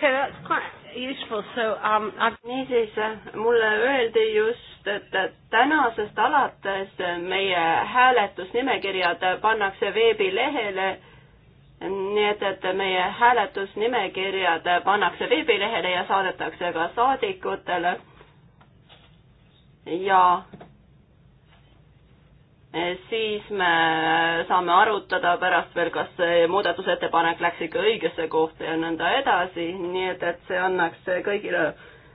okay, that's quite useful, so um, I... niisiis, äh, mulle öeldi just, et tänasest alates meie hääletusnimekirjad pannakse veebilehele, nii et, et meie hääletusnimekirjad pannakse veebilehele ja saadetakse ka saadikutele ja siis me saame arutada pärast veel, kas see muudatusettepanek läks ikka õigesse kohta ja nõnda edasi, nii et, et see annaks kõigile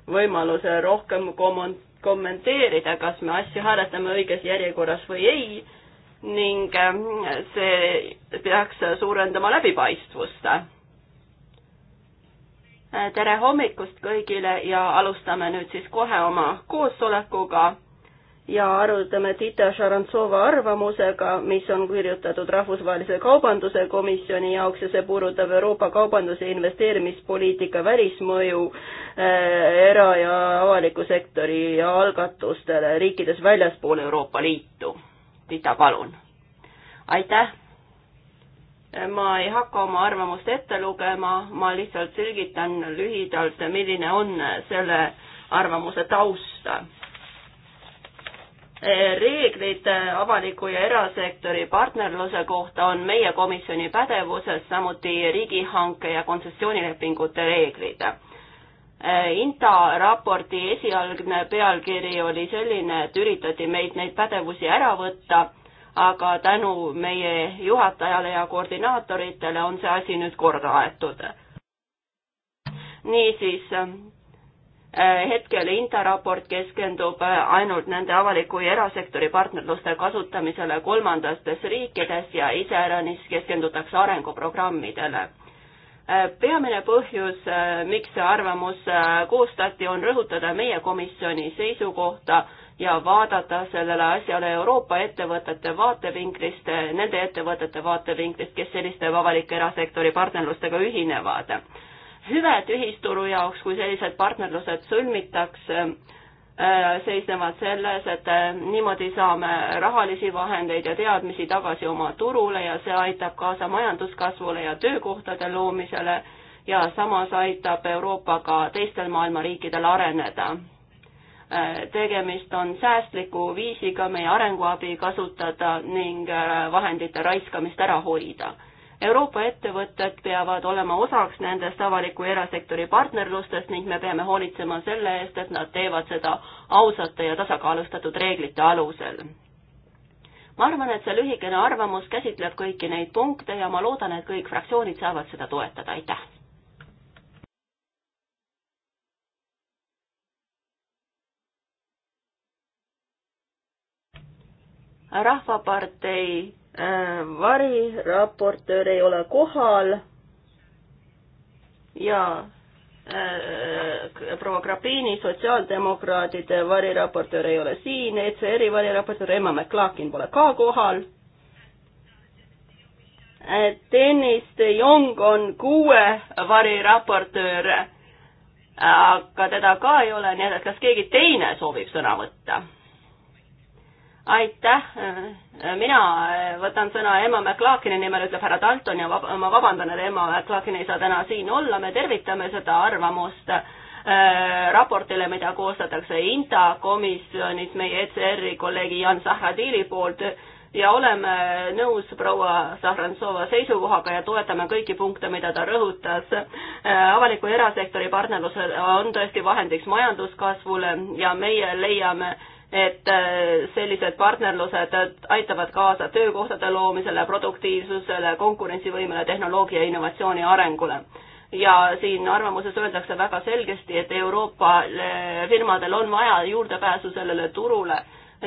võimaluse rohkem kom-, kommenteerida, kas me asju hääletame õiges järjekorras või ei ning äh, see peaks suurendama läbipaistvust. Äh, tere hommikust kõigile ja alustame nüüd siis kohe oma koosolekuga ja arutame Tita Šarantsova arvamusega, mis on kirjutatud Rahvusvahelise Kaubanduse Komisjoni jaoks ja see puudutab Euroopa kaubanduse investeerimispoliitika välismõju äh, era- ja avaliku sektori algatustele riikides väljaspool Euroopa Liitu. Tita, palun. aitäh! ma ei hakka oma arvamust ette lugema, ma lihtsalt selgitan lühidalt, milline on selle arvamuse taust reeglid äh, avaliku ja erasektori partnerluse kohta on meie komisjoni pädevuses, samuti riigihanke ja kontsessioonilepingute reeglid. Äh, INTA raporti esialgne pealkiri oli selline, et üritati meid neid pädevusi ära võtta, aga tänu meie juhatajale ja koordinaatoritele on see asi nüüd korda aetud. niisiis Äh, hetkel Inta raport keskendub äh, ainult nende avaliku ja erasektori partnerluste kasutamisele kolmandates riikides ja iseäranis keskendutakse arenguprogrammidele. Äh, peamine põhjus, miks see arvamus koostati, on rõhutada meie komisjoni seisukohta ja vaadata sellele asjale Euroopa ettevõtete vaatevinklist, nende ettevõtete vaatevinklist, kes selliste avalike erasektori partnerlustega ühinevad hüved ühisturu jaoks, kui sellised partnerlused sõlmitakse, äh, seisnevad selles, et äh, niimoodi saame rahalisi vahendeid ja teadmisi tagasi oma turule ja see aitab kaasa majanduskasvule ja töökohtade loomisele ja samas aitab Euroopa ka teistel maailma riikidel areneda. Äh, tegemist on säästliku viisiga meie arenguabi kasutada ning vahendite raiskamist ära hoida Euroopa ettevõtted peavad olema osaks nendest avaliku ja erasektori partnerlustest ning me peame hoolitsema selle eest, et nad teevad seda ausate ja tasakaalustatud reeglite alusel. ma arvan, et see lühikene arvamus käsitleb kõiki neid punkte ja ma loodan, et kõik fraktsioonid saavad seda toetada, aitäh! rahvapartei Äh, variraportöör ei ole kohal ja äh, proua Grapini, sotsiaaldemokraadide variraportöör ei ole siin, ECR-i variraportöör Emma McLaughlin pole ka kohal. Äh, Dennis de Jong on kuue variraportöör, aga teda ka ei ole, nii et kas keegi teine soovib sõna võtta? aitäh, mina võtan sõna Emma McLaakini nimel, ütleb härra Dalton ja vab ma vabandan, et Emma McLaakin ei saa täna siin olla, me tervitame seda arvamust äh, raportile, mida koostatakse INTA komisjonis meie ECR-i kolleegi Jan Sahradili poolt ja oleme nõus proua Sahrantsova seisukohaga ja toetame kõiki punkte, mida ta rõhutas äh,. avaliku erasektori partnerlus on tõesti vahendiks majanduskasvule ja meie leiame äh, et äh, sellised partnerlused aitavad kaasa töökohtade loomisele, produktiivsusele, konkurentsivõimele, tehnoloogia innovatsiooni arengule. ja siin arvamuses öeldakse väga selgesti, et Euroopa firmadel on vaja juurdepääsu sellele turule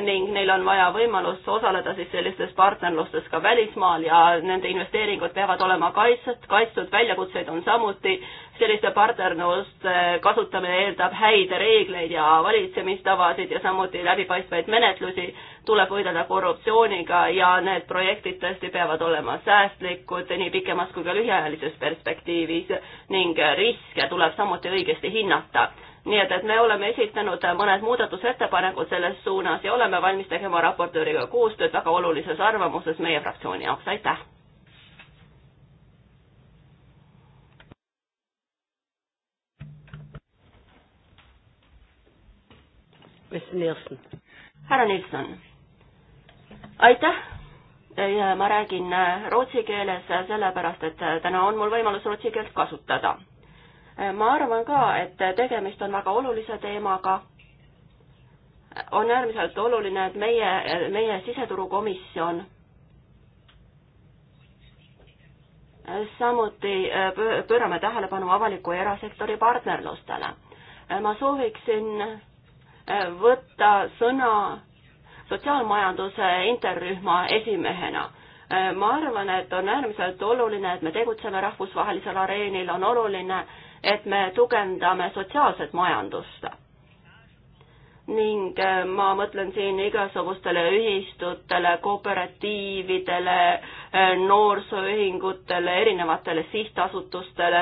ning neil on vaja võimalust osaleda siis sellistes partnerlustes ka välismaal ja nende investeeringud peavad olema kaitstud, kaitstud, väljakutseid on samuti. selliste partnerluste kasutamine eeldab häid reegleid ja valitsemistavasid ja samuti läbipaistvaid menetlusi, tuleb võidelda korruptsiooniga ja need projektid tõesti peavad olema säästlikud nii pikemas kui ka lühiajalises perspektiivis ning riske tuleb samuti õigesti hinnata nii et, et me oleme esitanud mõned muudatusettepanekud selles suunas ja oleme valmis tegema raportööriga koostööd väga olulises arvamuses meie fraktsiooni jaoks, aitäh! härra Nilsson, aitäh! ja ma räägin rootsi keeles sellepärast, et täna on mul võimalus rootsi keelt kasutada ma arvan ka, et tegemist on väga olulise teemaga. on äärmiselt oluline, et meie, meie siseturukomisjon samuti pöörame tähelepanu avaliku ja erasektori partnerlustele. ma sooviksin võtta sõna sotsiaalmajanduse interrühma esimehena. ma arvan, et on äärmiselt oluline, et me tegutseme rahvusvahelisel areenil, on oluline, et me tugevdame sotsiaalset majandust. ning äh, ma mõtlen siin igasugustele ühistutele, kooperatiividele, äh, noorsooühingutele, erinevatele sihtasutustele.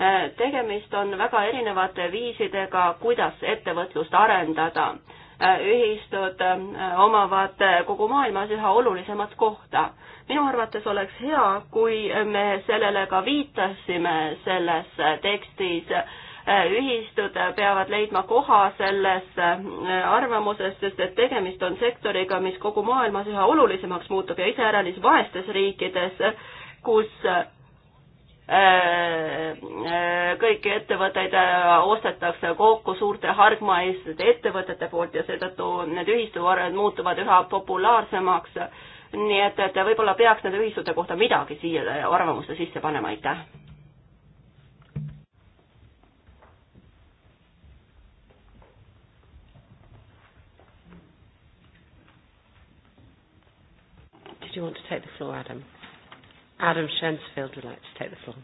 Äh, tegemist on väga erinevate viisidega, kuidas ettevõtlust arendada Äh, ühistud äh, omavad äh, kogu maailmas üha olulisemat kohta. minu arvates oleks hea, kui me sellele ka viitasime selles tekstis. ühistud peavad leidma koha selles arvamuses, sest et tegemist on sektoriga, mis kogu maailmas üha olulisemaks muutub ja iseäranis vaestes riikides, kus kõiki ettevõtteid äh, ostetakse kokku suurte hargmaiste ettevõtete poolt ja seetõttu need ühistuvarad muutuvad üha populaarsemaks. nii et, et võib-olla peaks nende ühistute kohta midagi siia arvamuste sisse panema, aitäh. Did you want to take the floor, Adam? Adam Shensfield would like to take the floor.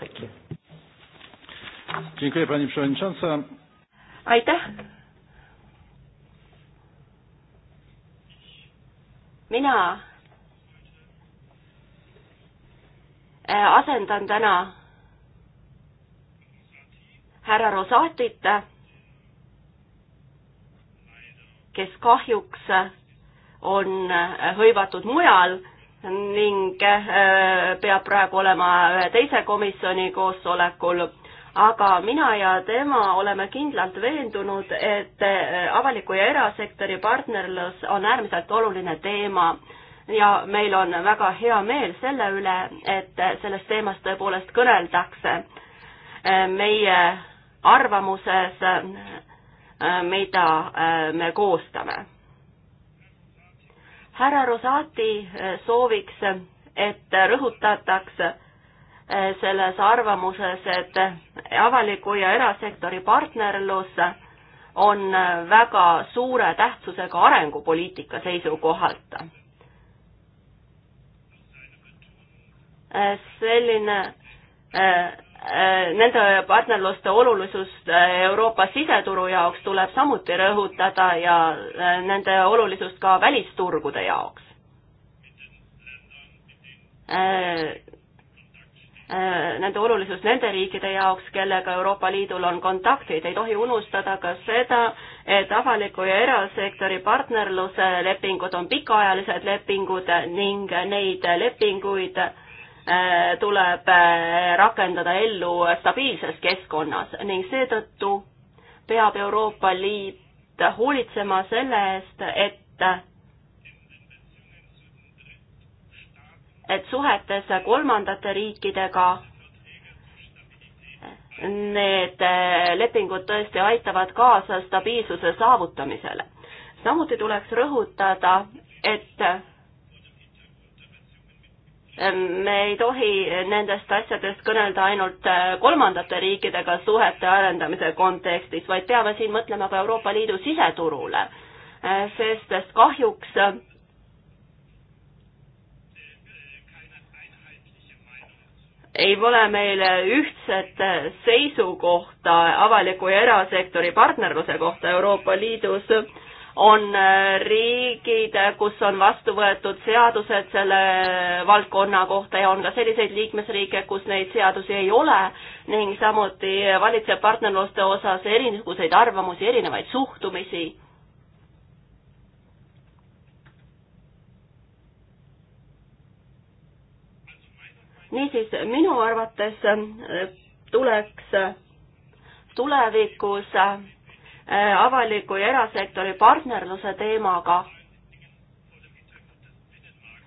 Thank you. Dziękuję Pani Przewodnicząca. Aitäh. mina äh, asendan täna härra Rosatit, kes kahjuks on äh, hõivatud mujal ning äh, peab praegu olema ühe teise komisjoni koosolekul, aga mina ja tema oleme kindlalt veendunud, et äh, avaliku ja erasektori partnerlus on äärmiselt oluline teema ja meil on väga hea meel selle üle, et sellest teemast tõepoolest kõneldakse. Äh, meie arvamuses, mida me koostame härra Rosati eh, sooviks, et rõhutatakse eh, selles arvamuses, et avaliku ja erasektori partnerlus on väga suure tähtsusega arengupoliitika seisukohalt. Eh, selline Äh, nende partnerluste olulisust äh, Euroopa siseturu jaoks tuleb samuti rõhutada ja äh, nende olulisust ka välisturgude jaoks. Nende olulisus nende riikide jaoks, kellega Euroopa Liidul on kontaktid, ei tohi unustada ka seda, et avaliku ja erasektori partnerluse lepingud on pikaajalised lepingud ning neid lepinguid Äh, tuleb äh, rakendada ellu stabiilses keskkonnas ning seetõttu peab Euroopa Liit hoolitsema selle eest, et et suhetes kolmandate riikidega need äh, lepingud tõesti aitavad kaasa stabiilsuse saavutamisele. samuti tuleks rõhutada, et Ehm, me ei tohi nendest asjadest kõnelda ainult äh, kolmandate riikidega suhete arendamise kontekstis, vaid peame siin mõtlema ka Euroopa Liidu siseturule, äh, sest kahjuks äh, ei ole meil ühtset seisukohta avaliku ja erasektori partnerluse kohta Euroopa Liidus on äh, riigid, äh, kus on vastu võetud seadused selle äh, valdkonna kohta ja on ka selliseid liikmesriike, kus neid seadusi ei ole ning samuti valitseb partnerluste osas erinevuseid arvamusi, erinevaid suhtumisi niisiis, minu arvates tuleks tulevikus Äh, avaliku ja erasektori partnerluse teemaga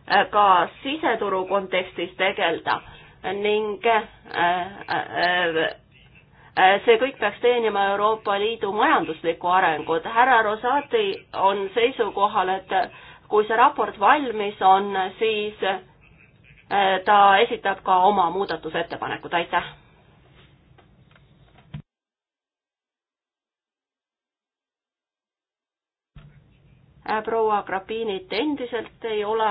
äh, ka siseturu kontekstis tegeleda ning äh, see kõik peaks teenima Euroopa Liidu majanduslikku arengut. härra Rosati on seisukohal, et kui see raport valmis on, siis ta esitab ka oma muudatusettepanekud, aitäh! Äh, proua Grabinit endiselt ei ole.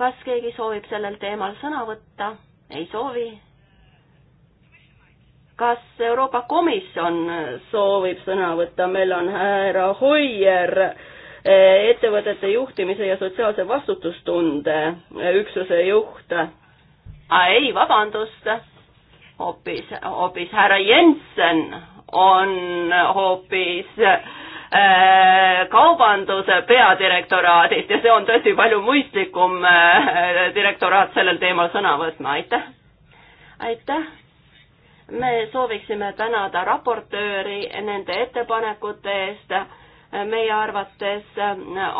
kas keegi soovib sellel teemal sõna võtta? ei soovi. kas Euroopa Komisjon soovib sõna võtta? meil on härra Hoier äh, ettevõtete juhtimise ja sotsiaalse vastutustunde äh, üksuse juht. ei, vabandust, hoopis, hoopis härra Jensen on hoopis äh, kaubanduse peadirektoraadist ja see on tõesti palju mõistlikum äh, direktoraat sellel teemal sõna võtma, aitäh! aitäh! me sooviksime tänada raportööri nende ettepanekute eest, meie arvates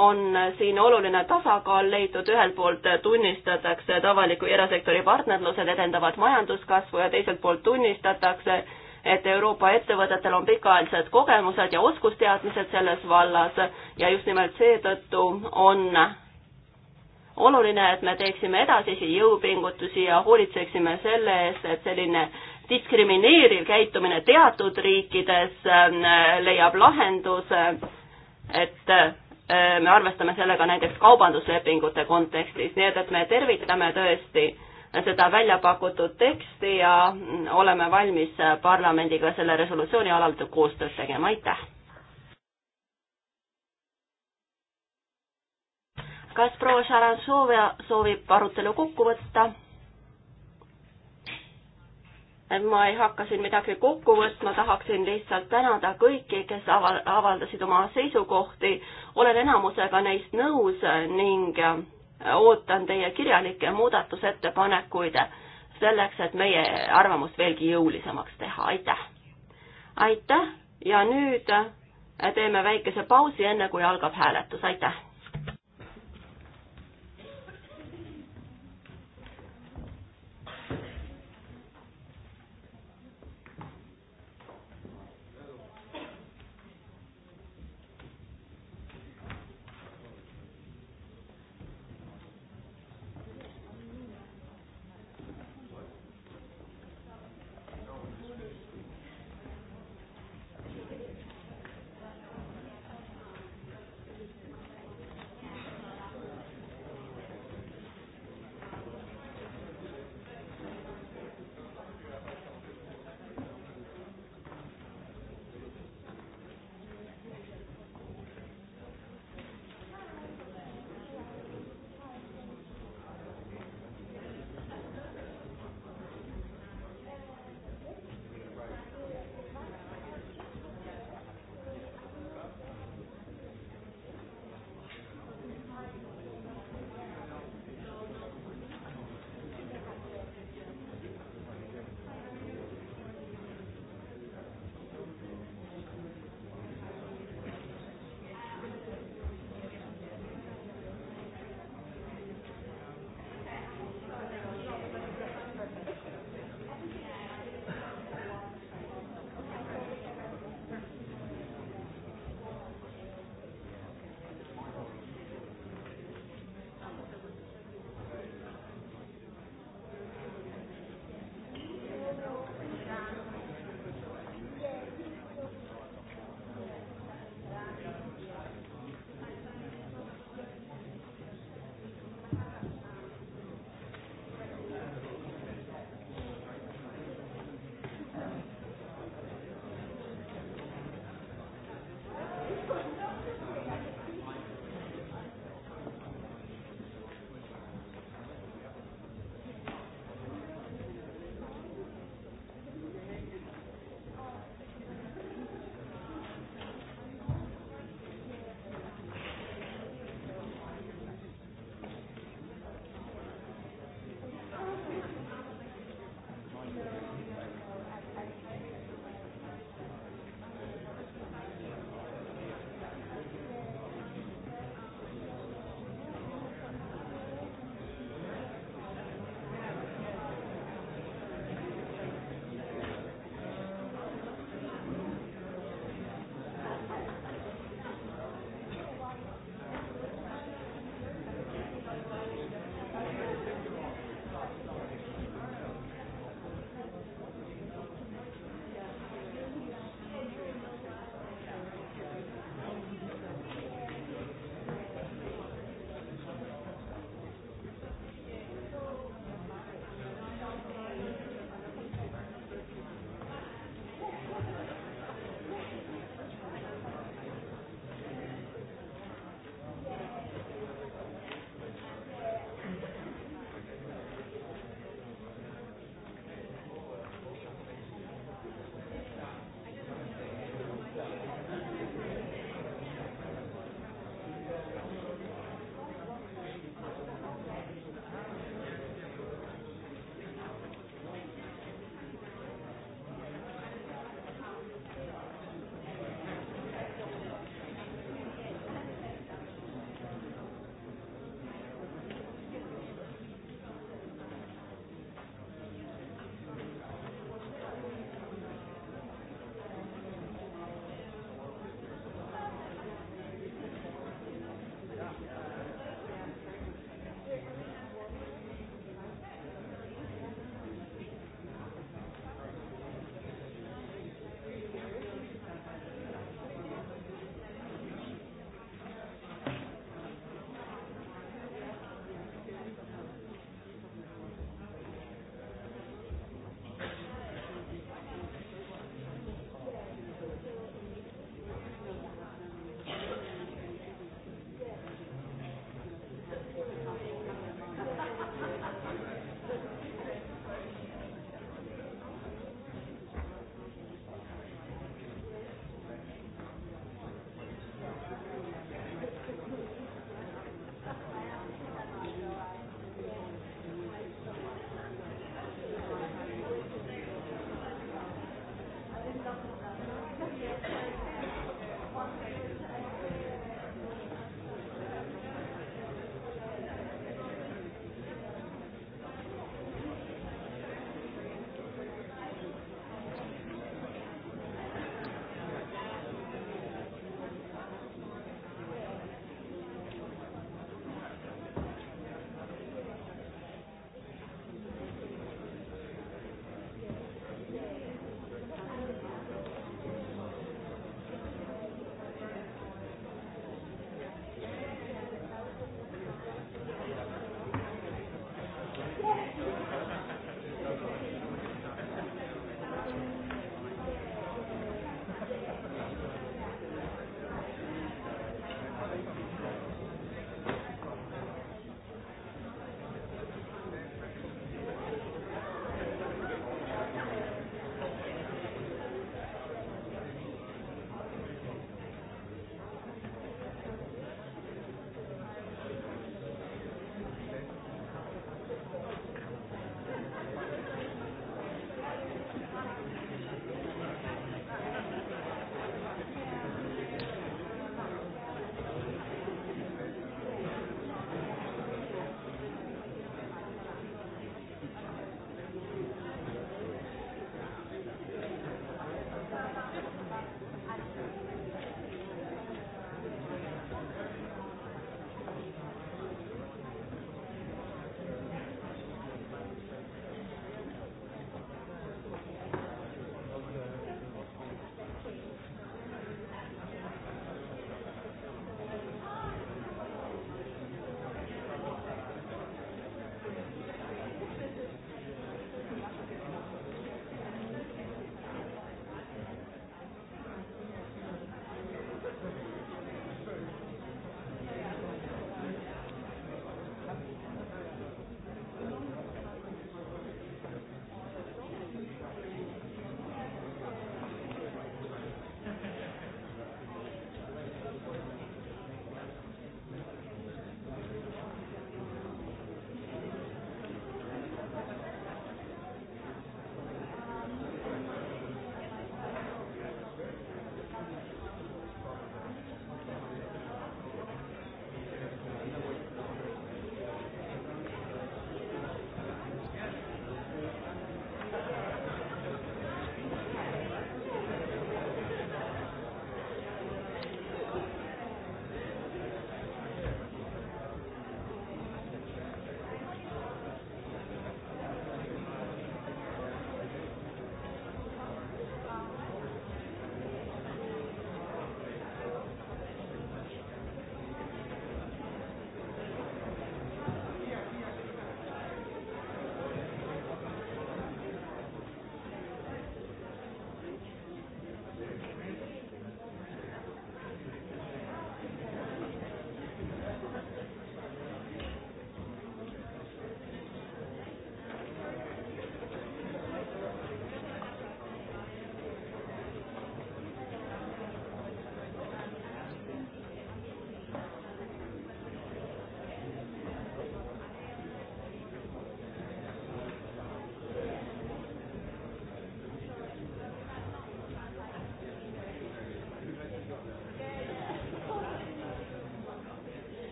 on siin oluline tasakaal leitud, ühelt poolt tunnistatakse, et avaliku ja erasektori partnerlused edendavad majanduskasvu ja teiselt poolt tunnistatakse, et Euroopa ettevõtetel on pikaajalised kogemused ja oskusteadmised selles vallas ja just nimelt seetõttu on oluline, et me teeksime edasisi jõupingutusi ja hoolitseksime selle eest, et selline diskrimineeriv käitumine teatud riikides ähm, leiab lahenduse, et äh, me arvestame sellega näiteks kaubanduslepingute kontekstis, nii et, et me tervitame tõesti äh, seda välja pakutud teksti ja oleme valmis parlamendiga selle resolutsiooni alal koostööd tegema, aitäh! kas proua Sharan Soovia soovib arutelu kokku võtta? ma ei hakka siin midagi kokku võtma, tahaksin lihtsalt tänada kõiki, kes aval-, avaldasid oma seisukohti, olen enamusega neist nõus ning ootan teie kirjalikke muudatusettepanekuid selleks, et meie arvamust veelgi jõulisemaks teha, aitäh! aitäh ja nüüd teeme väikese pausi, enne kui algab hääletus, aitäh!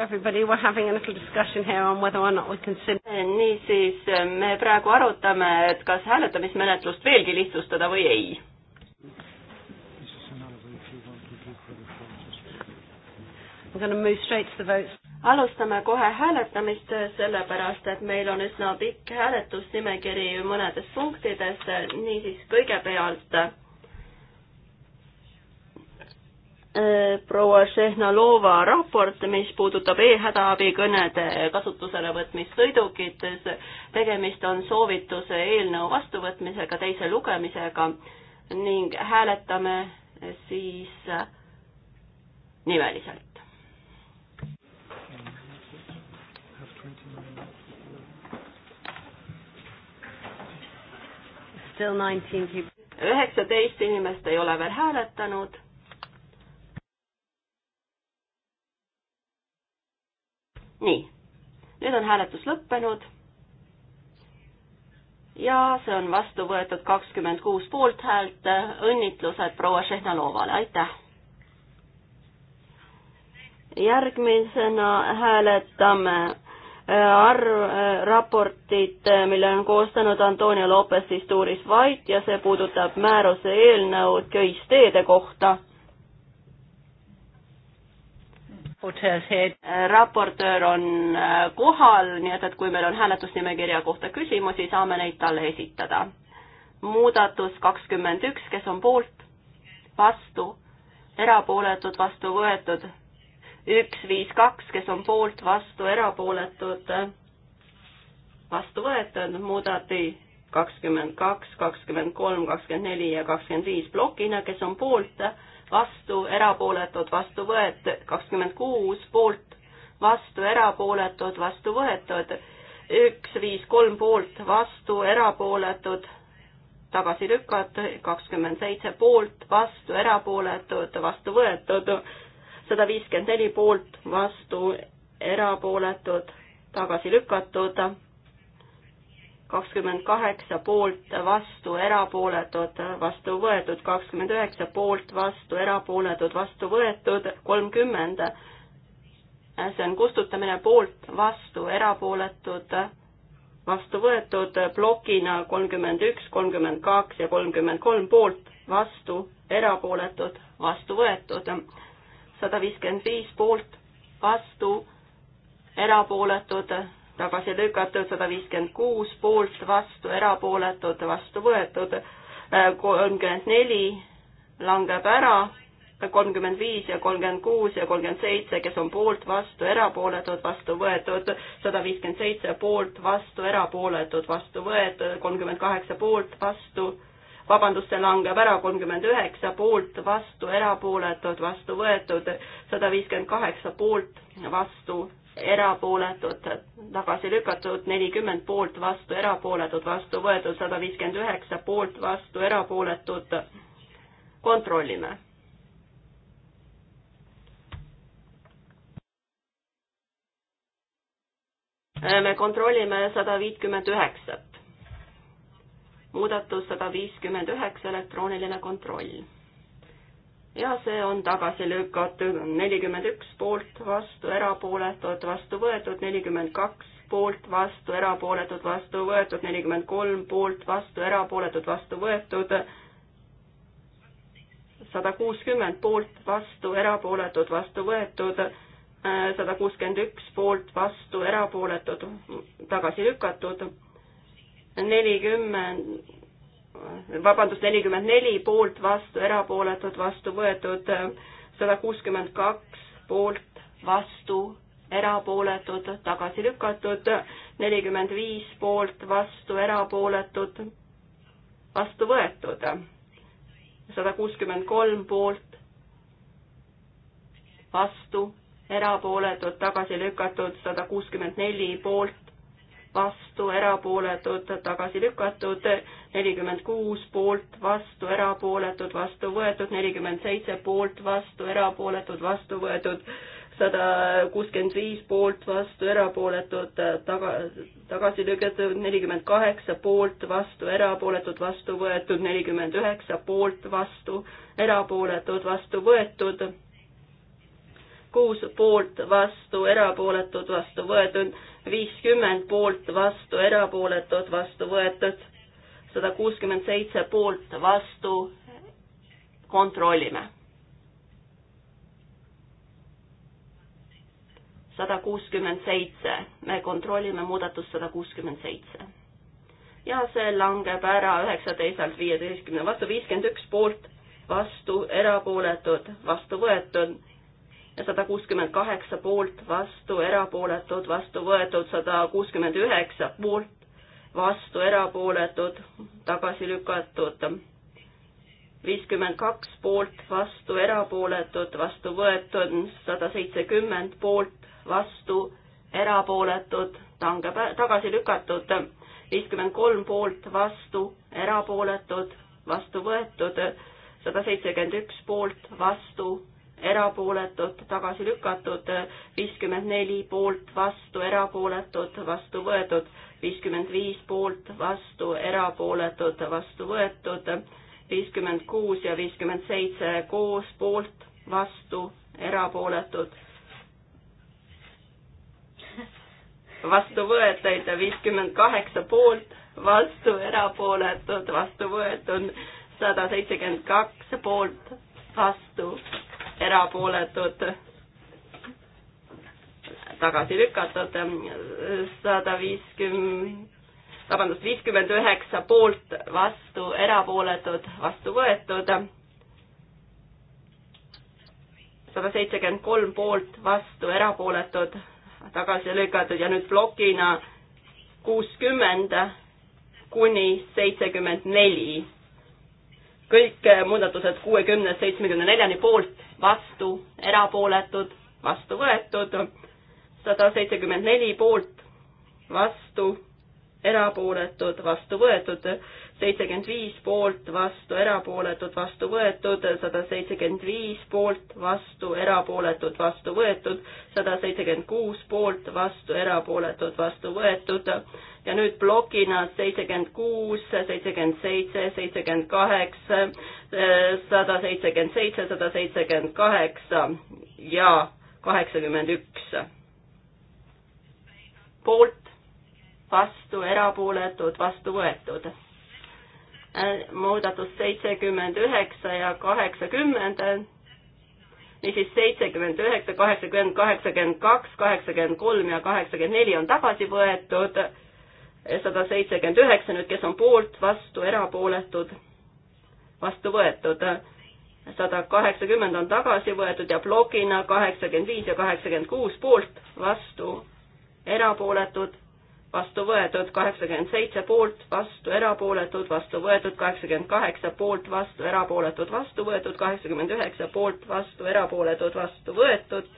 Everybody, we're having a little discussion here on whether or not we can sim-. Eh, niisiis, eh, me praegu arutame, et kas hääletamismenetlust veelgi lihtsustada või ei. alustame kohe hääletamist, sellepärast et meil on üsna pikk hääletusnimekiri mõnedes punktides, niisiis kõigepealt proua Šehnalova raport, mis puudutab e-hädaabikõnede kasutusele võtmist sõidukites. tegemist on soovituse eelnõu vastuvõtmisega, teise lugemisega ning hääletame siis nimeliselt. üheksateist inimest ei ole veel hääletanud nii, nüüd on hääletus lõppenud. ja see on vastu võetud kakskümmend kuus poolthäält, õnnitlused proua Šehnalovale, aitäh! järgmisena hääletame äh, arv, äh, raportit, äh, mille on koostanud Antonio Lopez Isturis Vait ja see puudutab määruse eelnõu köisteede kohta Äh, raportöör on äh, kohal, nii et, et kui meil on hääletusnimekirja kohta küsimusi, saame neid talle esitada. muudatus kakskümmend üks, kes on poolt, vastu, erapooletud, vastu võetud, üks, viis, kaks, kes on poolt, vastu, erapooletud, vastu võetud, muudati kakskümmend kaks, kakskümmend kolm, kakskümmend neli ja kakskümmend viis plokina, kes on poolt, vastu, erapooletud, vastu võet-, kakskümmend kuus poolt, vastu, erapooletud, vastu võetud, üks, viis, kolm poolt, vastu, erapooletud, tagasi lükatud, kakskümmend seitse poolt, vastu, erapooletud, vastu võetud, sada viiskümmend neli poolt, vastu, erapooletud, tagasi lükatud kakskümmend kaheksa poolt, vastu, erapooletud, vastu võetud, kakskümmend üheksa poolt, vastu, erapooletud, vastu võetud, kolmkümmend. see on kustutamine poolt, vastu, erapooletud, vastu võetud plokina kolmkümmend üks, kolmkümmend kaks ja kolmkümmend kolm poolt, vastu, erapooletud, vastu võetud, sada viiskümmend viis poolt, vastu, erapooletud tagasi lükatud, sada viiskümmend kuus poolt, vastu, erapooletud, vastu võetud, äh, kolmkümmend neli langeb ära, kolmkümmend viis ja kolmkümmend kuus ja kolmkümmend seitse, kes on poolt, vastu, erapooletud, vastu võetud, sada viiskümmend seitse poolt, vastu, erapooletud, vastu võetud, kolmkümmend kaheksa poolt, vastu, vabandust, see langeb ära, kolmkümmend üheksa poolt, vastu, erapooletud, vastu võetud, sada viiskümmend kaheksa poolt, vastu, erapooletud, tagasi lükatud, nelikümmend poolt vastu, erapooletud vastu võetud, sada viiskümmend üheksa poolt vastu, erapooletud. kontrollime. me kontrollime sada viitkümmend üheksat. muudatus sada viiskümmend üheksa, elektrooniline kontroll ja see on tagasi lükatud, nelikümmend üks poolt, vastu, erapooletud, vastu võetud, nelikümmend kaks poolt, vastu, erapooletud, vastu võetud, nelikümmend kolm poolt, vastu, erapooletud, vastu võetud, sada kuuskümmend poolt, vastu, erapooletud, vastu võetud, sada kuuskümmend üks poolt, vastu, erapooletud, tagasi lükatud, nelikümmend vabandust, nelikümmend neli poolt, vastu, erapooletud, vastu võetud, sada kuuskümmend kaks poolt, vastu, erapooletud, tagasi lükatud, nelikümmend viis poolt, vastu, erapooletud, vastu võetud, sada kuuskümmend kolm poolt, vastu, erapooletud, tagasi lükatud, sada kuuskümmend neli poolt, vastu, erapooletud, tagasi lükatud, nelikümmend kuus poolt, vastu, erapooletud, vastu võetud, nelikümmend seitse poolt, vastu, erapooletud, vastu võetud, sada kuuskümmend viis poolt, vastu, erapooletud, taga, tagasi lükatud, nelikümmend kaheksa poolt, vastu, erapooletud, vastu võetud, nelikümmend üheksa poolt, vastu, erapooletud, vastu võetud kuus poolt vastu, erapooletud vastu võetud, viiskümmend poolt vastu, erapooletud vastu võetud, sada kuuskümmend seitse poolt vastu, kontrollime. sada kuuskümmend seitse, me kontrollime muudatust sada kuuskümmend seitse. ja see langeb ära üheksateisalt viieteistkümne vastu, viiskümmend üks poolt vastu, erapooletud vastu võetud sada kuuskümmend kaheksa poolt, vastu, erapooletud, vastu võetud, sada kuuskümmend üheksa poolt, vastu, erapooletud, tagasi lükatud, viiskümmend kaks poolt, vastu, erapooletud, vastu võetud, sada seitsekümmend poolt, vastu, erapooletud, tange, tagasi lükatud, viiskümmend kolm poolt, vastu, erapooletud, vastu võetud, sada seitsekümmend üks poolt, vastu, erapooletud, tagasi lükatud, viiskümmend neli poolt, vastu, erapooletud, vastu võetud, viiskümmend viis poolt, vastu, erapooletud, vastu võetud, viiskümmend kuus ja viiskümmend seitse koos, poolt, vastu, erapooletud, vastu võetuid viiskümmend kaheksa poolt, vastu erapooletud, vastu võetud sada seitsekümmend kaks poolt, vastu erapooletud, tagasi lükatud, sada viiskümmend, vabandust, viiskümmend üheksa poolt, vastu erapooletud, vastu võetud sada seitsekümmend kolm poolt, vastu, erapooletud, tagasi lükatud ja nüüd plokina kuuskümmend kuni seitsekümmend neli kõik eh, muudatused kuuekümnest seitsmekümne neljani poolt, vastu, erapooletud, vastu võetud, sada seitsekümmend neli poolt, vastu, erapooletud, vastu võetud, seitsekümmend viis poolt, vastu, erapooletud, vastu võetud, sada seitsekümmend viis poolt, vastu, erapooletud, vastu võetud, sada seitsekümmend kuus poolt, vastu, erapooletud, vastu võetud ja nüüd plokina seitsekümmend kuus, seitsekümmend seitse, seitsekümmend kaheksa, sada seitsekümmend seitse, sada seitsekümmend kaheksa ja kaheksakümmend üks. poolt, vastu, erapooletud, vastu võetud Äh, muudatus seitsekümmend üheksa ja kaheksakümmend, niisiis seitsekümmend üheksa, kaheksakümmend, kaheksakümmend kaks, kaheksakümmend kolm ja kaheksakümmend neli on tagasi võetud, sada seitsekümmend üheksa nüüd, kes on poolt, vastu, erapooletud, vastu võetud, sada kaheksakümmend on tagasi võetud ja plokina kaheksakümmend viis ja kaheksakümmend kuus poolt, vastu, erapooletud vastu võetud kaheksakümmend seitse poolt, vastu erapooletud, vastu võetud kaheksakümmend kaheksa poolt, vastu erapooletud, vastu võetud kaheksakümmend üheksa poolt, vastu erapooletud, vastu võetud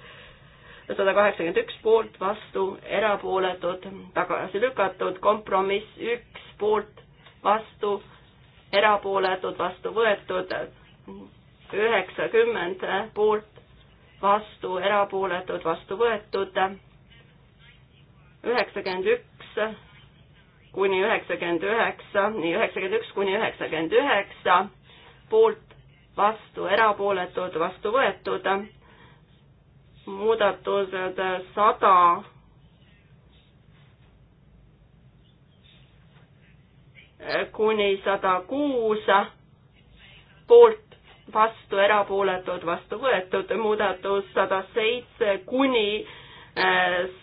sada kaheksakümmend üks poolt, vastu erapooletud, tagasi lükatud, kompromiss üks poolt, vastu erapooletud, vastu võetud üheksakümmend poolt, vastu erapooletud, vastu võetud üheksakümmend üks üks kuni üheksakümmend üheksa, nii üheksakümmend üks kuni üheksakümmend üheksa, poolt, vastu, erapooletud, vastu võetud. muudatused sada. kuni sada kuus, poolt, vastu, erapooletud, vastu võetud, muudatus sada seitse kuni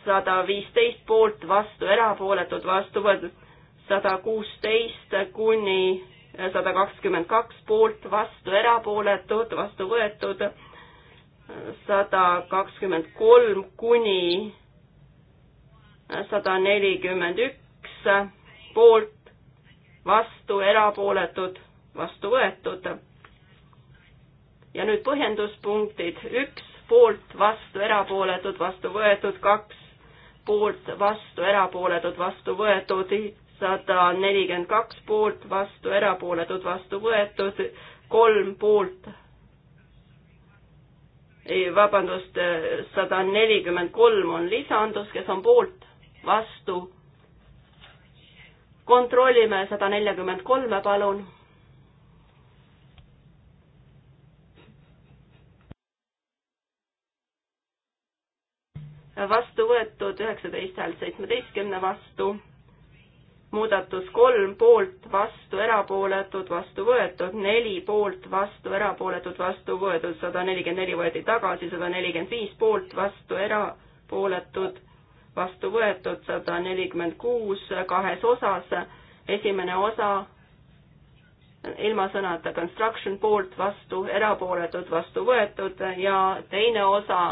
sada viisteist poolt vastu, erapooletud vastu võetud sada kuusteist kuni sada kakskümmend kaks poolt vastu, erapooletud vastu võetud sada kakskümmend kolm kuni sada nelikümmend üks poolt vastu, erapooletud vastu võetud ja nüüd põhjenduspunktid, üks poolt, vastu, erapooletud, vastu võetud, kaks poolt, vastu, erapooletud, vastu võetud, sada nelikümmend kaks poolt, vastu, erapooletud, vastu võetud, kolm poolt, ei, vabandust, sada nelikümmend kolm on lisandus, kes on poolt, vastu. kontrollime sada neljakümmend kolme, palun vastu võetud üheksateist häält seitsmeteistkümne vastu, muudatus kolm poolt, vastu erapooletud, vastu võetud, neli poolt, vastu erapooletud, vastu võetud, sada nelikümmend neli võeti tagasi, sada nelikümmend viis poolt, vastu erapooletud, vastu võetud, sada nelikümmend kuus kahes osas, esimene osa ilma sõnata construction poolt, vastu erapooletud, vastu võetud ja teine osa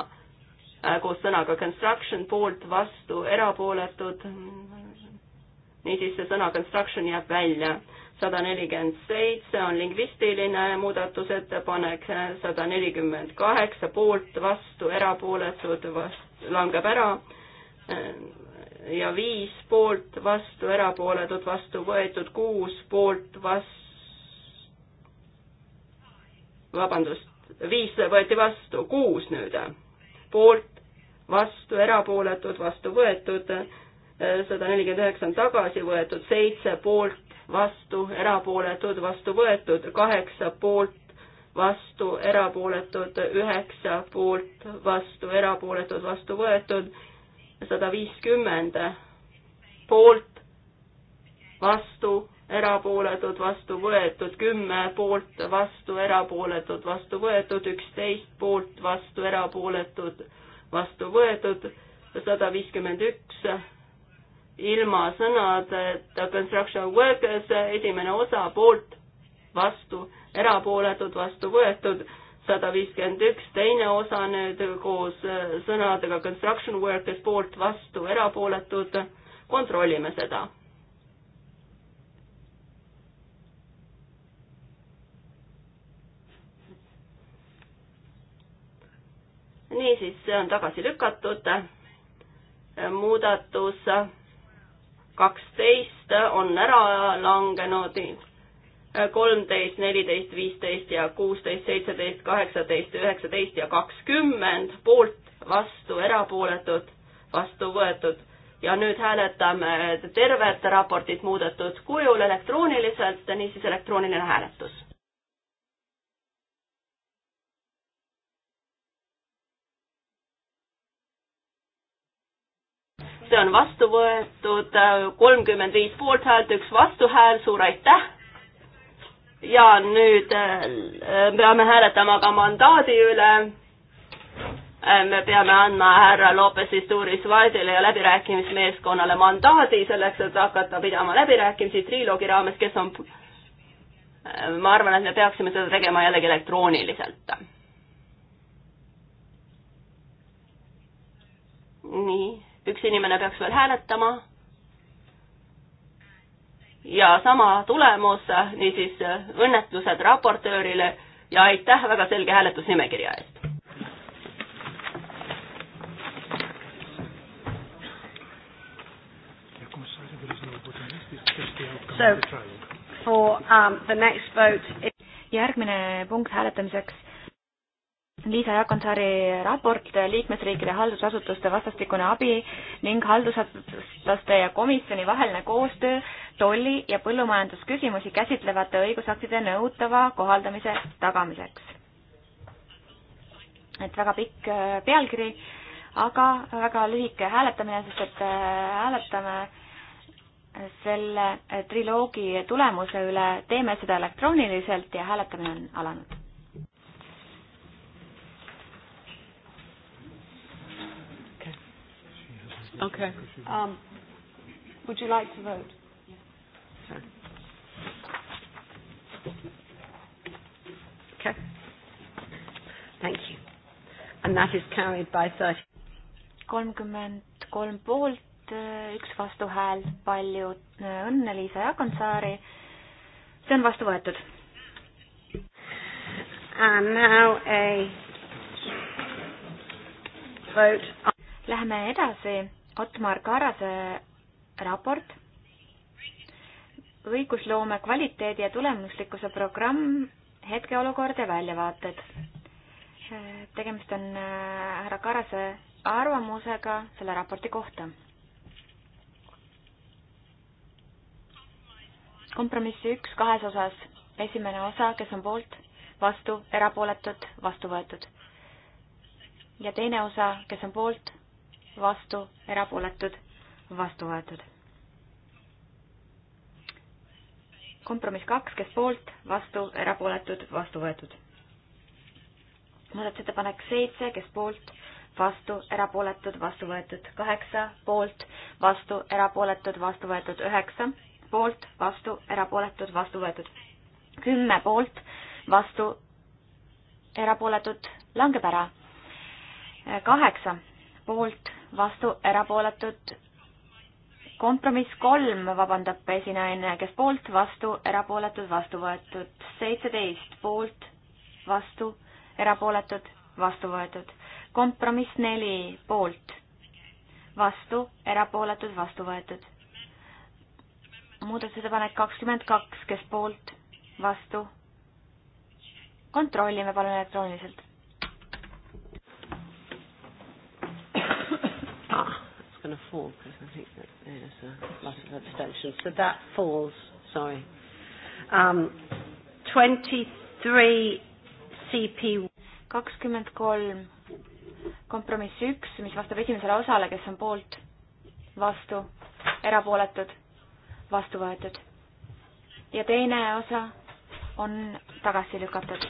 Äh, koos sõnaga construction poolt vastu erapooletud. niisiis see sõna construction jääb välja. sada nelikümmend seitse on lingvistiline muudatusettepanek, sada nelikümmend kaheksa poolt vastu erapooletud vast-, langeb ära ja viis poolt vastu erapooletud vastu võetud, kuus poolt vastu, vabandust, viis võeti vastu, kuus nüüd poolt, vastu, erapooletud, vastu võetud, sada nelikümmend üheksa on tagasi võetud, seitse poolt, vastu, erapooletud, vastu võetud, kaheksa poolt, vastu, erapooletud, üheksa poolt, vastu, erapooletud, vastu võetud, sada viiskümmend poolt, vastu, erapooletud, vastu võetud, kümme poolt, vastu, erapooletud, vastu võetud, üksteist poolt, vastu, erapooletud vastu võetud sada viiskümmend üks ilma sõnadeta construction workers, esimene osa poolt, vastu, erapooletud, vastu võetud, sada viiskümmend üks, teine osa nüüd koos äh, sõnadega construction workers poolt, vastu, erapooletud, kontrollime seda niisiis, see on tagasi lükatud. muudatus kaksteist on ära langenud, kolmteist, neliteist, viisteist ja kuusteist, seitseteist, kaheksateist, üheksateist ja kakskümmend poolt, vastu, erapooletud, vastu võetud ja nüüd hääletame tervet raportit muudetud kujul elektrooniliselt, niisiis elektrooniline hääletus. see on vastu võetud, kolmkümmend viis poolthäält, üks vastuhääl, suur aitäh. ja nüüd äh, peame hääletama ka mandaadi üle. Äh, me peame andma härra Lopez Isturis Vaidile ja läbirääkimismeeskonnale mandaadi selleks, et hakata pidama läbirääkimisi triloogi raames, kes on, äh, ma arvan, et me peaksime seda tegema jällegi elektrooniliselt. nii üks inimene peaks veel hääletama. ja sama tulemus, niisiis õnnetlused raportöörile ja aitäh väga selge hääletusnimekirja eest. So for um, the next vote järgmine punkt hääletamiseks Liisa Jaakonsaari raport liikmesriikide haldusasutuste vastastikune abi ning haldusasutuste ja komisjoni vaheline koostöö tolli- ja põllumajandusküsimusi käsitlevate õigusaktide nõutava kohaldamise tagamiseks. et väga pikk äh, pealkiri, aga väga lühike hääletamine, sest et äh, hääletame selle triloogi tulemuse üle, teeme seda elektrooniliselt ja hääletamine on alanud Okay. Um, would you like to vote? Sorry. Okay. Thank you. And that is carried by 30. kolmkümmend kolm poolt, üks vastuhääl, palju äh, õnne, Liisa Jaagonsaari. see on vastu võetud. And now a vote. Läheme edasi Otmar Karase raport, õigusloome kvaliteedi ja tulemuslikkuse programm, hetkeolukord ja väljavaated. tegemist on äh, härra Karase arvamusega selle raporti kohta. kompromissi üks kahes osas, esimene osa, kes on poolt, vastu, erapooletud, vastu võetud. ja teine osa, kes on poolt, vastu, erapooletud, vastu võetud. kompromiss kaks, kes poolt, vastu, erapooletud, vastu võetud. muudatusettepanek seitse, kes poolt, vastu, erapooletud, vastu võetud. kaheksa, poolt, vastu, erapooletud, vastu võetud. üheksa, poolt, vastu, erapooletud, vastu võetud. kümme poolt, vastu, erapooletud, langeb ära. kaheksa, poolt, vastu erapooletud. kompromiss kolm, vabandab esinaine, kes poolt, vastu, erapooletud, vastu võetud. seitseteist poolt, vastu, erapooletud, vastu võetud. kompromiss neli poolt, vastu, erapooletud, vastu võetud. muudatusettepanek kakskümmend kaks, kes poolt, vastu, kontrollime palun elektrooniliselt. Ah, it's going to fall because I think that there's a lot of abstentions. So that falls, sorry. Um, 23 CP. kakskümmend kolm, kompromiss üks, mis vastab esimesele osale, kes on poolt, vastu, erapooletud, vastu võetud. ja teine osa on tagasi lükatud.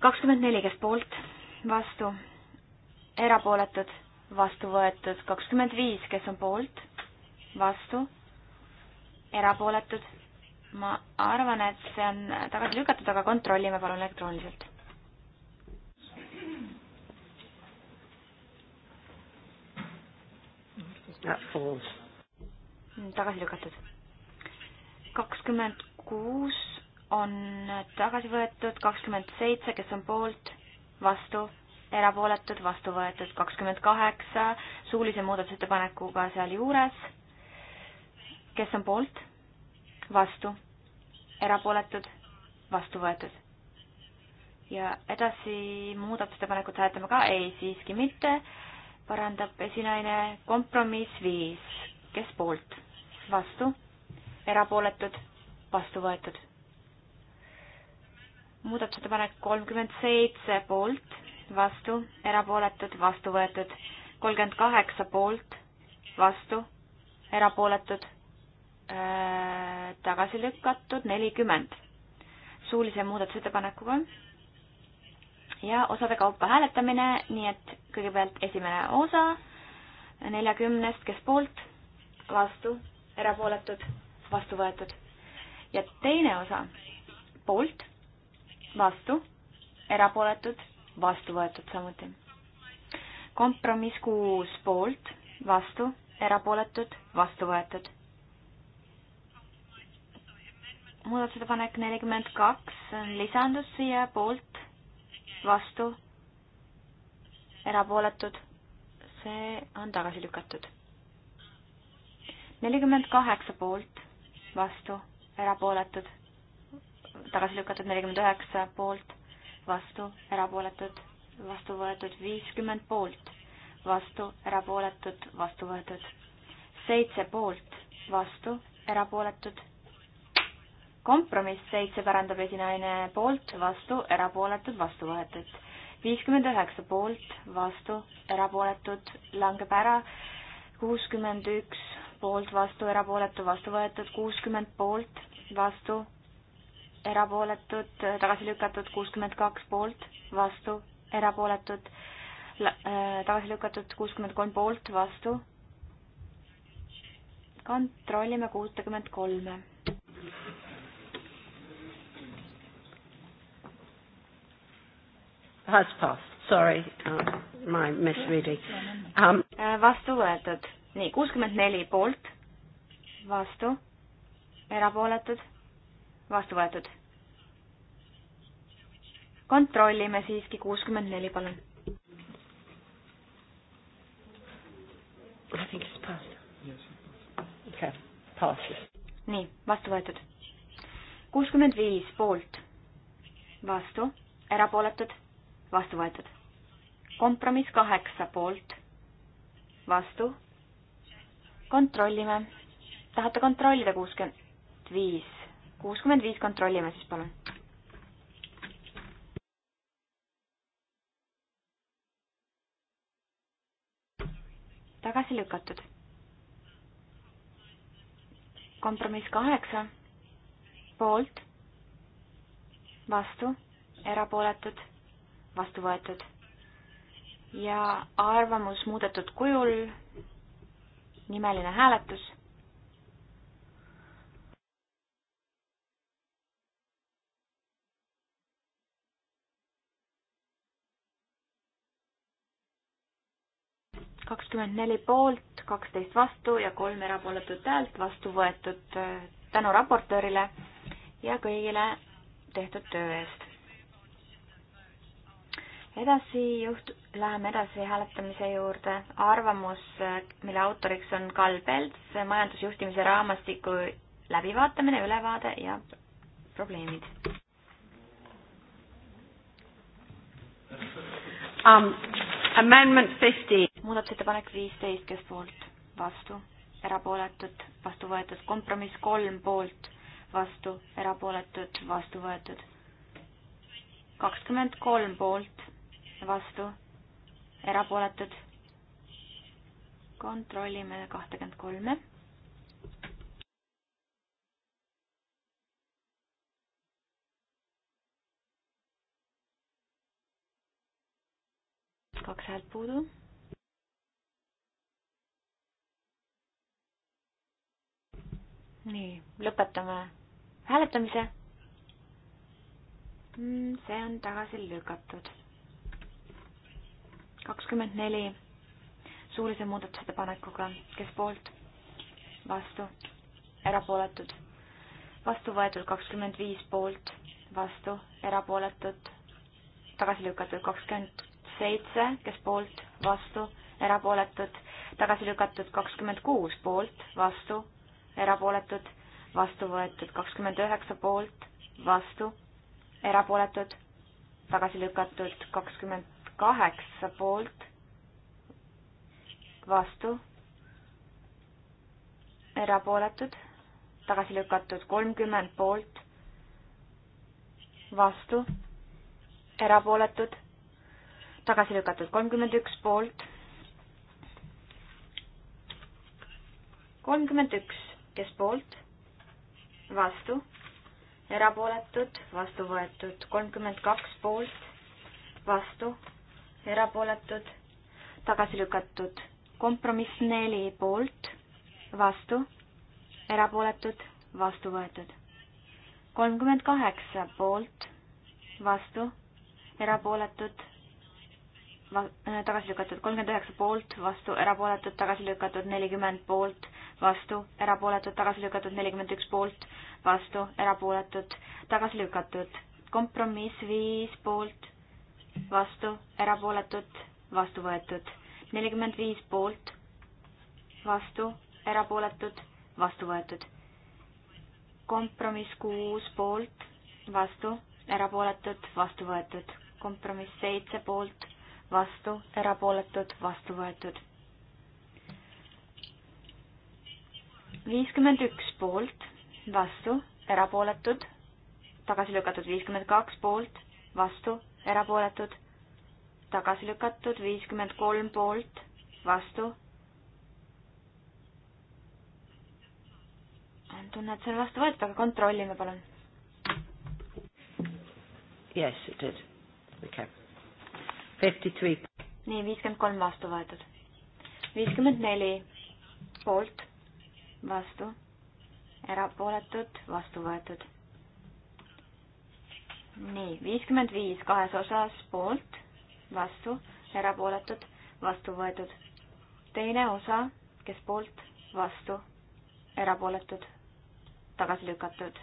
kakskümmend neli, kes poolt, vastu, erapooletud vastu võetud kakskümmend viis, kes on poolt, vastu, erapooletud. ma arvan, et see on tagasi lükatud, aga kontrollime palun elektrooniliselt. tagasi lükatud. kakskümmend kuus on tagasi võetud, kakskümmend seitse, kes on poolt, vastu erapooletud, vastu võetud kakskümmend kaheksa, suulise muudatusettepanekuga sealjuures. kes on poolt? vastu, erapooletud, vastu võetud. ja edasi muudatusettepanekut hääletame ka, ei siiski mitte, parandab esinaine kompromiss viis, kes poolt, vastu, erapooletud, vastu võetud. muudatusettepanek kolmkümmend seitse poolt, vastu, erapooletud, vastu võetud. kolmkümmend kaheksa poolt, vastu, erapooletud, äh, tagasi lükatud, nelikümmend. suulise muudatusettepanekuga ja osade kaupa hääletamine, nii et kõigepealt esimene osa neljakümnest, kes poolt, vastu, erapooletud, vastu võetud. ja teine osa poolt, vastu, erapooletud vastu võetud samuti. kompromiss kuus poolt, vastu, erapooletud, vastu võetud. muudatusettepanek nelikümmend kaks lisandus siia poolt, vastu, erapooletud, see on tagasi lükatud. nelikümmend kaheksa poolt, vastu, erapooletud, tagasi lükatud nelikümmend üheksa poolt vastu, erapooletud, vastu võetud viiskümmend poolt, vastu, erapooletud, vastu võetud seitse poolt, vastu, erapooletud. kompromiss seitse pärandab esinaine poolt, vastu, erapooletud, vastu võetud. viiskümmend üheksa poolt, vastu, erapooletud, langeb ära. kuuskümmend üks poolt, vastu, erapooletu, vastu võetud, kuuskümmend poolt, vastu, erapooletud, tagasi lükatud kuuskümmend kaks poolt, vastu, erapooletud, äh, tagasi lükatud kuuskümmend kolm poolt, vastu. kontrollime kuutekümmet kolme. Has passed, sorry uh,, my misreading um.... Äh, vastu võetud, nii, kuuskümmend neli poolt, vastu, erapooletud vastu võetud. kontrollime siiski, kuuskümmend neli, palun. nii, vastu võetud. kuuskümmend viis poolt, vastu, erapooletud, vastu võetud. kompromiss kaheksa poolt, vastu, kontrollime. tahate kontrollida kuuskümmend viis? kuuskümmend viis, kontrollime siis palun. tagasi lükatud. kompromiss kaheksa, poolt, vastu, erapooletud, vastu võetud ja arvamus muudetud kujul, nimeline hääletus kakskümmend neli poolt, kaksteist vastu ja kolm erapooletut häält vastu võetud. tänu raportöörile ja kõigile tehtud töö eest. edasi juht-, läheme edasi hääletamise juurde. arvamus, mille autoriks on Karl Pelts, majandusjuhtimise raamastiku läbivaatamine, ülevaade ja probleemid. Um, amendment 50 muudatusettepanek viisteist, kes poolt, vastu, erapooletud, vastu võetud, kompromiss kolm poolt, vastu, erapooletud, vastu võetud. kakskümmend kolm poolt, vastu, erapooletud. kontrollime kahtekümmend kolme. kaks häält puudu nii, lõpetame hääletamise. Mm, see on tagasi lükatud. kakskümmend neli suulise muudatusettepanekuga, kes poolt, vastu, erapooletud, vastu võetud kakskümmend viis poolt, vastu, erapooletud, tagasi lükatud kakskümmend seitse, kes poolt, vastu, erapooletud, tagasi lükatud kakskümmend kuus poolt, vastu, erapooletud, vastu võetud, kakskümmend üheksa poolt, vastu, erapooletud, tagasi lükatud, kakskümmend kaheksa poolt, vastu, erapooletud, tagasi lükatud, kolmkümmend poolt, vastu, erapooletud, tagasi lükatud, kolmkümmend üks poolt kolmkümmend üks kes poolt, vastu, erapooletud, vastu võetud, kolmkümmend kaks poolt, vastu, erapooletud, tagasi lükatud, kompromiss neli poolt, vastu, erapooletud, vastu võetud, kolmkümmend kaheksa poolt, vastu, erapooletud äh, tagasi lükatud kolmkümmend üheksa poolt, vastu erapooletud, tagasi lükatud nelikümmend poolt, vastu, erapooletud, tagasi lükatud, nelikümmend üks poolt, vastu, erapooletud, tagasi lükatud. kompromiss viis poolt, vastu, erapooletud, vastu võetud. nelikümmend viis poolt, vastu, erapooletud, vastu võetud. kompromiss kuus poolt, vastu, erapooletud, vastu võetud. kompromiss seitse poolt, vastu, erapooletud, vastu võetud viiskümmend üks poolt, vastu, erapooletud, tagasi lükatud viiskümmend kaks poolt, vastu, erapooletud, tagasi lükatud viiskümmend kolm poolt, vastu. tunnen, et see on vastu võetud, aga kontrollime palun. Yes, it did. Okay. Fifty three. nii, viiskümmend kolm vastu võetud. viiskümmend neli poolt vastu, erapooletud, vastu võetud. nii, viiskümmend viis kahes osas poolt, vastu, erapooletud, vastu võetud. teine osa, kes poolt, vastu, erapooletud, tagasi lükatud.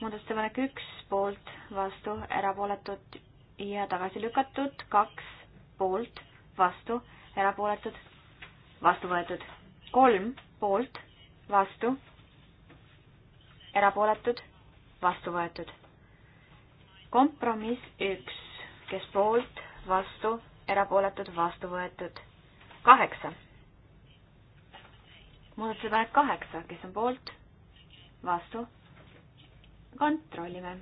muudatusettepanek üks, poolt, vastu, erapooletud ja tagasi lükatud, kaks, poolt, vastu, erapooletud, vastu võetud. kolm, poolt vastu, erapooletud, vastu võetud. kompromiss üks, kes poolt, vastu, erapooletud, vastu võetud. kaheksa. muudatusepanek kaheksa, kes on poolt, vastu, kontrollime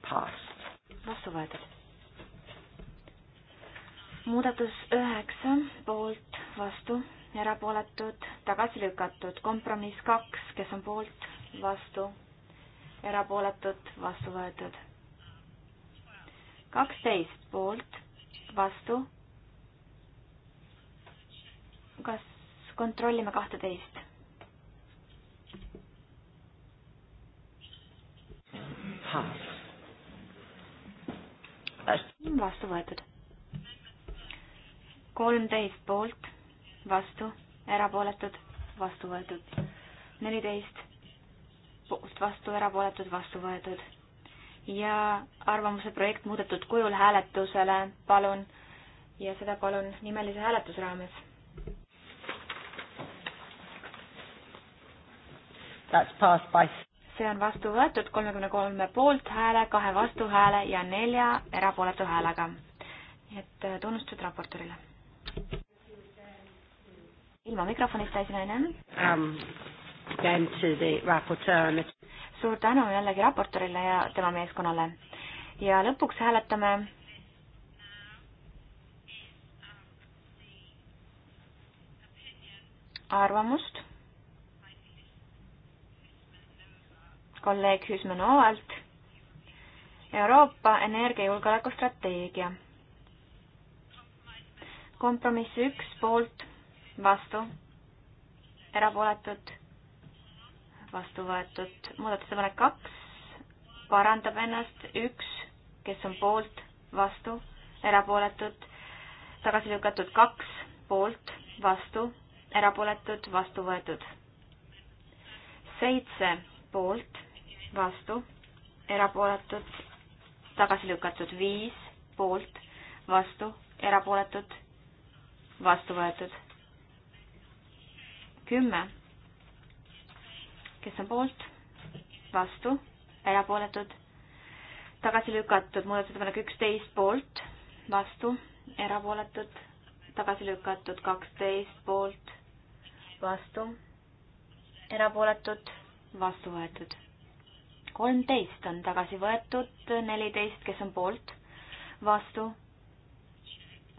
past. vastu võetud muudatus üheksa, poolt, vastu, erapooletud, tagasi lükatud. kompromiss kaks, kes on poolt, vastu, erapooletud, vastu võetud. kaksteist poolt, vastu. kas kontrollime kahteteist? vastu võetud kolmteist poolt, vastu, erapooletud, vastu võetud. neliteist poolt, vastu, erapooletud, vastu võetud. ja arvamuse projekt muudetud kujul hääletusele, palun, ja seda palun nimelise hääletuse raames. That's passed by see on vastu võetud kolmekümne kolme poolthääle, kahe vastuhääle ja nelja erapooletu häälega. nii et äh, tunnustused raportorile ilma mikrofonita esimene um,. suur tänu jällegi raportorile ja tema meeskonnale. ja lõpuks hääletame arvamust kolleeg Hüsmenoalt Euroopa energiajulgeoleku strateegia. kompromiss üks poolt vastu, erapooletud, vastu võetud. muudatusettepanek kaks parandab ennast, üks, kes on poolt, vastu, erapooletud, tagasi lükatud kaks, poolt, vastu, erapooletud, vastu võetud. seitse poolt, vastu, erapooletud, tagasi lükatud viis, poolt, vastu, erapooletud, vastu võetud kümme, kes on poolt, vastu, erapooletud, tagasi lükatud, muudatusettepanek üksteist poolt, vastu, erapooletud, tagasi lükatud, kaksteist poolt, vastu, erapooletud, vastu võetud. kolmteist on tagasi võetud, neliteist, kes on poolt, vastu,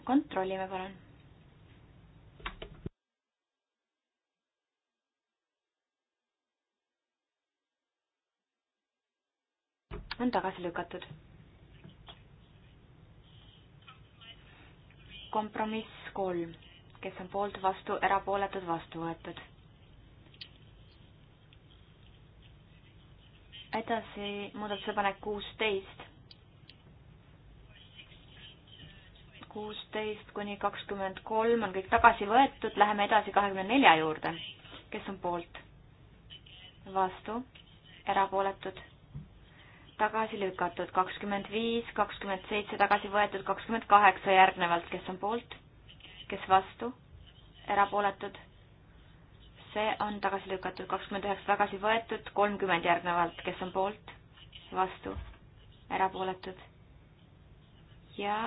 kontrollime palun on tagasi lükatud. kompromiss kolm, kes on poolt, vastu, erapooletud, vastu võetud. edasi muudatusepanek kuusteist. kuusteist kuni kakskümmend kolm on kõik tagasi võetud, läheme edasi kahekümne nelja juurde. kes on poolt? vastu, erapooletud tagasi lükatud, kakskümmend viis, kakskümmend seitse tagasi võetud, kakskümmend kaheksa järgnevalt, kes on poolt, kes vastu, erapooletud. see on tagasi lükatud, kakskümmend üheksa tagasi võetud, kolmkümmend järgnevalt, kes on poolt, vastu, erapooletud. ja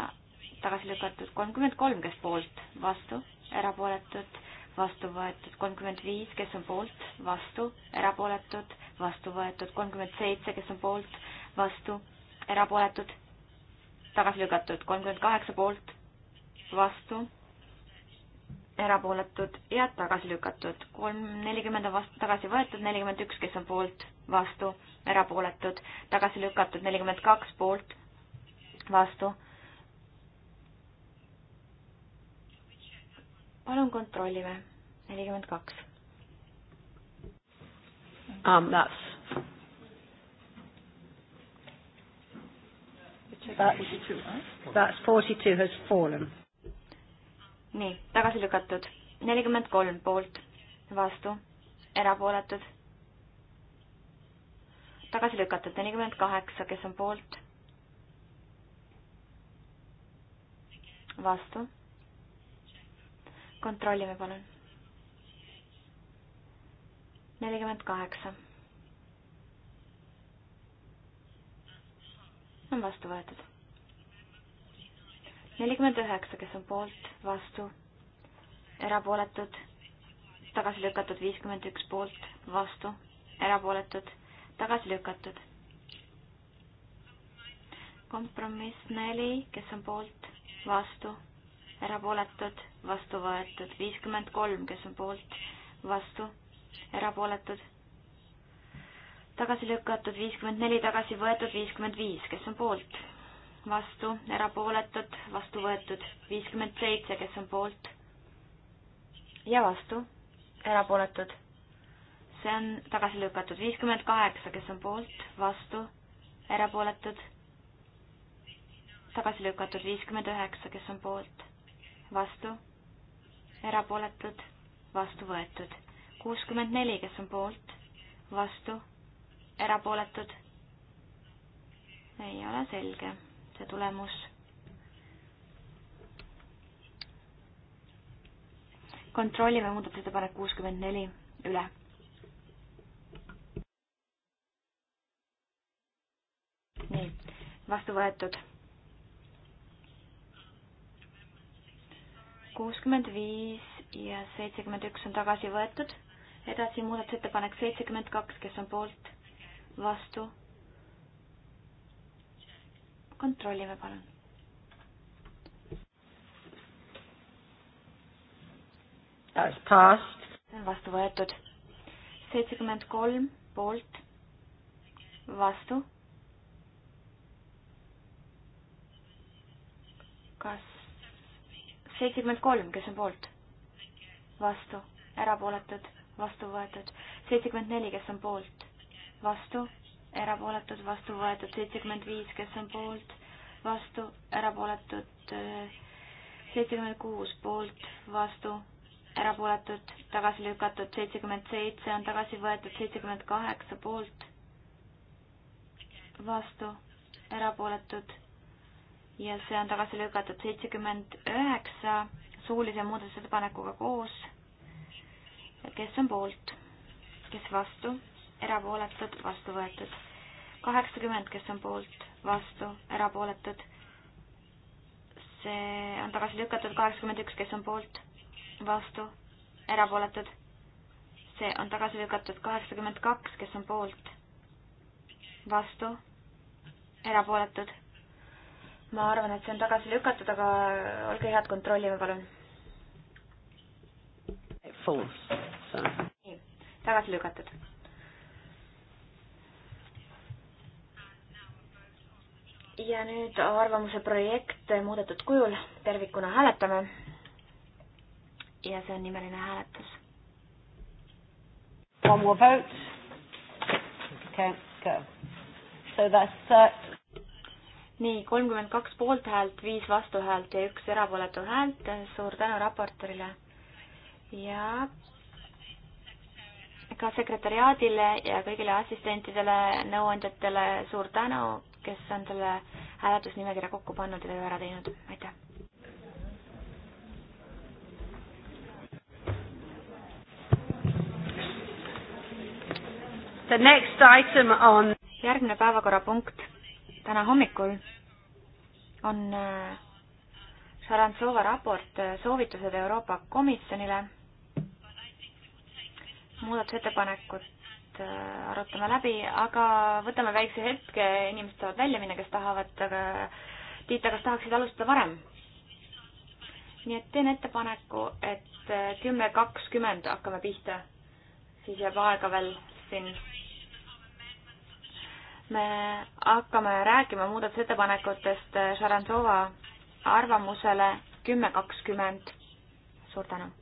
tagasi lükatud kolmkümmend kolm, kes poolt, vastu, erapooletud, vastu võetud kolmkümmend viis, kes on poolt, vastu, erapooletud, vastu võetud kolmkümmend seitse, kes on poolt, vastu, erapooletud, tagasi lükatud, kolmkümmend kaheksa poolt, vastu, erapooletud ja tagasi lükatud. kolm, nelikümmend on vastu, tagasi võetud, nelikümmend üks, kes on poolt, vastu, erapooletud, tagasi lükatud, nelikümmend kaks poolt, vastu. palun kontrollime, nelikümmend kaks. Um, that's That's, that's 42 has fallen. nii, tagasi lükatud. nelikümmend kolm poolt, vastu, erapooletud. tagasi lükatud nelikümmend kaheksa, kes on poolt, vastu. kontrollime palun. nelikümmend kaheksa on vastu võetud. nelikümmend üheksa, kes on poolt, vastu, erapooletud, tagasi lükatud, viiskümmend üks poolt, vastu, erapooletud, tagasi lükatud. kompromiss neli, kes on poolt, vastu, erapooletud, vastu võetud, viiskümmend kolm, kes on poolt, vastu, erapooletud tagasi lükatud viiskümmend neli, tagasi võetud viiskümmend viis, kes on poolt? vastu, erapooletud, vastu võetud viiskümmend seitse, kes on poolt? ja vastu, erapooletud. see on tagasi lükatud viiskümmend kaheksa, kes on poolt, vastu, erapooletud. tagasi lükatud viiskümmend üheksa, kes on poolt, vastu, erapooletud, vastu võetud. kuuskümmend neli, kes on poolt, vastu erapooletud? ei ole selge see tulemus. kontrollime muudatusettepanek kuuskümmend neli üle. nii, vastu võetud. kuuskümmend viis ja seitsekümmend üks on tagasi võetud. edasi muudatusettepanek seitsekümmend kaks, kes on poolt vastu. kontrollime, palun. vastu võetud seitsekümmend kolm poolt, vastu. kas seitsekümmend kolm, kes on poolt? vastu, erapooletud, vastu võetud. seitsekümmend neli, kes on poolt? vastu, erapooletud, vastu võetud seitsekümmend viis, kes on poolt, vastu, erapooletud äh, seitsekümmend kuus, poolt, vastu, erapooletud, tagasi lükatud seitsekümmend seitse, on tagasi võetud seitsekümmend kaheksa, poolt, vastu, erapooletud ja see on tagasi lükatud seitsekümmend üheksa suulise muudatusettepanekuga koos. kes on poolt, kes vastu? erapooletud, vastu võetud. kaheksakümmend, kes on poolt, vastu, erapooletud. see on tagasi lükatud, kaheksakümmend üks, kes on poolt, vastu, erapooletud. see on tagasi lükatud, kaheksakümmend kaks, kes on poolt, vastu, erapooletud. ma arvan, et see on tagasi lükatud, aga olge head, kontrollime palun. False, so tagasi lükatud ja nüüd arvamuse projekt muudetud kujul tervikuna hääletame. ja see on nimeline hääletus. One more vote. Okay, go. So that's uh... nii, kolmkümmend kaks poolthäält, viis vastuhäält ja üks erapooletu häält. suur tänu raportorile ja ka sekretäriaadile ja kõigile assistentidele, nõuandjatele suur tänu kes on selle hääletusnimekirja kokku pannud ja töö ära teinud, aitäh! The next item on järgmine päevakorrapunkt täna hommikul on äh, Šarantsova raport äh, soovitused Euroopa Komisjonile muudatusettepanekut teemat äh, arutame läbi, aga võtame väikse hetke, inimesed saavad välja minna, kes tahavad, aga Tiit, kas tahaksid alustada varem? nii et teen ettepaneku, et äh, kümme kakskümmend hakkame pihta, siis jääb aega veel siin. me hakkame rääkima muudatusettepanekutest äh, Šarantsova arvamusele kümme kakskümmend. suur tänu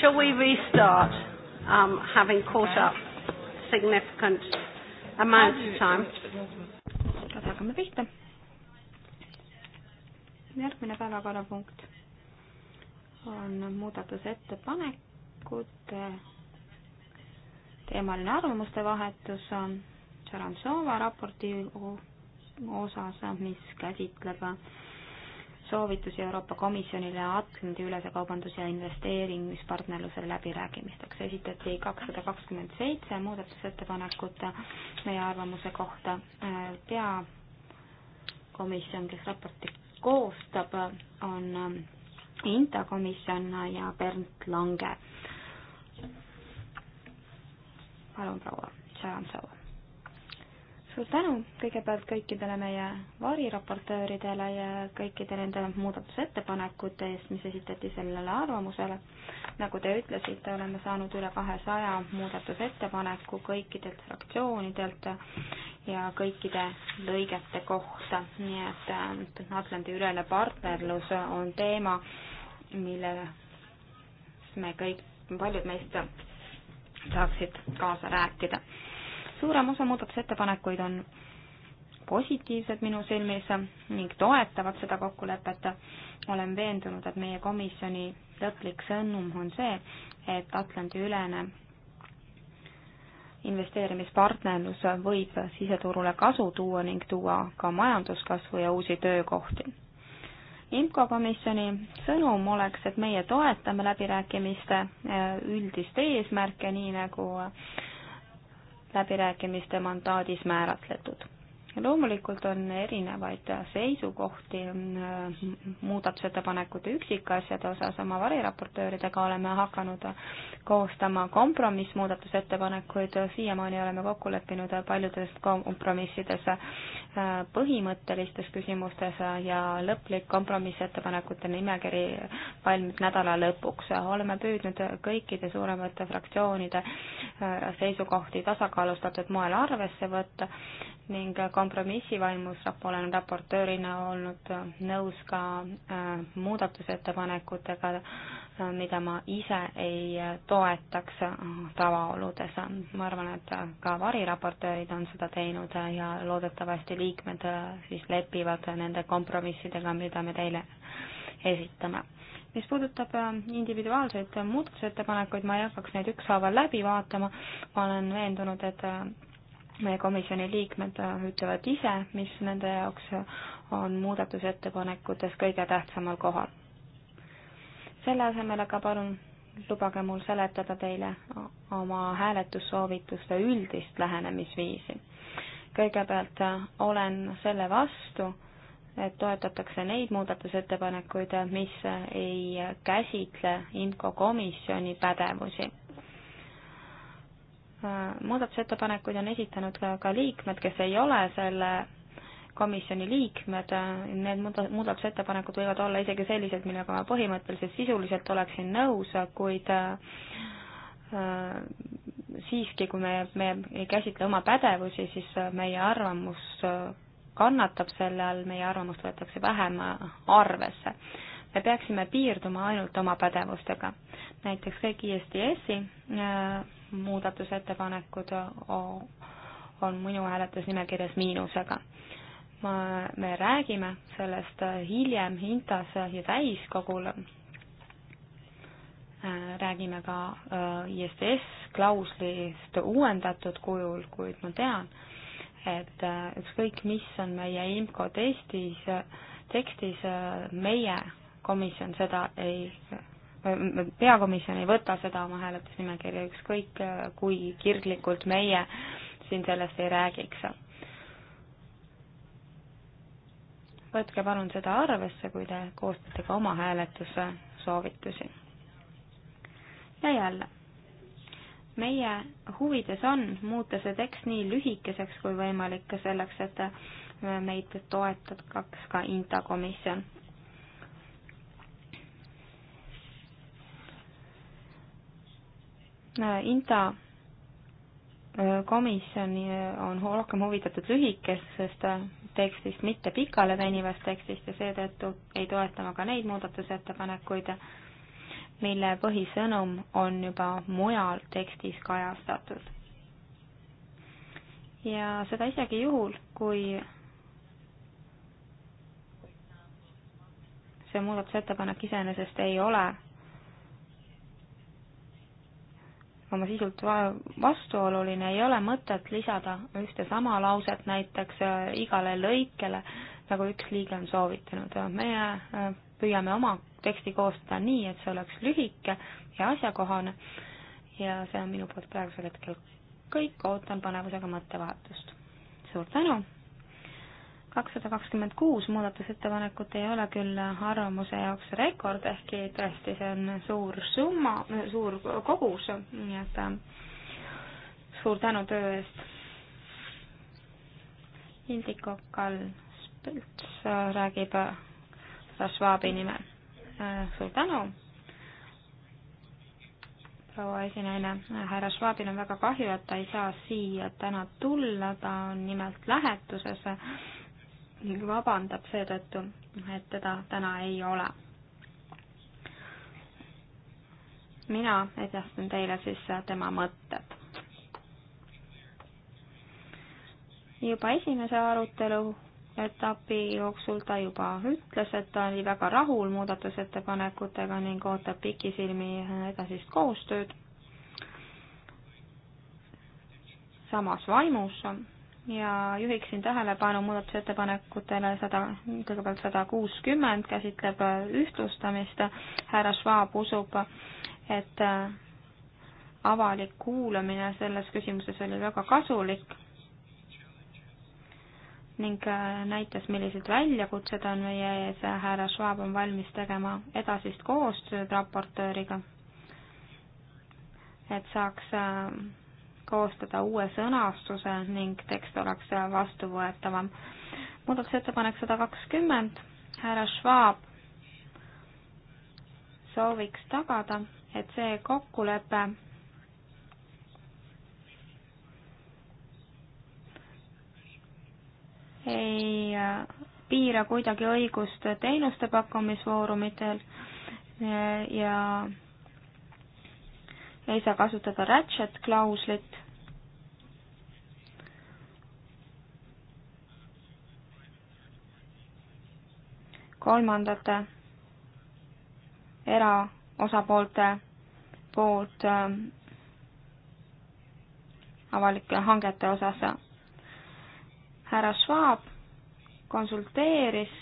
Shall we restart, um, having caught up significant amount of time? kas hakkame pihta? järgmine päevakorrapunkt on muudatusettepanekute teemaline arvamuste vahetus Tšarantsova raporti osas, mis käsitleb soovitusi Euroopa Komisjonile Atlandi-ülese kaubandus- ja investeerimispartnerluse läbirääkimisteks. esitati kakssada kakskümmend seitse muudatusettepanekut meie arvamuse kohta. peakomisjon, kes raporti koostab, on Inta komisjon ja Bernt Lange. palun, proua Šaransova suur tänu kõigepealt kõikidele meie variraportööridele ja kõikide nende muudatusettepanekute eest, mis esitati sellele arvamusele. nagu te ütlesite, oleme saanud üle kahesaja muudatusettepaneku kõikidelt fraktsioonidelt ja kõikide lõigete kohta, nii et äh, Atlandi-ülene partnerlus on teema, millele me kõik, paljud meist saaksid kaasa rääkida suurem osa muudatusettepanekuid on positiivsed minu silmis ning toetavad seda kokkulepet. olen veendunud, et meie komisjoni lõplik sõnum on see, et Atlandi-ülene investeerimispartnerlus võib siseturule kasu tuua ning tuua ka majanduskasvu ja uusi töökohti. IMCO komisjoni sõnum oleks, et meie toetame läbirääkimiste äh, üldist eesmärke, nii nagu äh, läbirääkimiste mandaadis määratletud. loomulikult on erinevaid seisukohti äh, muudatusettepanekute üksikasjade osas, oma variraportööridega oleme hakanud koostama kompromissmuudatusettepanekuid, siiamaani oleme kokku leppinud paljudes kompromissides põhimõttelistes küsimustes ja lõplik kompromissettepanekute nimekiri valmib nädala lõpuks. oleme püüdnud kõikide suuremate fraktsioonide seisukohti tasakaalustatud moel arvesse võtta ning kompromissivaimus olen raportöörina olnud nõus ka äh, muudatusettepanekutega mida ma ise ei toetaks tavaoludes. ma arvan, et ka variraportöörid on seda teinud ja loodetavasti liikmed siis lepivad nende kompromissidega, mida me teile esitame. mis puudutab äh, individuaalseid muudatusettepanekuid, ma ei hakkaks neid ükshaaval läbi vaatama, ma olen veendunud, et äh, meie komisjoni liikmed äh, ütlevad ise, mis nende jaoks on muudatusettepanekutes kõige tähtsamal kohal selle asemel aga palun lubage mul seletada teile oma hääletussoovituste üldist lähenemisviisi. kõigepealt olen selle vastu, et toetatakse neid muudatusettepanekuid, mis ei käsitle infokomisjoni pädevusi. muudatusettepanekuid on esitanud ka, ka liikmed, kes ei ole selle komisjoni liikmed, need muudatusettepanekud võivad olla isegi sellised, millega ma põhimõtteliselt sisuliselt oleksin nõus, kuid äh, siiski, kui me, me ei käsitle oma pädevusi, siis meie arvamus kannatab selle all, meie arvamust võetakse vähem arvesse. me peaksime piirduma ainult oma pädevustega. näiteks kõik ISDS-i äh, muudatusettepanekud on minu hääletusnimekirjas miinusega ma, me räägime sellest hiljem Intas ja täiskogul. Äh, räägime ka äh, ISDS klauslist uuendatud kujul, kuid ma tean, et äh, ükskõik, mis on meie IMCO testis, tekstis, meie komisjon seda ei peakomisjon ei võta seda oma hääletusnimekirja, ükskõik kui kirglikult meie siin sellest ei räägiks võtke palun seda arvesse, kui te koostate ka oma hääletuse soovitusi. ja jälle, meie huvides on muuta see tekst nii lühikeseks kui võimalik ka selleks, et meid toetataks ka INTA komisjon. INTA komisjon on rohkem huvitatud lühikesest tekstist, mitte pikalevenivast tekstist ja seetõttu ei toeta ma ka neid muudatusettepanekuid, mille põhisõnum on juba mujal tekstis kajastatud. ja seda isegi juhul, kui see muudatusettepanek iseenesest ei ole oma sisult vastuoluline, ei ole mõtet lisada ühte sama lauset näiteks äh, igale lõikele, nagu üks liige on soovitanud. meie äh, püüame oma teksti koostada nii, et see oleks lühike ja asjakohane ja see on minu poolt praegusel hetkel kõik, ootan põnevusega mõttevahetust. suur tänu! kakssada kakskümmend kuus muudatusettepanekut ei ole küll arvamuse jaoks rekord, ehkki tõesti see on suur summa, suur kogus, nii et äh, suur tänu töö eest. Indiko Kall-Spelts äh, räägib Rasvabi äh, nimel. suur tänu, proua esinaine. härra Švabil on väga kahju, et ta ei saa siia täna tulla, ta on nimelt lähetuses ning vabandab seetõttu, et teda täna ei ole. mina edastan teile siis tema mõtted. juba esimese arutelu etapi jooksul ta juba ütles, et ta oli väga rahul muudatusettepanekutega ning ootab pikisilmi edasist koostööd. samas vaimus ja juhiksin tähelepanu muudatusettepanekutele sada, kõigepealt sada kuuskümmend käsitleb äh, ühtlustamist. härra Schwab usub, et äh, avalik kuulamine selles küsimuses oli väga kasulik ning äh, näitas, millised väljakutsed on meie ees. härra Schwab on valmis tegema edasist koostööd raportööriga, et saaks koostada uue sõnastuse ning tekst oleks vastuvõetavam. muudatusettepanek sada kakskümmend, härra Schwab sooviks tagada, et see kokkulepe ei äh, piira kuidagi õigust teenuste pakkumisfoorumitel äh, ja ei saa kasutada ratchet klauslit. kolmandate eraosapoolte poolt äh, avalike hangete osas. härra Schwab konsulteeris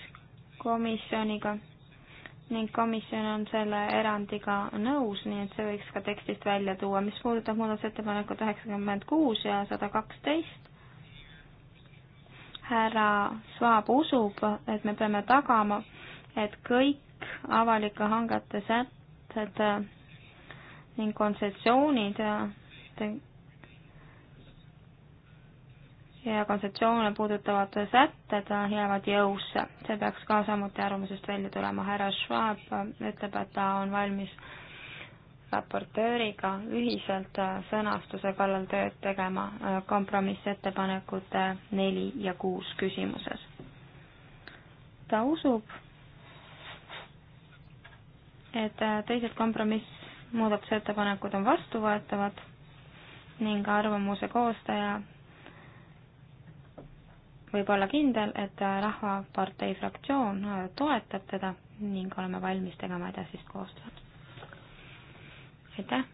komisjoniga ning komisjon on selle erandiga nõus, nii et see võiks ka tekstist välja tuua. mis puudutab muudatusettepanekut üheksakümmend kuus ja sada kaksteist, härra Schwab usub, et me peame tagama, et kõik avalike hangete sätted ning kontsessioonid ja kontseptsioone puudutavad sätted jäävad jõusse. see peaks ka samuti arvamusest välja tulema. härra Schwab ütleb, et ta on valmis raportööriga ühiselt äh, sõnastuse kallal tööd tegema äh, kompromissettepanekute neli ja kuus küsimuses. ta usub, et äh, teised kompromissmuudatusettepanekud on vastuvõetavad ning arvamuse koostaja võib olla kindel, et Rahvapartei fraktsioon toetab teda ning oleme valmis tegema edasist koostööd aitäh.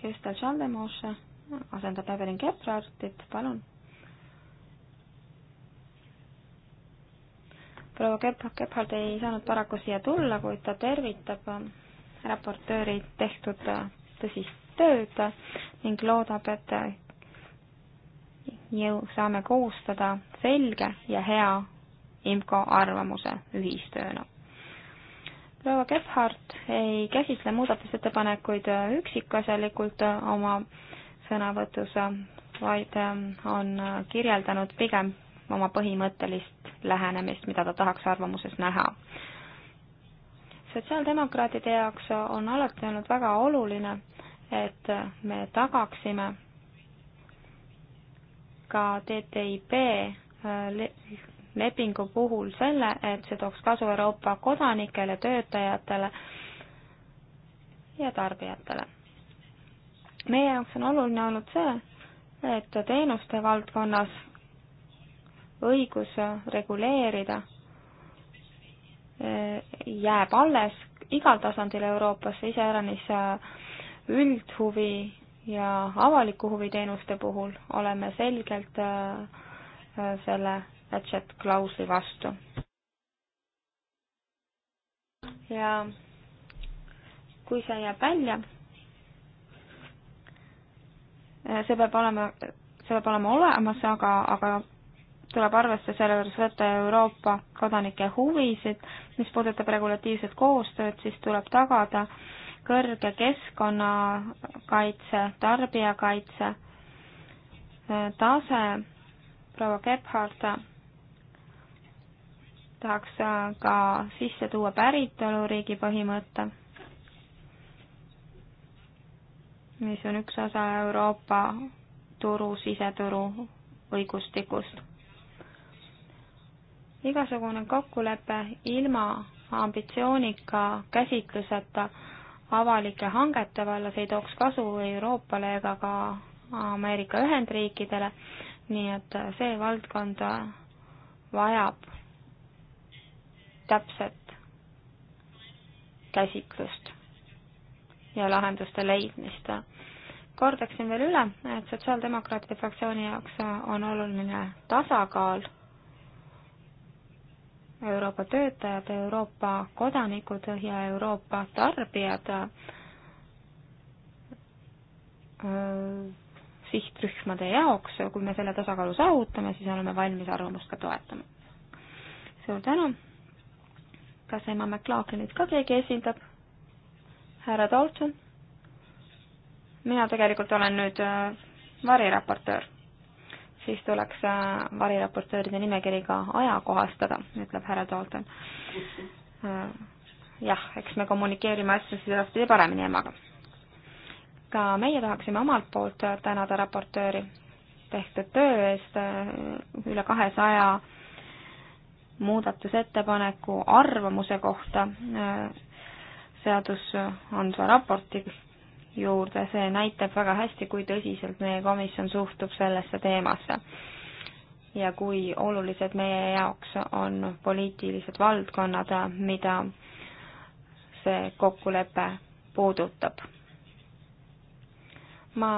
Kristel Šaldemose asendab Evelyn Gebrardit, palun. proua Geb-, Gebhard ei saanud paraku siia tulla, kuid ta tervitab raportööri tehtud tõsist tööd ning loodab, et jõu-, saame koostada selge ja hea IMCO arvamuse ühistööna proua Gebhardt ei käsitle muudatusettepanekuid äh, üksikasjalikult äh, oma sõnavõtus, äh, vaid on kirjeldanud pigem oma põhimõttelist lähenemist, mida ta tahaks arvamuses näha. sotsiaaldemokraatide jaoks on alati olnud väga oluline, et me tagaksime ka TTIP lepingu puhul selle, et see tooks kasu Euroopa kodanikele, töötajatele ja tarbijatele. meie jaoks on oluline olnud see, et teenuste valdkonnas õigus reguleerida eh, jääb alles igal tasandil Euroopas, iseäranis eh, üldhuvi ja avaliku huvi teenuste puhul oleme selgelt eh, selle budget klausli vastu. ja kui see jääb välja, eh, see peab olema, see peab olema olemas, aga, aga tuleb arvesse selle juures võtta Euroopa kodanike huvisid, mis puudutab regulatiivset koostööd, siis tuleb tagada kõrge keskkonnakaitse, tarbijakaitse eh, tase, proua Gebhardt tahaks ka sisse tuua päritoluriigi põhimõtte, mis on üks osa Euroopa turu, siseturu õigustikust. igasugune kokkulepe ilma ambitsioonika käsitluseta avalike hangete vallas ei tooks kasu Euroopale ega ka Ameerika Ühendriikidele, nii et see valdkond vajab täpset käsitlust ja lahenduste leidmist. kordaksin veel üle, et Sotsiaaldemokraatide fraktsiooni jaoks on oluline tasakaal Euroopa töötajad, Euroopa kodanikud ja Euroopa tarbijad sihtrühmade jaoks, kui me selle tasakaalu saavutame, siis oleme valmis arvamust ka toetama. suur tänu kas ema McLaughlinit ka keegi esindab? härra Dalton? mina tegelikult olen nüüd äh, variraportöör. siis tuleks äh, variraportööride nimekiri ka ajakohastada, ütleb härra Dalton. Äh, jah, eks me kommunikeerime asjasid edaspidi paremini emaga. ka meie tahaksime omalt poolt tänada raportööri tehtud töö eest üle kahesaja 200 muudatusettepaneku arvamuse kohta äh, seadusandva raporti juurde, see näitab väga hästi, kui tõsiselt meie komisjon suhtub sellesse teemasse. ja kui olulised meie jaoks on poliitilised valdkonnad, mida see kokkulepe puudutab. ma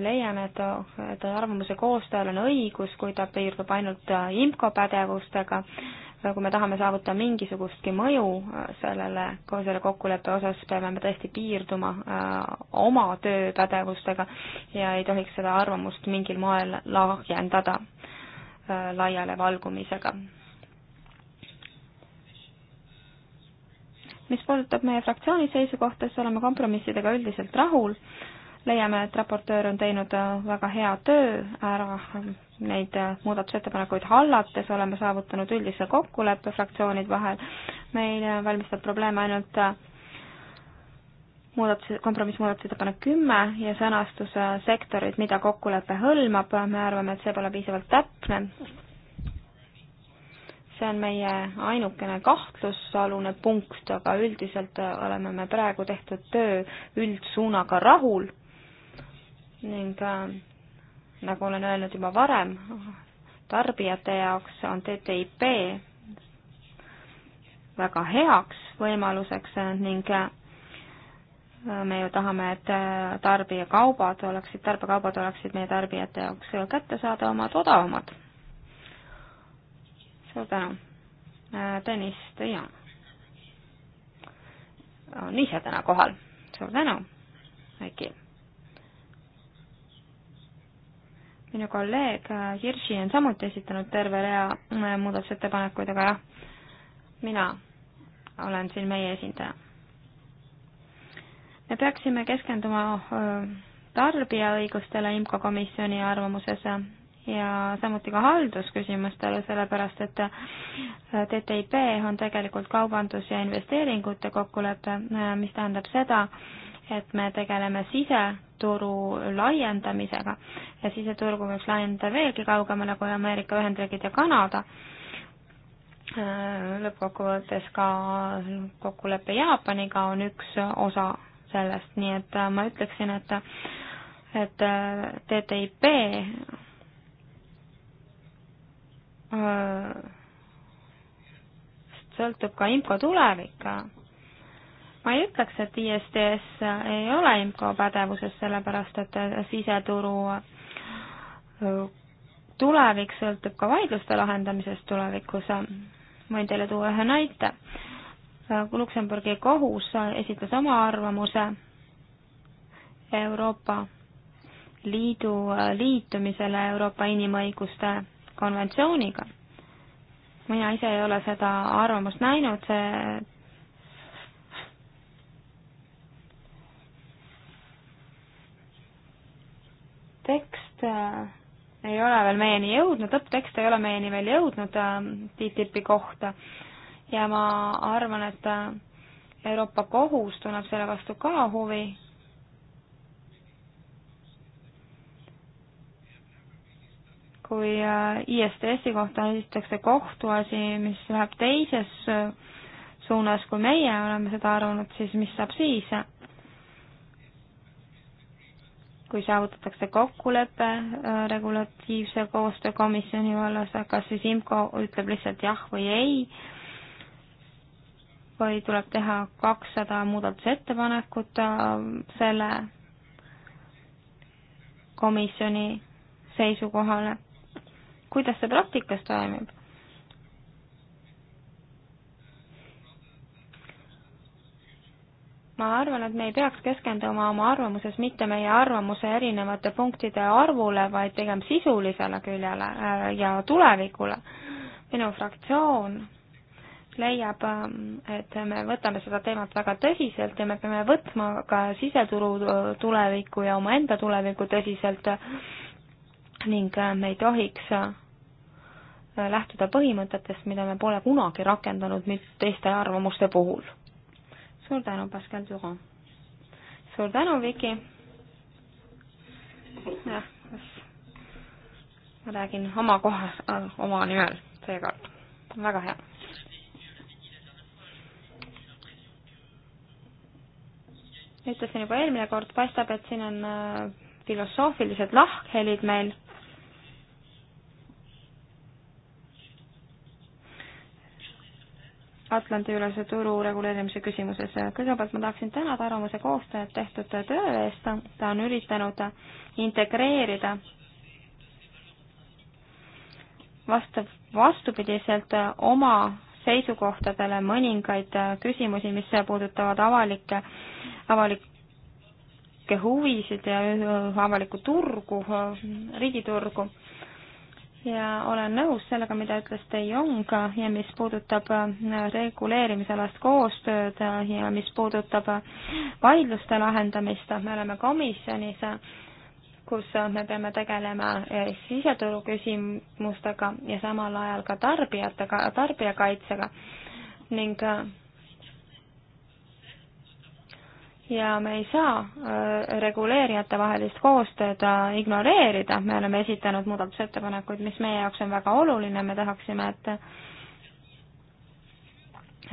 leian, et, oh, et arvamuse koostajal on õigus, kui ta piirdub ainult äh, IMCO pädevustega. kui me tahame saavutada mingisugustki mõju äh, sellele, selle kokkuleppe osas, peame me tõesti piirduma äh, oma tööpädevustega ja ei tohiks seda arvamust mingil moel lahjendada laiale valgumisega. mis puudutab meie fraktsiooni seisukohta, siis oleme kompromissidega üldiselt rahul leiame, et raportöör on teinud äh, väga hea töö ära neid äh, muudatusettepanekuid hallates, oleme saavutanud üldise kokkuleppe fraktsioonide vahel. meil äh, valmistab probleeme ainult muudatus, kompromissmuudatusettepanek kümme ja sõnastus sektorid, mida kokkulepe hõlmab, me arvame, et see pole piisavalt täpne. see on meie ainukene kahtlusalune punkt, aga üldiselt oleme me praegu tehtud töö üldsuunaga rahul ning äh, nagu olen öelnud juba varem, tarbijate jaoks on TTIP väga heaks võimaluseks ning äh, me ju tahame, et äh, tarbijakaubad oleksid, tarbekaubad oleksid meie tarbijate jaoks kättesaadavamad, odavamad. suur tänu. Tõnis Tõian on ise täna kohal. suur tänu, Heiki minu kolleeg äh, Hirši on samuti esitanud terve rea äh, muudatusettepanekuid, aga jah, mina olen siin meie esindaja. me peaksime keskenduma äh, tarbija õigustele IMCO komisjoni arvamuses ja samuti ka haldusküsimustele, sellepärast et TTIP on tegelikult kaubandus- ja investeeringute kokkulepe, mis tähendab seda, et me tegeleme siseturu laiendamisega ja siseturgu võiks laiendada veelgi kaugemale kui Ameerika Ühendriigid ja Kanada. Äh, lõppkokkuvõttes ka kokkulepe Jaapaniga on üks osa sellest, nii et äh, ma ütleksin, et et äh, TTIP sõltub ka IMCO tulevik ma ei ütleks, et ISDS ei ole IMCO pädevuses, sellepärast et siseturu äh, tulevik sõltub ka vaidluste lahendamisest tulevikus. võin teile tuua ühe näite. Äh, Luksemburgi kohus esitas oma arvamuse Euroopa Liidu äh, liitumisele Euroopa inimõiguste konventsiooniga. mina ise ei ole seda arvamust näinud, see tekst äh, ei ole veel meieni jõudnud, lõpptekst ei ole meieni veel jõudnud äh, TTIP-i kohta ja ma arvan, et äh, Euroopa Kohus tunneb selle vastu ka huvi, kui ISDS-i kohta esitatakse kohtuasi, mis läheb teises suunas, kui meie oleme seda arvanud, siis mis saab siis? kui saavutatakse kokkulepe äh, regulatiivse koostöökomisjoni vallas, kas siis IMCO ütleb lihtsalt jah või ei või tuleb teha kakssada muudatusettepanekut äh, selle komisjoni seisukohale. kuidas see praktikas toimib? ma arvan, et me ei peaks keskenduma oma arvamuses mitte meie arvamuse erinevate punktide arvule, vaid pigem sisulisele küljele äh, ja tulevikule. minu fraktsioon leiab, ähm, et me võtame seda teemat väga tõsiselt ja me peame võtma ka siseturu tulevikku ja omaenda tulevikku tõsiselt ning äh, me ei tohiks äh, lähtuda põhimõtetest, mida me pole kunagi rakendanud teiste arvamuste puhul suur tänu, Pascal Duron. suur tänu, Viki. jah, ma räägin oma koha äh,, oma nimel seekord, väga hea. ütlesin juba eelmine kord, paistab, et siin on äh, filosoofilised lahkhelid meil Atlandi-ülese turu reguleerimise küsimuses. kõigepealt ma tahaksin tänada arvamuse koostajat tehtud töö eest, ta on üritanud integreerida vastav, vastupidiselt oma seisukohtadele mõningaid küsimusi, mis puudutavad avalikke, avalikke huvisid ja avalikku turgu, riigiturgu ja olen nõus sellega, mida ütles De Jong ja mis puudutab äh, reguleerimisalast koostööd äh, ja mis puudutab äh, vaidluste lahendamist, me oleme komisjonis, kus me peame tegelema siseturu küsimustega ja samal ajal ka tarbijatega, tarbijakaitsega ning ja me ei saa äh, reguleerijate vahelist koostööd äh, ignoreerida, me oleme esitanud muudatusettepanekuid, mis meie jaoks on väga oluline, me tahaksime, et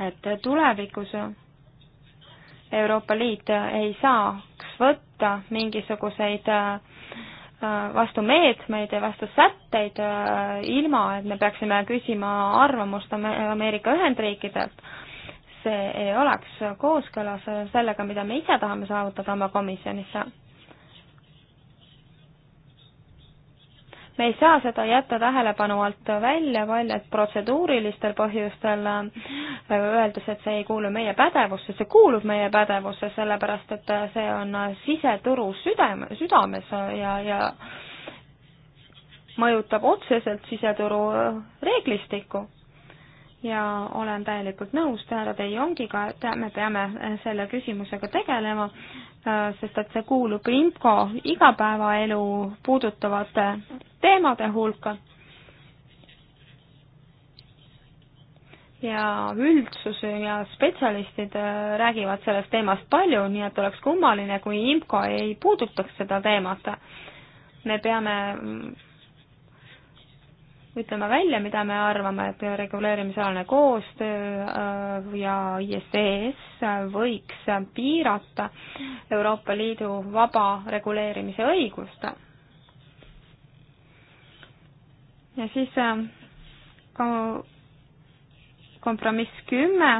et tulevikus Euroopa Liit ei saaks võtta mingisuguseid äh, vastumeetmeid ja vastusätteid, ilma et me peaksime küsima arvamust Ameerika Ühendriikidelt see ei oleks kooskõlas sellega, mida me ise tahame saavutada oma komisjonis. me ei saa seda jätta tähelepanu alt välja, vaid protseduurilistel põhjustel öeldes, et see ei kuulu meie pädevusse, see kuulub meie pädevusse, sellepärast et see on siseturu südame, südames ja, ja mõjutab otseselt siseturu reeglistikku ja olen täielikult nõus härra Deijongiga, et me peame äh, selle küsimusega tegelema, äh, sest et see kuulub IMCO igapäevaelu puudutavate teemade hulka. ja üldsus ja spetsialistid äh, räägivad sellest teemast palju, nii et oleks kummaline, kui IMCO ei puudutaks seda teemat. me peame mm, ütlema välja, mida me arvame, et reguleerimisalane koostöö äh, ja ISDS e võiks piirata Euroopa Liidu vaba reguleerimise õigust. ja siis äh, kompromiss kümme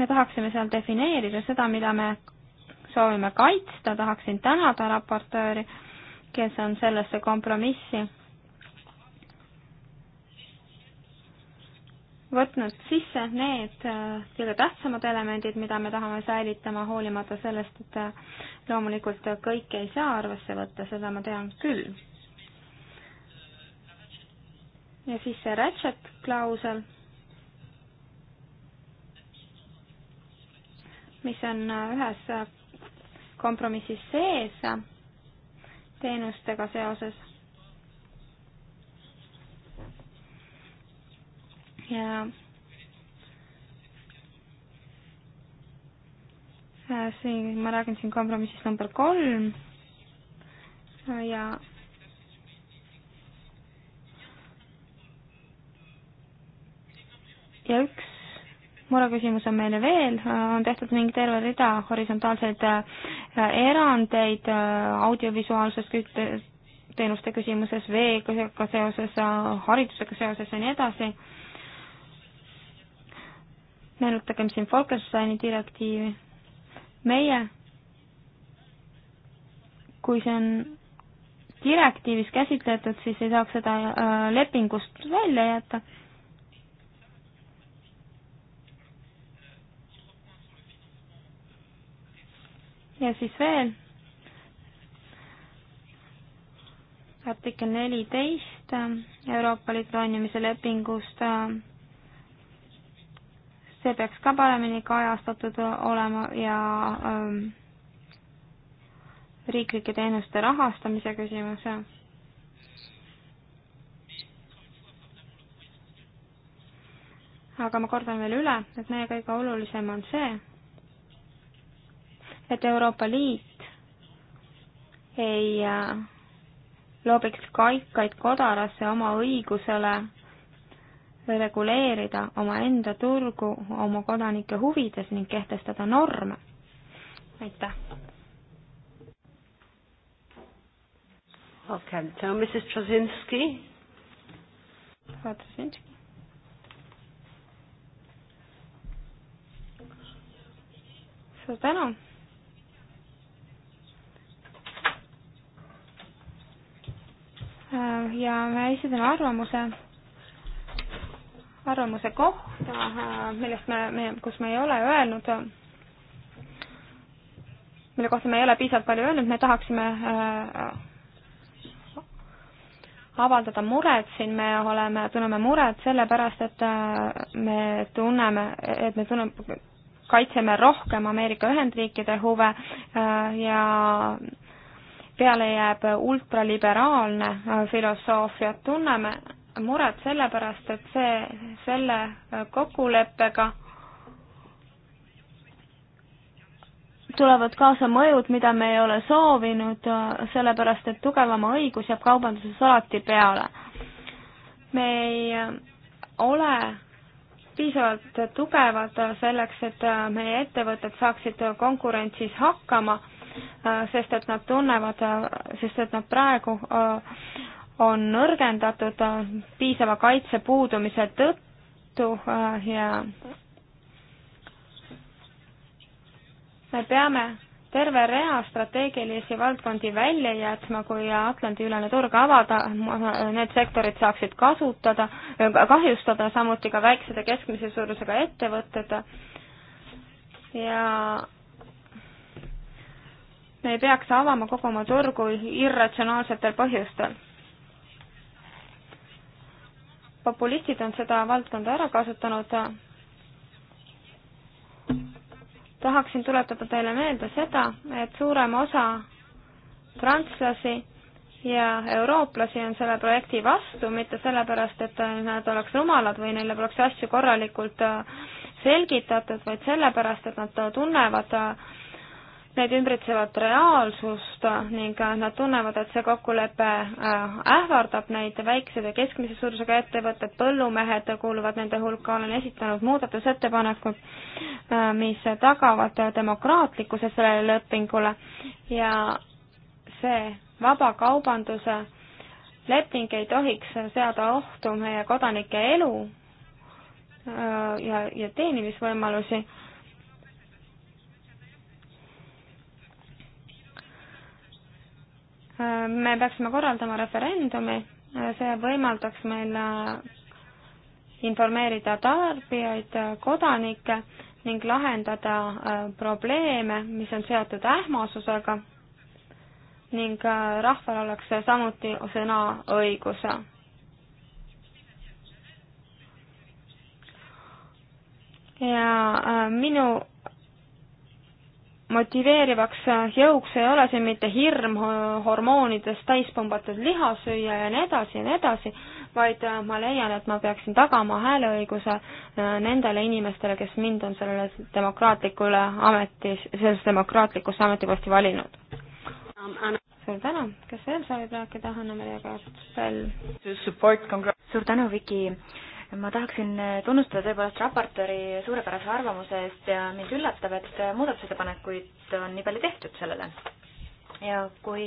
me tahaksime seal defineerida seda, mida me soovime kaitsta, tahaksin tänada raportööri, kes on sellesse kompromissi võtnud sisse need äh, kõige tähtsamad elemendid, mida me tahame säilitama, hoolimata sellest, et äh, loomulikult kõike ei saa arvesse võtta, seda ma tean küll. ja siis see ratchet klausel mis on äh, ühes kompromissis sees teenustega seoses. ja äh, siin ma räägin siin kompromissist number kolm äh, ja ja üks mureküsimus on meile veel, äh, on tehtud mingi terve rida horisontaalseid Äh, erandeid äh, audiovisuaalses teenuste küsimuses, veega seoses, äh, haridusega seoses ja nii edasi. meenutagem siin Folkesteini direktiivi. meie, kui see on direktiivis käsitletud, siis ei saaks seda lepingust välja jätta ja siis veel artikkel neliteist äh, Euroopa Liidu toimimise lepingust. Äh, see peaks ka paremini kajastatud olema ja ähm, riiklike teenuste rahastamise küsimus. aga ma kordan veel üle, et meie kõige olulisem on see, et Euroopa Liit ei äh, loobiks kaikaid kodarasse oma õigusele reguleerida omaenda turgu oma kodanike huvides ning kehtestada norme. aitäh. Okay, so Mrs. Trzynski. Trzynski. suur tänu Äh, ja me esitame arvamuse, arvamuse kohta, äh, millest me, me, kus me ei ole öelnud, mille kohta me ei ole piisavalt palju öelnud, me tahaksime äh, avaldada muret siin, me oleme, tunneme muret sellepärast, et me tunneme, et me tunneme, kaitseme rohkem Ameerika Ühendriikide huve ja peale jääb ultraliberaalne filosoofia, tunneme muret sellepärast, et see, selle kokkuleppega tulevad kaasa mõjud, mida me ei ole soovinud, sellepärast et tugevama õigus jääb kaubanduses alati peale. me ei ole piisavalt tugevad selleks, et meie ettevõtted saaksid konkurentsis hakkama Äh, sest et nad tunnevad, äh, sest et nad praegu äh, on nõrgendatud piisava kaitse puudumise tõttu ja me peame terve rea strateegilisi valdkondi välja jätma, kui Atlandi-ülene turg avada, need sektorid saaksid kasutada, kahjustada, samuti ka väiksed ja keskmise suurusega ettevõtted ja me ei peaks avama kogu oma turgu irratsionaalsetel põhjustel. populistid on seda valdkonda ära kasutanud. tahaksin tuletada teile meelde seda, et suurem osa prantslasi ja eurooplasi on selle projekti vastu, mitte sellepärast, et nad oleks rumalad või neile poleks asju korralikult selgitatud, vaid sellepärast, et nad tunnevad neid ümbritsevat reaalsust ning nad tunnevad, et see kokkulepe äh, ähvardab neid väiksed ja keskmise suurusega ettevõtted, põllumehed kuuluvad nende hulka, olen esitanud muudatusettepanekud, äh, mis tagavad demokraatlikkuse sellele lepingule ja see vabakaubanduse leping ei tohiks seada ohtu meie kodanike elu äh, ja, ja teenimisvõimalusi me peaksime korraldama referendumi, see võimaldaks meil äh, informeerida tarbijaid, äh, kodanikke ning lahendada äh, probleeme, mis on seotud ähmasusega ning rahval oleks samuti sõnaõigus. ja minu motiveerivaks jõuks ei ole siin mitte hirm hormoonidest täis pumbatud lihasüüa ja nii edasi ja nii edasi, vaid äh, ma leian, et ma peaksin tagama hääleõiguse äh, nendele inimestele, kes mind on sellele demokraatlikule ametis, selles demokraatlikus ametipoosti valinud. suur tänu, kes veel soovib rääkida, Hanna-Maria Kaartel? suur tänu, Viki ma tahaksin tunnustada tõepoolest raportööri suurepärase arvamuse eest ja mind üllatab, et muudatusettepanekuid on nii palju tehtud sellele. ja kui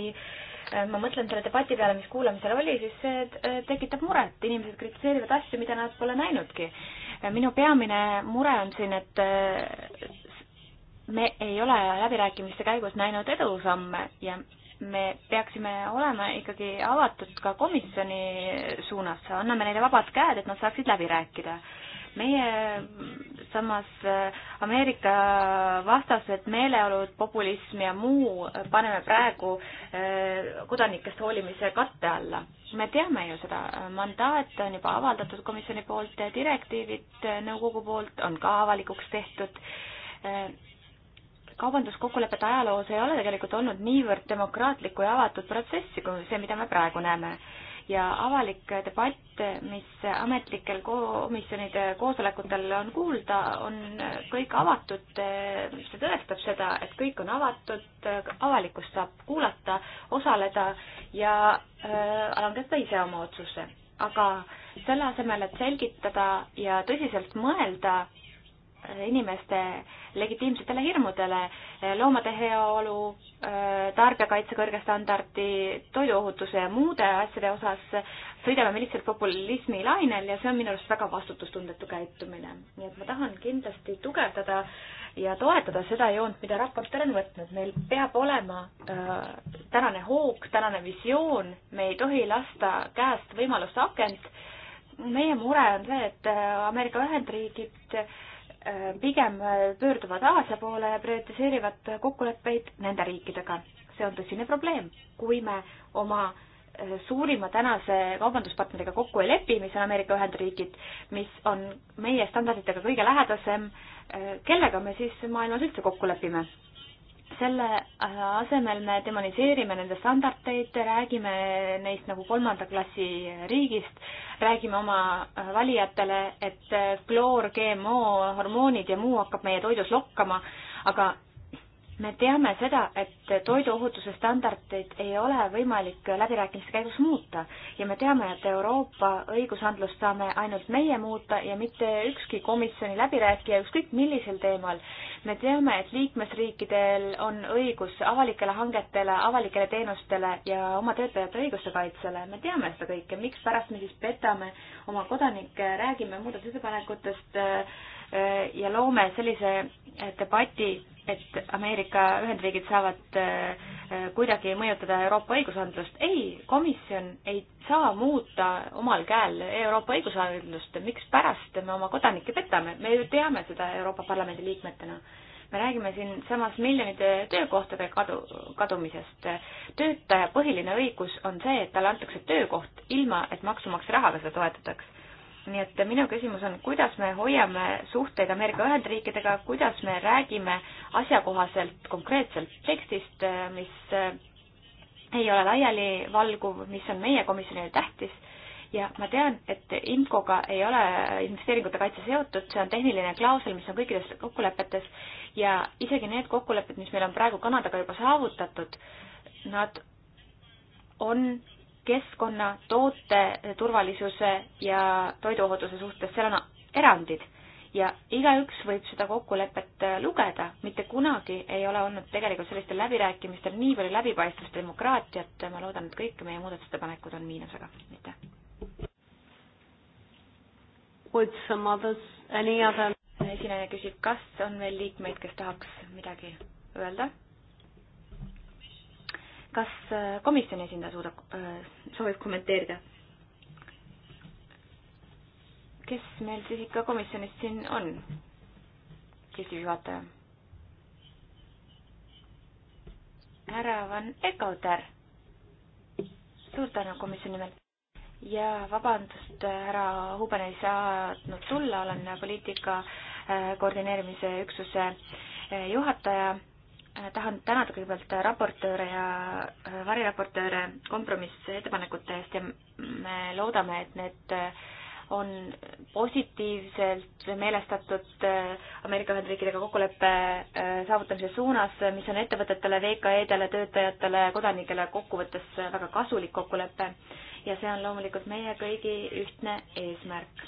äh, ma mõtlen selle debati peale, mis kuulamisel oli, siis see äh, tekitab muret, inimesed kritiseerivad asju, mida nad pole näinudki. Äh, minu peamine mure on siin, et me ei ole läbirääkimiste käigus näinud edusamme ja me peaksime olema ikkagi avatud ka komisjoni suunas, anname neile vabad käed, et nad saaksid läbi rääkida. meie samas äh, Ameerika vastased meeleolud, populism ja muu paneme praegu äh, kodanikest hoolimise katte alla. me teame ju seda, mandaat on juba avaldatud komisjoni poolt, direktiivid äh, nõukogu poolt on ka avalikuks tehtud kaubanduskokkulepete ajaloos ei ole tegelikult olnud niivõrd demokraatlikku ja avatud protsessi kui see, mida me praegu näeme. ja avalik debatt, mis ametlikel komisjonide koosolekutel on kuulda, on kõik avatud, see tõestab seda, et kõik on avatud, avalikkus saab kuulata, osaleda ja äh, langetada ise oma otsuse. aga selle asemel, et selgitada ja tõsiselt mõelda inimeste legitiimsetele hirmudele, loomade heaolu, äh, tarbijakaitse kõrge standardi, toiduohutuse ja muude asjade osas sõidame me lihtsalt populismi lainel ja see on minu arust väga vastutustundetu käitumine. nii et ma tahan kindlasti tugevdada ja toetada seda joont, mida raportöör on võtnud. meil peab olema äh, tänane hoog, tänane visioon, me ei tohi lasta käest võimaluste akent meie mure on see, et äh, Ameerika Ühendriigid Äh, pigem pöörduvad Aasia poole ja prioritiseerivad kokkuleppeid nende riikidega. see on tõsine probleem, kui me oma äh, suurima tänase kaubanduspartneriga kokku ei lepi, mis on Ameerika Ühendriigid, mis on meie standarditega kõige lähedasem, äh, kellega me siis maailmas üldse kokku lepime? selle äh, asemel me demoniseerime nende standardeid, räägime neist nagu kolmanda klassi riigist, räägime oma äh, valijatele, et äh, kloor, GMO, hormoonid ja muu hakkab meie toidus lokkama, aga me teame seda, et toiduohutuse standardeid ei ole võimalik läbirääkimiste käigus muuta ja me teame, et Euroopa õigusandlust saame ainult meie muuta ja mitte ükski komisjoni läbirääkija, ükskõik millisel teemal. me teame, et liikmesriikidel on õigus avalikele hangetele, avalikele teenustele ja oma töötajate õiguste kaitsele. me teame seda kõike, mikspärast me siis petame oma kodanikke, räägime muudatusettepanekutest äh, ja loome sellise debati et Ameerika Ühendriigid saavad äh, kuidagi mõjutada Euroopa õigusandlust. ei, komisjon ei saa muuta omal käel Euroopa õigusandlust, mikspärast me oma kodanikke petame, me ju teame seda Euroopa Parlamendi liikmetena. me räägime siinsamas miljonite töökohtade kadu, kadumisest. töötaja põhiline õigus on see, et talle antakse töökoht, ilma et maksumaksja rahaga seda toetataks nii et minu küsimus on, kuidas me hoiame suhteid Ameerika Ühendriikidega, kuidas me räägime asjakohaselt konkreetselt tekstist, mis eh, ei ole laialivalguv, mis on meie komisjonile tähtis ja ma tean, et IMCO-ga ei ole investeeringute kaitse seotud, see on tehniline klausel, mis on kõikides kokkulepetes ja isegi need kokkulepped, mis meil on praegu Kanadaga juba saavutatud, nad on keskkonna, toote turvalisuse ja toiduohutuse suhtes, seal on erandid ja igaüks võib seda kokkulepet lugeda, mitte kunagi ei ole olnud tegelikult sellistel läbirääkimistel nii palju läbipaistvust ja demokraatiat, ma loodan, et kõik meie muudatusettepanekud on miinusega, aitäh. esineja küsib, kas on veel liikmeid, kes tahaks midagi öelda? kas äh, komisjoni esindaja suudab, äh, soovib kommenteerida? kes meil siis ikka komisjonist siin on? küsib juhataja. härra Van Ekauter, suur tänu komisjoni nimel ja vabandust, härra Huben ei saanud tulla, olen poliitika äh, koordineerimise üksuse juhataja tahan tänada kõigepealt raportööre ja äh, variraportööre kompromissettepanekute eest ja me loodame, et need äh, on positiivselt meelestatud äh, Ameerika Ühendriikidega kokkuleppe saavutamise suunas, mis on ettevõtetele, VKE-dele, töötajatele, kodanikele kokkuvõttes väga kasulik kokkulepe ja see on loomulikult meie kõigi ühtne eesmärk.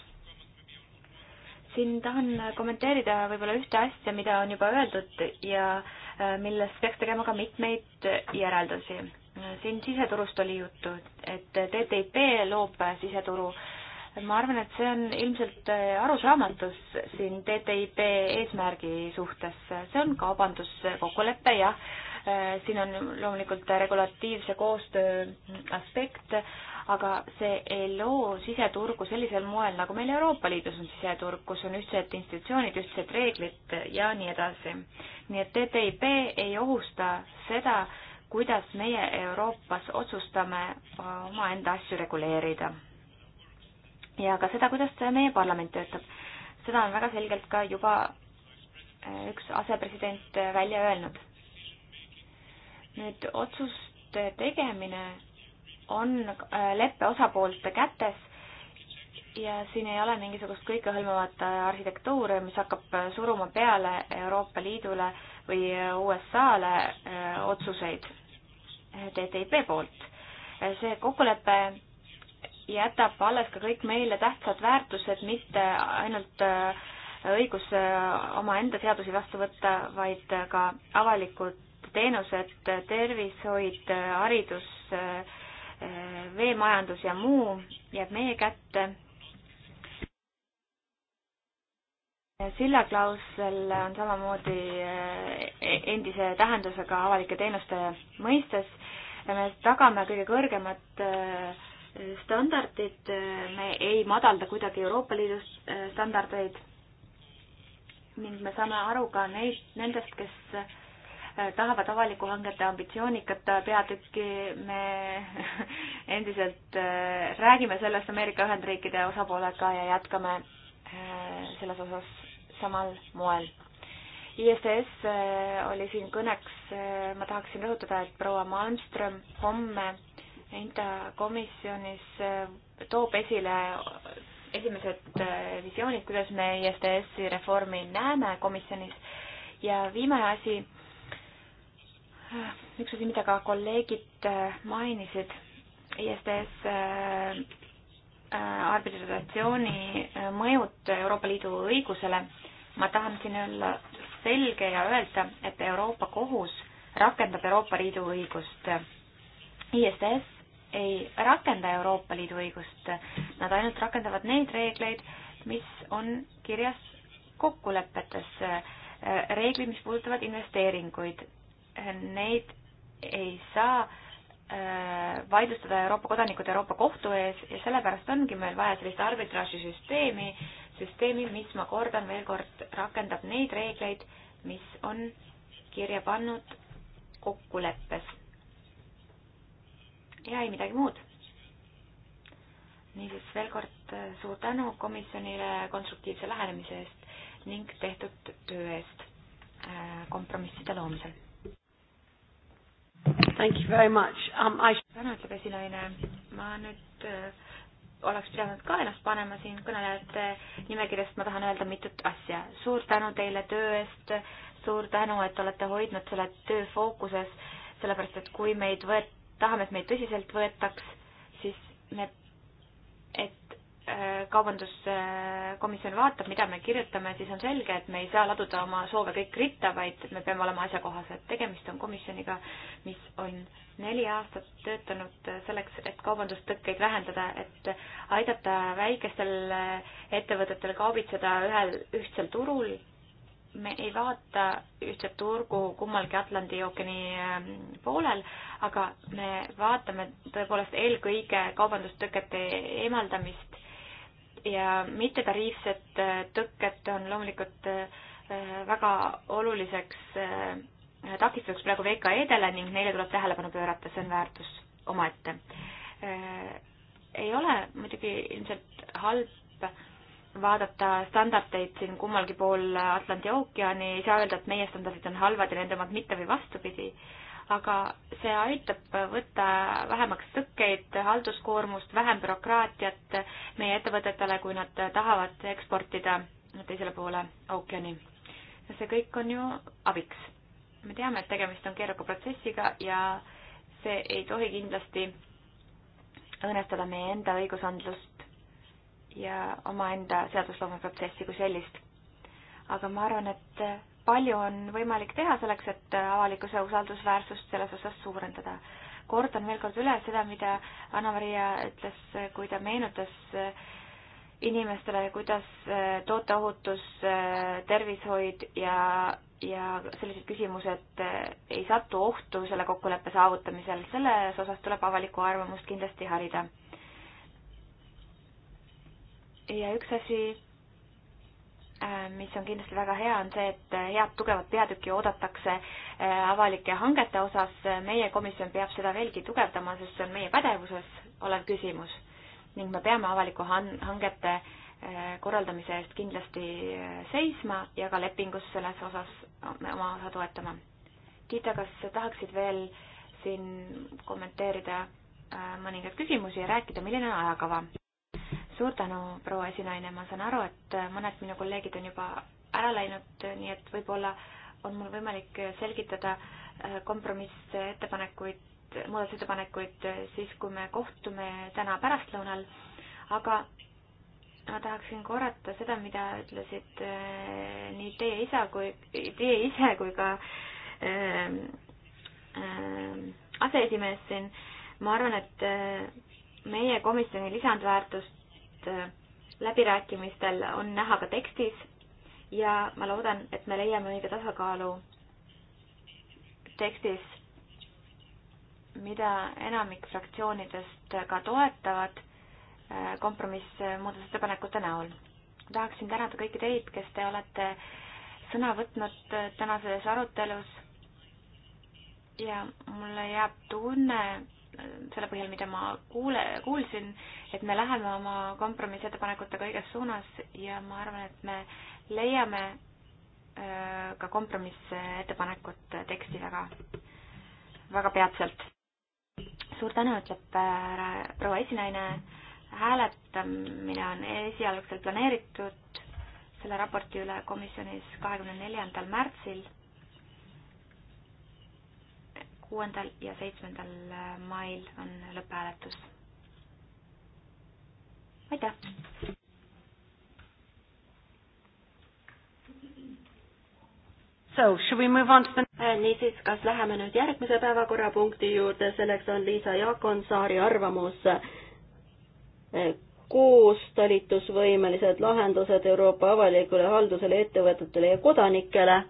siin tahan kommenteerida võib-olla ühte asja, mida on juba öeldud ja äh, Äh, millest peaks tegema ka mitmeid järeldusi. siin siseturust oli juttu, et TTIP loob siseturu. ma arvan, et see on ilmselt äh, arusaamatus siin TTIP eesmärgi suhtes, see on kaubanduskokkulepe, jah äh, siin on loomulikult regulatiivse koostöö aspekt, aga see ei loo siseturgu sellisel moel, nagu meil Euroopa Liidus on siseturg, kus on ühtsed institutsioonid, ühtsed reeglid ja nii edasi. nii et TTIP ei ohusta seda, kuidas meie Euroopas otsustame omaenda asju reguleerida. ja ka seda, kuidas meie parlament töötab. seda on väga selgelt ka juba äh, üks asepresident äh, välja öelnud. nüüd otsuste tegemine on äh, leppe osapoolte kätes ja siin ei ole mingisugust kõikehõlmavat äh, arhitektuuri, mis hakkab äh, suruma peale Euroopa Liidule või USA-le otsuseid TTIP poolt. see kokkulepe jätab alles ka kõik meile tähtsad väärtused, mitte ainult õigus omaenda seadusi vastu võtta, vaid ka avalikud teenused, tervishoid, haridus, veemajandus ja muu jääb meie kätte. sillaklausel on samamoodi eh, endise tähendusega avalike teenuste mõistes. me tagame kõige kõrgemad eh, standardid, me ei madalda kuidagi Euroopa Liidu eh, standardeid ning me saame aru ka neid, nendest, kes tahavad avaliku hangete ambitsioonikat peatükki, me endiselt äh, räägime sellest Ameerika Ühendriikide osapoolega ja jätkame äh, selles osas samal moel. ISS äh, oli siin kõneks, ma tahaksin rõhutada, et proua Malmström homme Inta komisjonis toob esile esimesed visioonid, kuidas me ISDS-i reformi näeme komisjonis ja viimane asi üks asi, mida ka kolleegid äh, mainisid, ISDS äh, äh, arbitrisatsiooni mõjud Euroopa Liidu õigusele. ma tahan siin olla selge ja öelda, et Euroopa Kohus rakendab Euroopa Liidu õigust. ISDS ei rakenda Euroopa Liidu õigust, nad ainult rakendavad neid reegleid, mis on kirjas kokkulepetes, reeglid, mis puudutavad investeeringuid neid ei saa äh, vaidlustada Euroopa kodanikud Euroopa Kohtu ees ja sellepärast ongi meil vaja sellist arbitraažisüsteemi, süsteemi, mis, ma kordan veel kord, rakendab neid reegleid, mis on kirja pannud kokkuleppes. ja ei midagi muud. niisiis veel kord äh, suur tänu komisjonile konstruktiivse lähenemise eest ning tehtud töö eest äh, kompromisside loomisel Thank you very much um,. I... tänan, ütleb esinaine. ma nüüd äh, oleks pidanud ka ennast panema siin kõnelejate nimekirjast, ma tahan öelda mitut asja. suur tänu teile töö eest, suur tänu, et olete hoidnud selle töö fookuses, sellepärast et kui meid võet-, tahame, et meid tõsiselt võetaks, siis me, et Äh, kaubanduskomisjon vaatab, mida me kirjutame, siis on selge, et me ei saa laduda oma soove kõik ritta, vaid me peame olema asjakohased. tegemist on komisjoniga, mis on neli aastat töötanud selleks, et kaubandustõkkeid vähendada, et aidata väikestel äh, ettevõtetel kaubitseda ühel ühtsel turul. me ei vaata ühtset turgu kummalgi Atlandi ookeani äh, poolel, aga me vaatame tõepoolest eelkõige kaubandustõkete eemaldamist ja mittetariifsed äh, tõkked on loomulikult äh, väga oluliseks äh, takistuseks praegu VKE-dele ning neile tuleb tähelepanu pöörata, see on väärtus omaette. ei ole muidugi ilmselt halb vaadata standardeid siin kummalgi pool Atlandi ookeani, ei saa öelda, et meie standardid on halvad ja nende omad mitte või vastupidi aga see aitab võtta vähemaks tõkkeid, halduskoormust, vähem bürokraatiat meie ettevõtetele, kui nad tahavad eksportida teisele poole ookeani. see kõik on ju abiks. me teame, et tegemist on keeruka protsessiga ja see ei tohi kindlasti õõnestada meie enda õigusandlust ja omaenda seadusloomeprotsessi kui sellist. aga ma arvan, et palju on võimalik teha selleks, et avalikkuse usaldusväärsust selles osas suurendada. kordan veel kord üle seda, mida Anna-Maria ütles, kui ta meenutas inimestele, kuidas tooteohutus, tervishoid ja, ja sellised küsimused ei satu ohtu selle kokkuleppe saavutamisel, selles osas tuleb avalikku arvamust kindlasti harida. ja üks asi Äh, mis on kindlasti väga hea, on see, et äh, head tugevat peatükki oodatakse äh, avalike hangete osas. meie komisjon peab seda veelgi tugevdama, sest see on meie pädevuses olev küsimus ning me peame avaliku hangete korraldamise eest kindlasti seisma ja ka lepingus selles osas oma osa toetama. Tiita, kas tahaksid veel siin kommenteerida mõningaid küsimusi ja rääkida, milline on ajakava? suur tänu, proua esinaine, ma saan aru, et mõned minu kolleegid on juba ära läinud, nii et võib-olla on mul võimalik selgitada äh, kompromissettepanekuid, muudatusettepanekuid äh, siis, kui me kohtume täna pärastlõunal, aga ma tahaksin korrata seda, mida ütlesid äh, nii teie isa kui, teie ise kui ka ähm, ähm, aseesimees siin. ma arvan, et meie komisjoni lisandväärtust Äh, läbirääkimistel on näha ka tekstis ja ma loodan, et me leiame õige tasakaalu tekstis, mida enamik fraktsioonidest ka toetavad äh, kompromissmuudatusettepanekute näol. tahaksin tänada kõiki teid, kes te olete sõna võtnud äh, tänases arutelus ja mulle jääb tunne, selle põhjal, mida ma kuule, kuulsin, et me läheme oma kompromissettepanekutega õiges suunas ja ma arvan, et me leiame äh, ka kompromissettepanekut teksti väga, väga peatselt. suur tänu, ütleb äh, proua esinaine. hääletamine on esialgselt planeeritud selle raporti üle komisjonis kahekümne neljandal märtsil kuuendal ja seitsmendal äh, mail on lõpphääletus. aitäh! So, should we move on to the äh, niisiis, kas läheme nüüd järgmise päevakorrapunkti juurde, selleks on Liisa Jaakonsaari arvamus äh, koostalitusvõimelised lahendused Euroopa avalikule haldusele, ettevõtetele ja kodanikele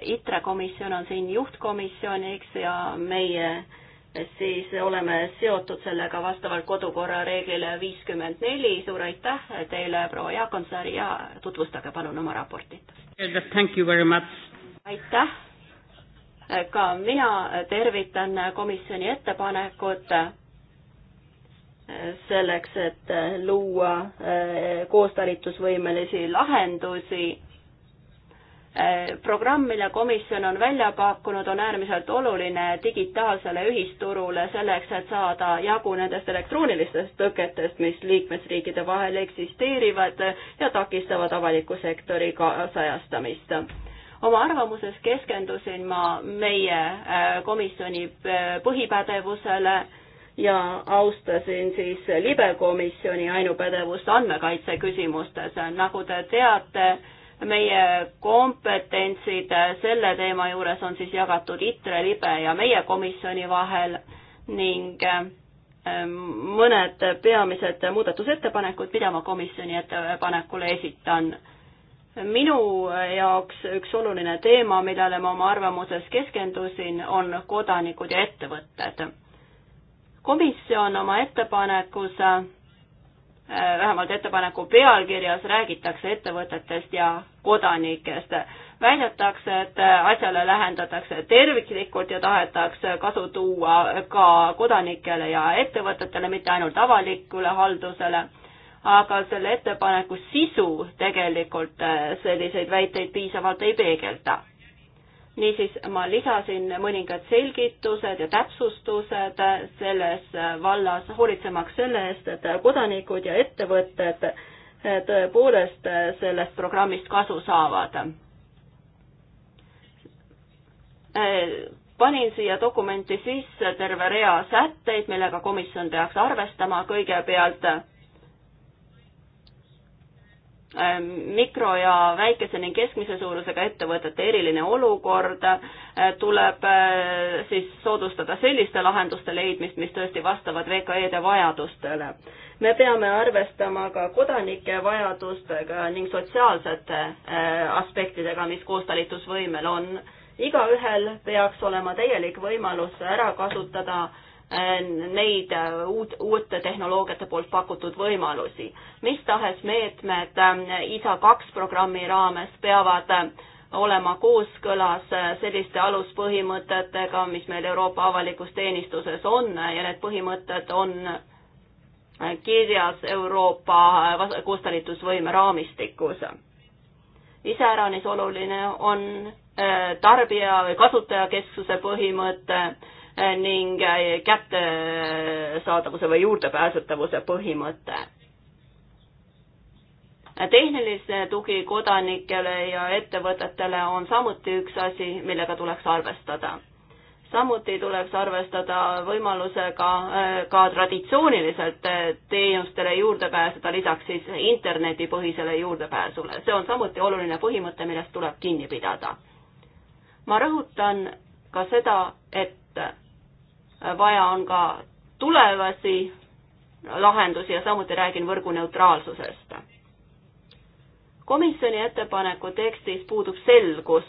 ITRA komisjon on siin juhtkomisjoniks ja meie siis oleme seotud sellega vastavalt kodukorra reeglile viiskümmend neli. suur aitäh teile, proua Jaakonsaar ja tutvustage palun oma raportit. aitäh. ka mina tervitan komisjoni ettepanekut selleks, et luua koostalitusvõimelisi lahendusi Eh, programm, mille komisjon on välja pakkunud, on äärmiselt oluline digitaalsele ühisturule selleks, et saada jagu nendest elektroonilistest tõketest, mis liikmesriikide vahel eksisteerivad ja takistavad avaliku sektori kaasajastamist. oma arvamuses keskendusin ma meie eh, komisjoni eh, põhipädevusele ja austasin siis libekomisjoni ainupädevust andmekaitse küsimustes, nagu te teate meie kompetentsid selle teema juures on siis jagatud ITRE, libe ja meie komisjoni vahel ning ähm, mõned peamised muudatusettepanekud, mida ma komisjoni ettepanekule esitan. minu jaoks üks oluline teema, millele ma oma arvamuses keskendusin, on kodanikud ja ettevõtted. komisjon oma ettepanekus Äh, vähemalt ettepaneku pealkirjas räägitakse ettevõtetest ja kodanikest. väidetakse, et asjale lähendatakse terviklikult ja tahetakse kasu tuua ka kodanikele ja ettevõtetele, mitte ainult avalikule haldusele, aga selle ettepaneku sisu tegelikult äh, selliseid väiteid piisavalt ei peegelda niisiis ma lisasin mõningad selgitused ja täpsustused selles vallas, hoolitsemaks selle eest, et kodanikud ja ettevõtted eh, tõepoolest eh, sellest programmist kasu saavad. Eh, panin siia dokumenti sisse terve rea sätteid, millega komisjon peaks arvestama, kõigepealt Ähm, mikro- ja väikese ning keskmise suurusega ettevõtete eriline olukord, äh, tuleb äh, siis soodustada selliste lahenduste leidmist, mis tõesti vastavad VKE-de vajadustele. me peame arvestama ka kodanike vajadustega ning sotsiaalsete äh, aspektidega, mis koostalitusvõimel on. igaühel peaks olema täielik võimalus ära kasutada Äh, neid äh, uut, uute tehnoloogiate poolt pakutud võimalusi. mis tahes meetmed äh, ISA kaks programmi raames peavad olema kooskõlas selliste aluspõhimõtetega, mis meil Euroopa avalikus teenistuses on ja need põhimõtted on kirjas Euroopa koostalitusvõime raamistikus. iseäranis oluline on tarbija või kasutajakesksuse põhimõte ning äh, kättesaadavuse või juurdepääsetavuse põhimõte. tehnilise tugi kodanikele ja ettevõtetele on samuti üks asi, millega tuleks arvestada. samuti tuleks arvestada võimalusega äh, ka traditsiooniliselt äh, teenustele juurde pääseda, lisaks siis internetipõhisele juurdepääsule. see on samuti oluline põhimõte, millest tuleb kinni pidada. ma rõhutan ka seda, et vaja on ka tulevasi lahendusi ja samuti räägin võrguneutraalsusest. komisjoni ettepaneku tekstis puudub selgus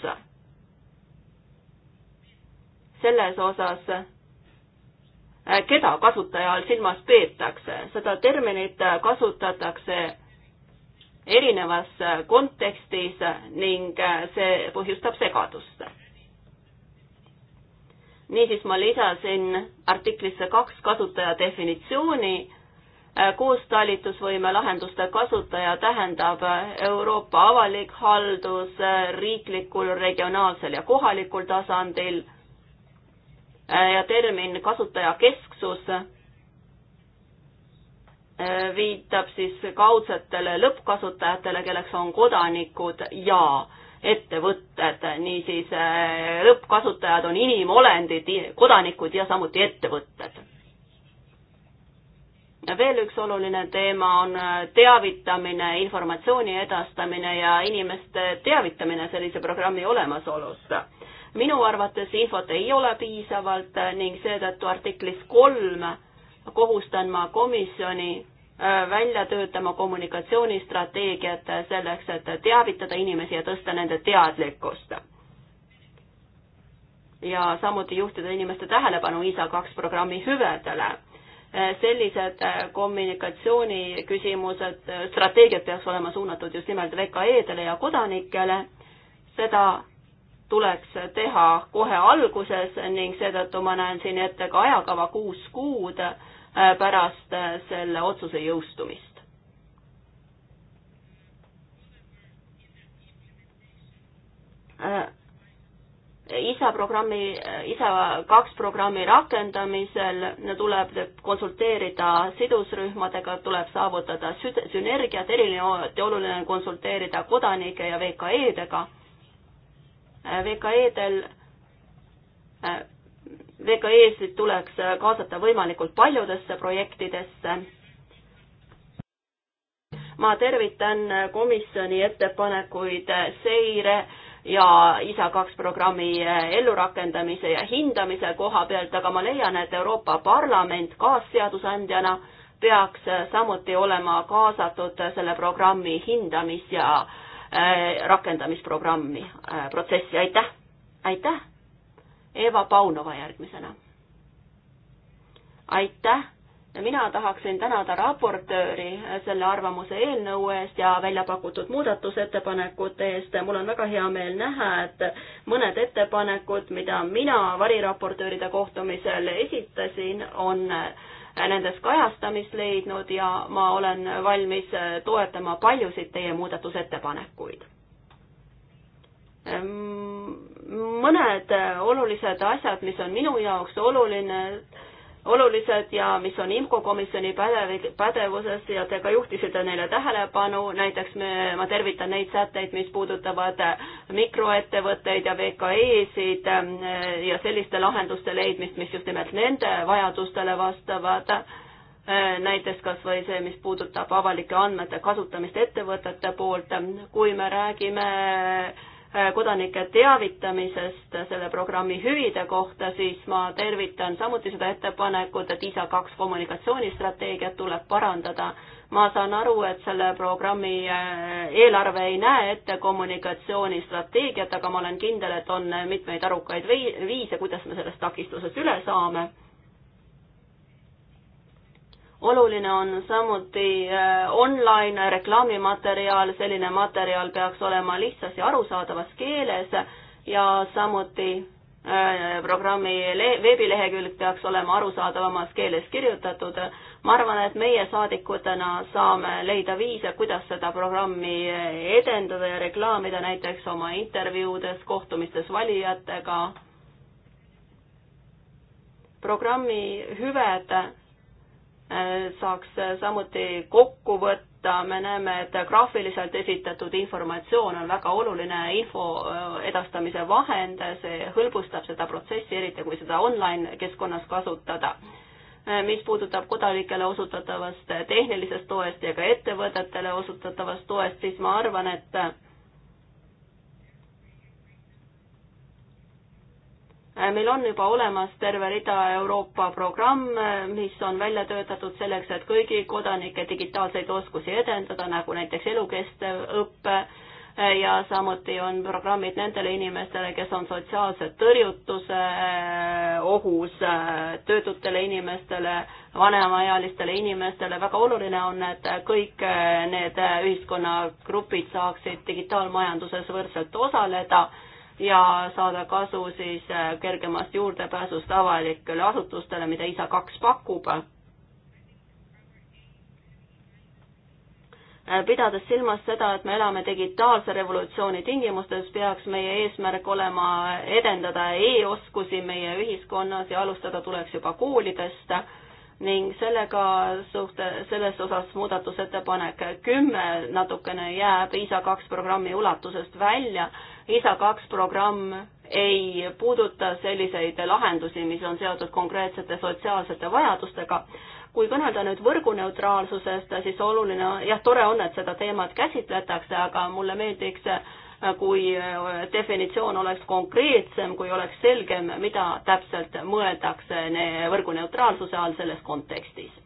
selles osas, keda kasutaja all silmas peetakse, seda terminit kasutatakse erinevas kontekstis ning see põhjustab segadust niisiis ma lisasin artiklisse kaks kasutaja definitsiooni, koostalitusvõime lahenduste kasutaja tähendab Euroopa avalik haldus riiklikul, regionaalsel ja kohalikul tasandil ja termin kasutajakesksus viitab siis kaudsetele lõppkasutajatele, kelleks on kodanikud ja ettevõtted, niisiis äh, lõppkasutajad on inimolendid, kodanikud ja samuti ettevõtted. ja veel üks oluline teema on äh, teavitamine, informatsiooni edastamine ja inimeste teavitamine sellise programmi olemasolust minu arvates infot ei ole piisavalt ning seetõttu artiklis kolm kohustan ma komisjoni Äh, välja töötama kommunikatsioonistrateegiat selleks, et teavitada inimesi ja tõsta nende teadlikkust. ja samuti juhtida inimeste tähelepanu ISA kaks programmi hüvedele. Äh, sellised äh, kommunikatsiooniküsimused, strateegiad peaks olema suunatud just nimelt VKE-dele ja kodanikele, seda tuleks teha kohe alguses ning seetõttu ma näen siin ette ka ajakava kuus kuud Äh, pärast äh, selle otsuse jõustumist. Äh, isa programmi, isa kaks programmi rakendamisel tuleb konsulteerida sidusrühmadega, tuleb saavutada sünergiat, eriline, oluline on konsulteerida kodanike ja VKE-dega. VKE-del VKE-sid tuleks kaasata võimalikult paljudesse projektidesse. ma tervitan komisjoni ettepanekuid seire ja ISA kaks programmi ellurakendamise ja hindamise koha pealt, aga ma leian, et Euroopa Parlament kaasseadusandjana peaks samuti olema kaasatud selle programmi hindamis- ja äh, rakendamisprogrammi äh, protsessi, aitäh! aitäh! Eva Paunova järgmisena. aitäh, mina tahaksin tänada raportööri selle arvamuse eelnõu eest ja välja pakutud muudatusettepanekute eest. mul on väga hea meel näha, et mõned ettepanekud, mida mina variraportööride kohtumisel esitasin, on nendes kajastamist leidnud ja ma olen valmis toetama paljusid teie muudatusettepanekuid ehm, mõned äh, olulised asjad, mis on minu jaoks oluline, olulised ja mis on IMCO komisjoni pädev, pädevuses ja te ka juhtisite neile tähelepanu, näiteks me, ma tervitan neid sätteid, mis puudutavad äh, mikroettevõtteid ja VKE-sid ähm, äh, ja selliste lahenduste leidmist, mis just nimelt nende vajadustele vastavad näiteks kas või see, mis puudutab avalike andmete kasutamist ettevõtete poolt, kui me räägime Äh, kodanike teavitamisest selle programmi hüvide kohta, siis ma tervitan samuti seda ettepanekut, et ISA kaks kommunikatsioonistrateegiat tuleb parandada. ma saan aru, et selle programmi äh, eelarve ei näe ette kommunikatsioonistrateegiat, aga ma olen kindel, et on mitmeid arukaid viise, kuidas me sellest takistusest üle saame oluline on samuti äh, online reklaamimaterjal, selline materjal peaks olema lihtsas ja arusaadavas keeles ja samuti äh, programmi veebilehekülg peaks olema arusaadavamas keeles kirjutatud. ma arvan, et meie saadikutena saame leida viise, kuidas seda programmi edendada ja reklaamida näiteks oma intervjuudes, kohtumistes valijatega. programmi hüved Äh, saaks äh, samuti kokku võtta, me näeme, et graafiliselt esitatud informatsioon on väga oluline info äh, edastamise vahend, see hõlbustab seda protsessi, eriti kui seda online keskkonnas kasutada. mis puudutab kodanikele osutatavast tehnilisest toest ja ka ettevõtetele osutatavast toest, siis ma arvan, et meil on juba olemas terve rida Euroopa programme, mis on välja töötatud selleks, et kõigi kodanike digitaalseid oskusi edendada, nagu näiteks elukestev õpe ja samuti on programmid nendele inimestele, kes on sotsiaalse tõrjutuse eh, ohus, eh, töötutele inimestele, vanemaealistele inimestele, väga oluline on, et kõik eh, need ühiskonnagrupid saaksid digitaalmajanduses võrdselt osaleda ja saada kasu siis äh, kergemast juurdepääsust avalikele asutustele, mida ISA kaks pakub. Äh, pidades silmas seda, et me elame digitaalse revolutsiooni tingimustes, peaks meie eesmärk olema edendada e-oskusi meie ühiskonnas ja alustada tuleks juba koolidest ning sellega suhte, selles osas muudatusettepanek kümme natukene jääb ISA kaks programmi ulatusest välja ISA kaks programm ei puuduta selliseid lahendusi, mis on seotud konkreetsete sotsiaalsete vajadustega. kui kõnelda nüüd võrguneutraalsusest, siis oluline, jah, tore on, et seda teemat käsitletakse, aga mulle meeldiks, kui definitsioon oleks konkreetsem, kui oleks selgem, mida täpselt mõeldakse võrguneutraalsuse all selles kontekstis.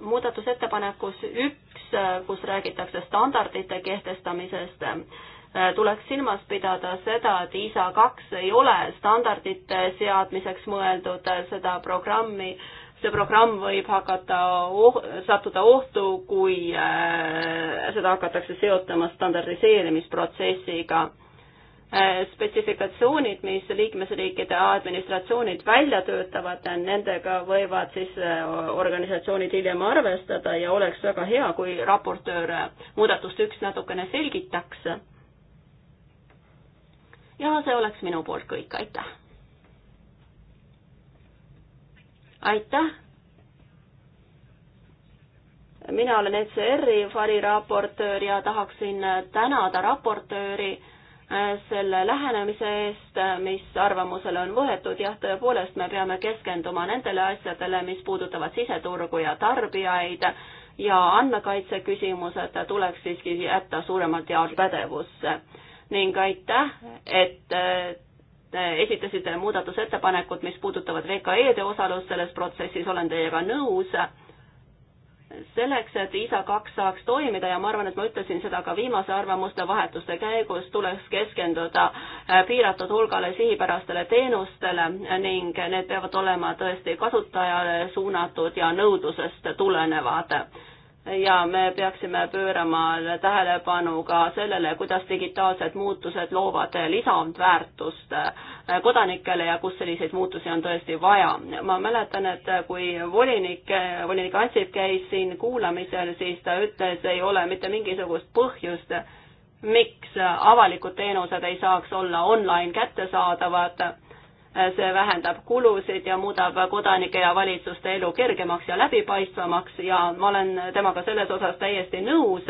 muudatusettepanekus üks Äh, kus räägitakse standardite kehtestamisest, äh, tuleks silmas pidada seda, et ISA kaks ei ole standardite seadmiseks mõeldud seda programmi, see programm võib hakata oh,, sattuda ohtu, kui äh, seda hakatakse seotama standardiseerimisprotsessiga Äh, spetsifikatsioonid, mis liikmesriikide administratsioonid välja töötavad, nendega võivad siis äh, organisatsioonid hiljem arvestada ja oleks väga hea, kui raportöör äh, muudatust üks natukene selgitaks. ja see oleks minu poolt kõik, aitäh. aitäh. mina olen ECR-i variraportöör ja tahaksin tänada raportööri Äh, selle lähenemise eest, äh, mis arvamusele on võetud, jah, tõepoolest me peame keskenduma nendele asjadele, mis puudutavad siseturgu ja tarbijaid ja andmekaitse küsimused tuleks siiski jätta suuremalt jaolt pädevusse. ning aitäh, et äh, esitasite muudatusettepanekud, mis puudutavad VKE-de osalust selles protsessis, olen teiega nõus selleks, et ISA kaks saaks toimida ja ma arvan, et ma ütlesin seda ka viimase arvamuste vahetuste käigus, tuleks keskenduda äh, piiratud hulgale sihipärastele teenustele ning need peavad olema tõesti kasutajale suunatud ja nõudlusest tulenevad ja me peaksime pöörama tähelepanu ka sellele, kuidas digitaalsed muutused loovad lisandväärtust kodanikele ja kus selliseid muutusi on tõesti vaja. ma mäletan, et kui volinik, volinik Ansip käis siin kuulamisel, siis ta ütles, ei ole mitte mingisugust põhjust, miks avalikud teenused ei saaks olla online kättesaadavad see vähendab kulusid ja muudab kodanike ja valitsuste elu kergemaks ja läbipaistvamaks ja ma olen temaga selles osas täiesti nõus,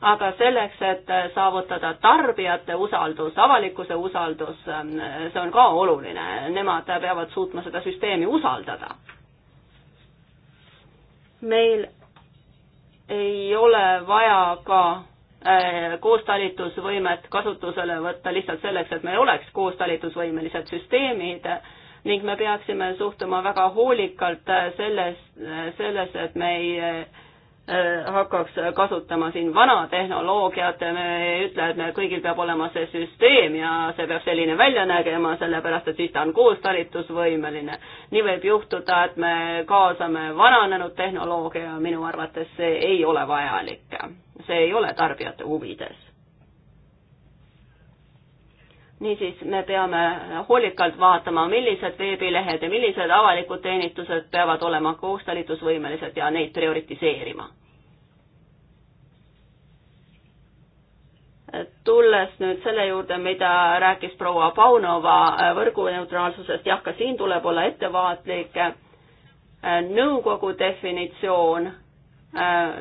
aga selleks, et saavutada tarbijate usaldus, avalikkuse usaldus, see on ka oluline, nemad peavad suutma seda süsteemi usaldada. meil ei ole vaja ka Äh, koostalitusvõimet kasutusele võtta lihtsalt selleks, et meil oleks koostalitusvõimelised süsteemid ning me peaksime suhtuma väga hoolikalt äh, selles, äh, selles, et me ei Äh, hakkaks kasutama siin vana tehnoloogiat, me ei ütle, et meil kõigil peab olema see süsteem ja see peab selline välja nägema, sellepärast et siis ta on koostalitusvõimeline. nii võib juhtuda, et me kaasame vananenud tehnoloogia ja minu arvates see ei ole vajalik. see ei ole tarbijate huvides niisiis, me peame hoolikalt vaatama, millised veebilehed ja millised avalikud teenistused peavad olema koostalitusvõimelised ja neid prioritiseerima. tulles nüüd selle juurde, mida rääkis proua Paunova võrguneutraalsusest, jah, ka siin tuleb olla ettevaatlik. nõukogu definitsioon,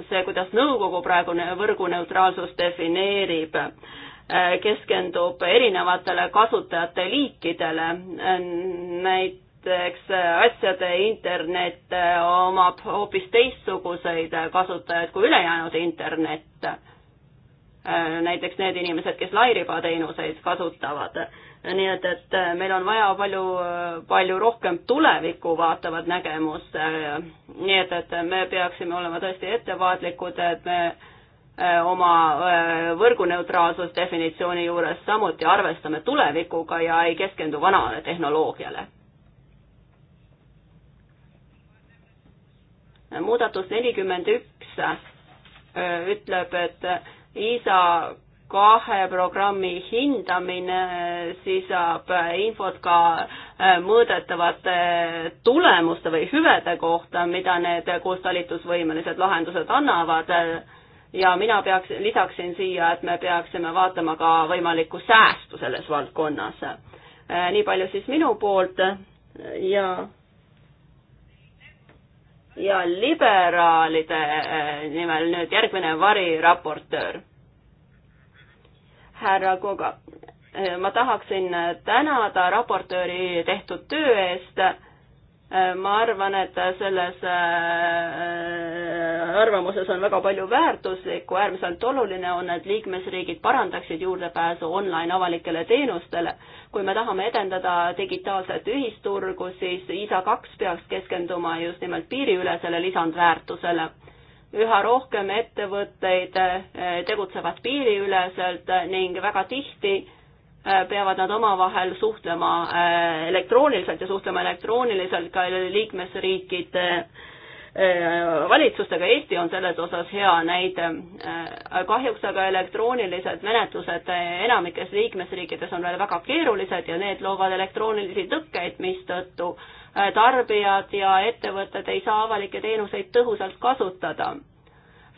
see, kuidas nõukogu praegu võrguneutraalsust defineerib keskendub erinevatele kasutajate liikidele, näiteks asjade internet omab hoopis teistsuguseid kasutajaid kui ülejäänud internet. näiteks need inimesed, kes lairibateenuseid kasutavad. nii et, et meil on vaja palju, palju rohkem tulevikku vaatavat nägemust. nii et, et me peaksime olema tõesti ettevaatlikud, et me Äh, oma äh, võrguneutraalsusdefinitsiooni juures samuti arvestame tulevikuga ja ei keskendu vanale tehnoloogiale. muudatus nelikümmend üks äh, ütleb, et ISA kahe programmi hindamine sisab infot ka mõõdetavate tulemuste või hüvede kohta, mida need koostalitusvõimelised lahendused annavad ja mina peaks, lisaksin siia, et me peaksime vaatama ka võimalikku säästu selles valdkonnas. Äh, nii palju siis minu poolt ja ja liberaalide äh, nimel nüüd järgmine variraportöör, härra Koga. Äh, ma tahaksin tänada raportööri tehtud töö eest ma arvan, et selles äh, äh, arvamuses on väga palju väärtuslikku, äärmiselt oluline on, et liikmesriigid parandaksid juurdepääsu online avalikele teenustele. kui me tahame edendada digitaalset ühisturgu, siis ISA kaks peaks keskenduma just nimelt piiriülesele lisandväärtusele. üha rohkem ettevõtteid äh, tegutsevad piiriüleselt ning väga tihti Äh, peavad nad omavahel suhtlema äh, elektrooniliselt ja suhtlema elektrooniliselt ka liikmesriikide äh, valitsustega, Eesti on selles osas hea näide. kahjuks aga elektroonilised menetlused enamikes liikmesriikides on veel väga keerulised ja need loovad elektroonilisi tõkkeid, mistõttu tarbijad ja ettevõtted ei saa avalikke teenuseid tõhusalt kasutada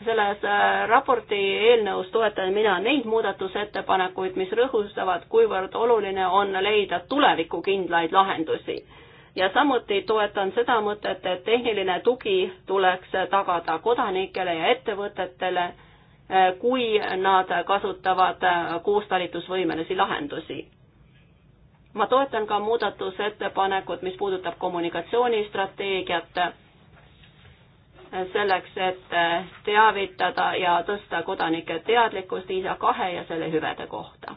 selles äh, raporti eelnõus toetan mina neid muudatusettepanekuid, mis rõhustavad, kuivõrd oluline on leida tulevikukindlaid lahendusi. ja samuti toetan seda mõtet, et tehniline tugi tuleks tagada kodanikele ja ettevõtetele, äh, kui nad kasutavad äh, koostalitusvõimelisi lahendusi. ma toetan ka muudatusettepanekut, mis puudutab kommunikatsioonistrateegiat selleks, et eh, teavitada ja tõsta kodanike teadlikkust ISA kahe ja selle hüvede kohta.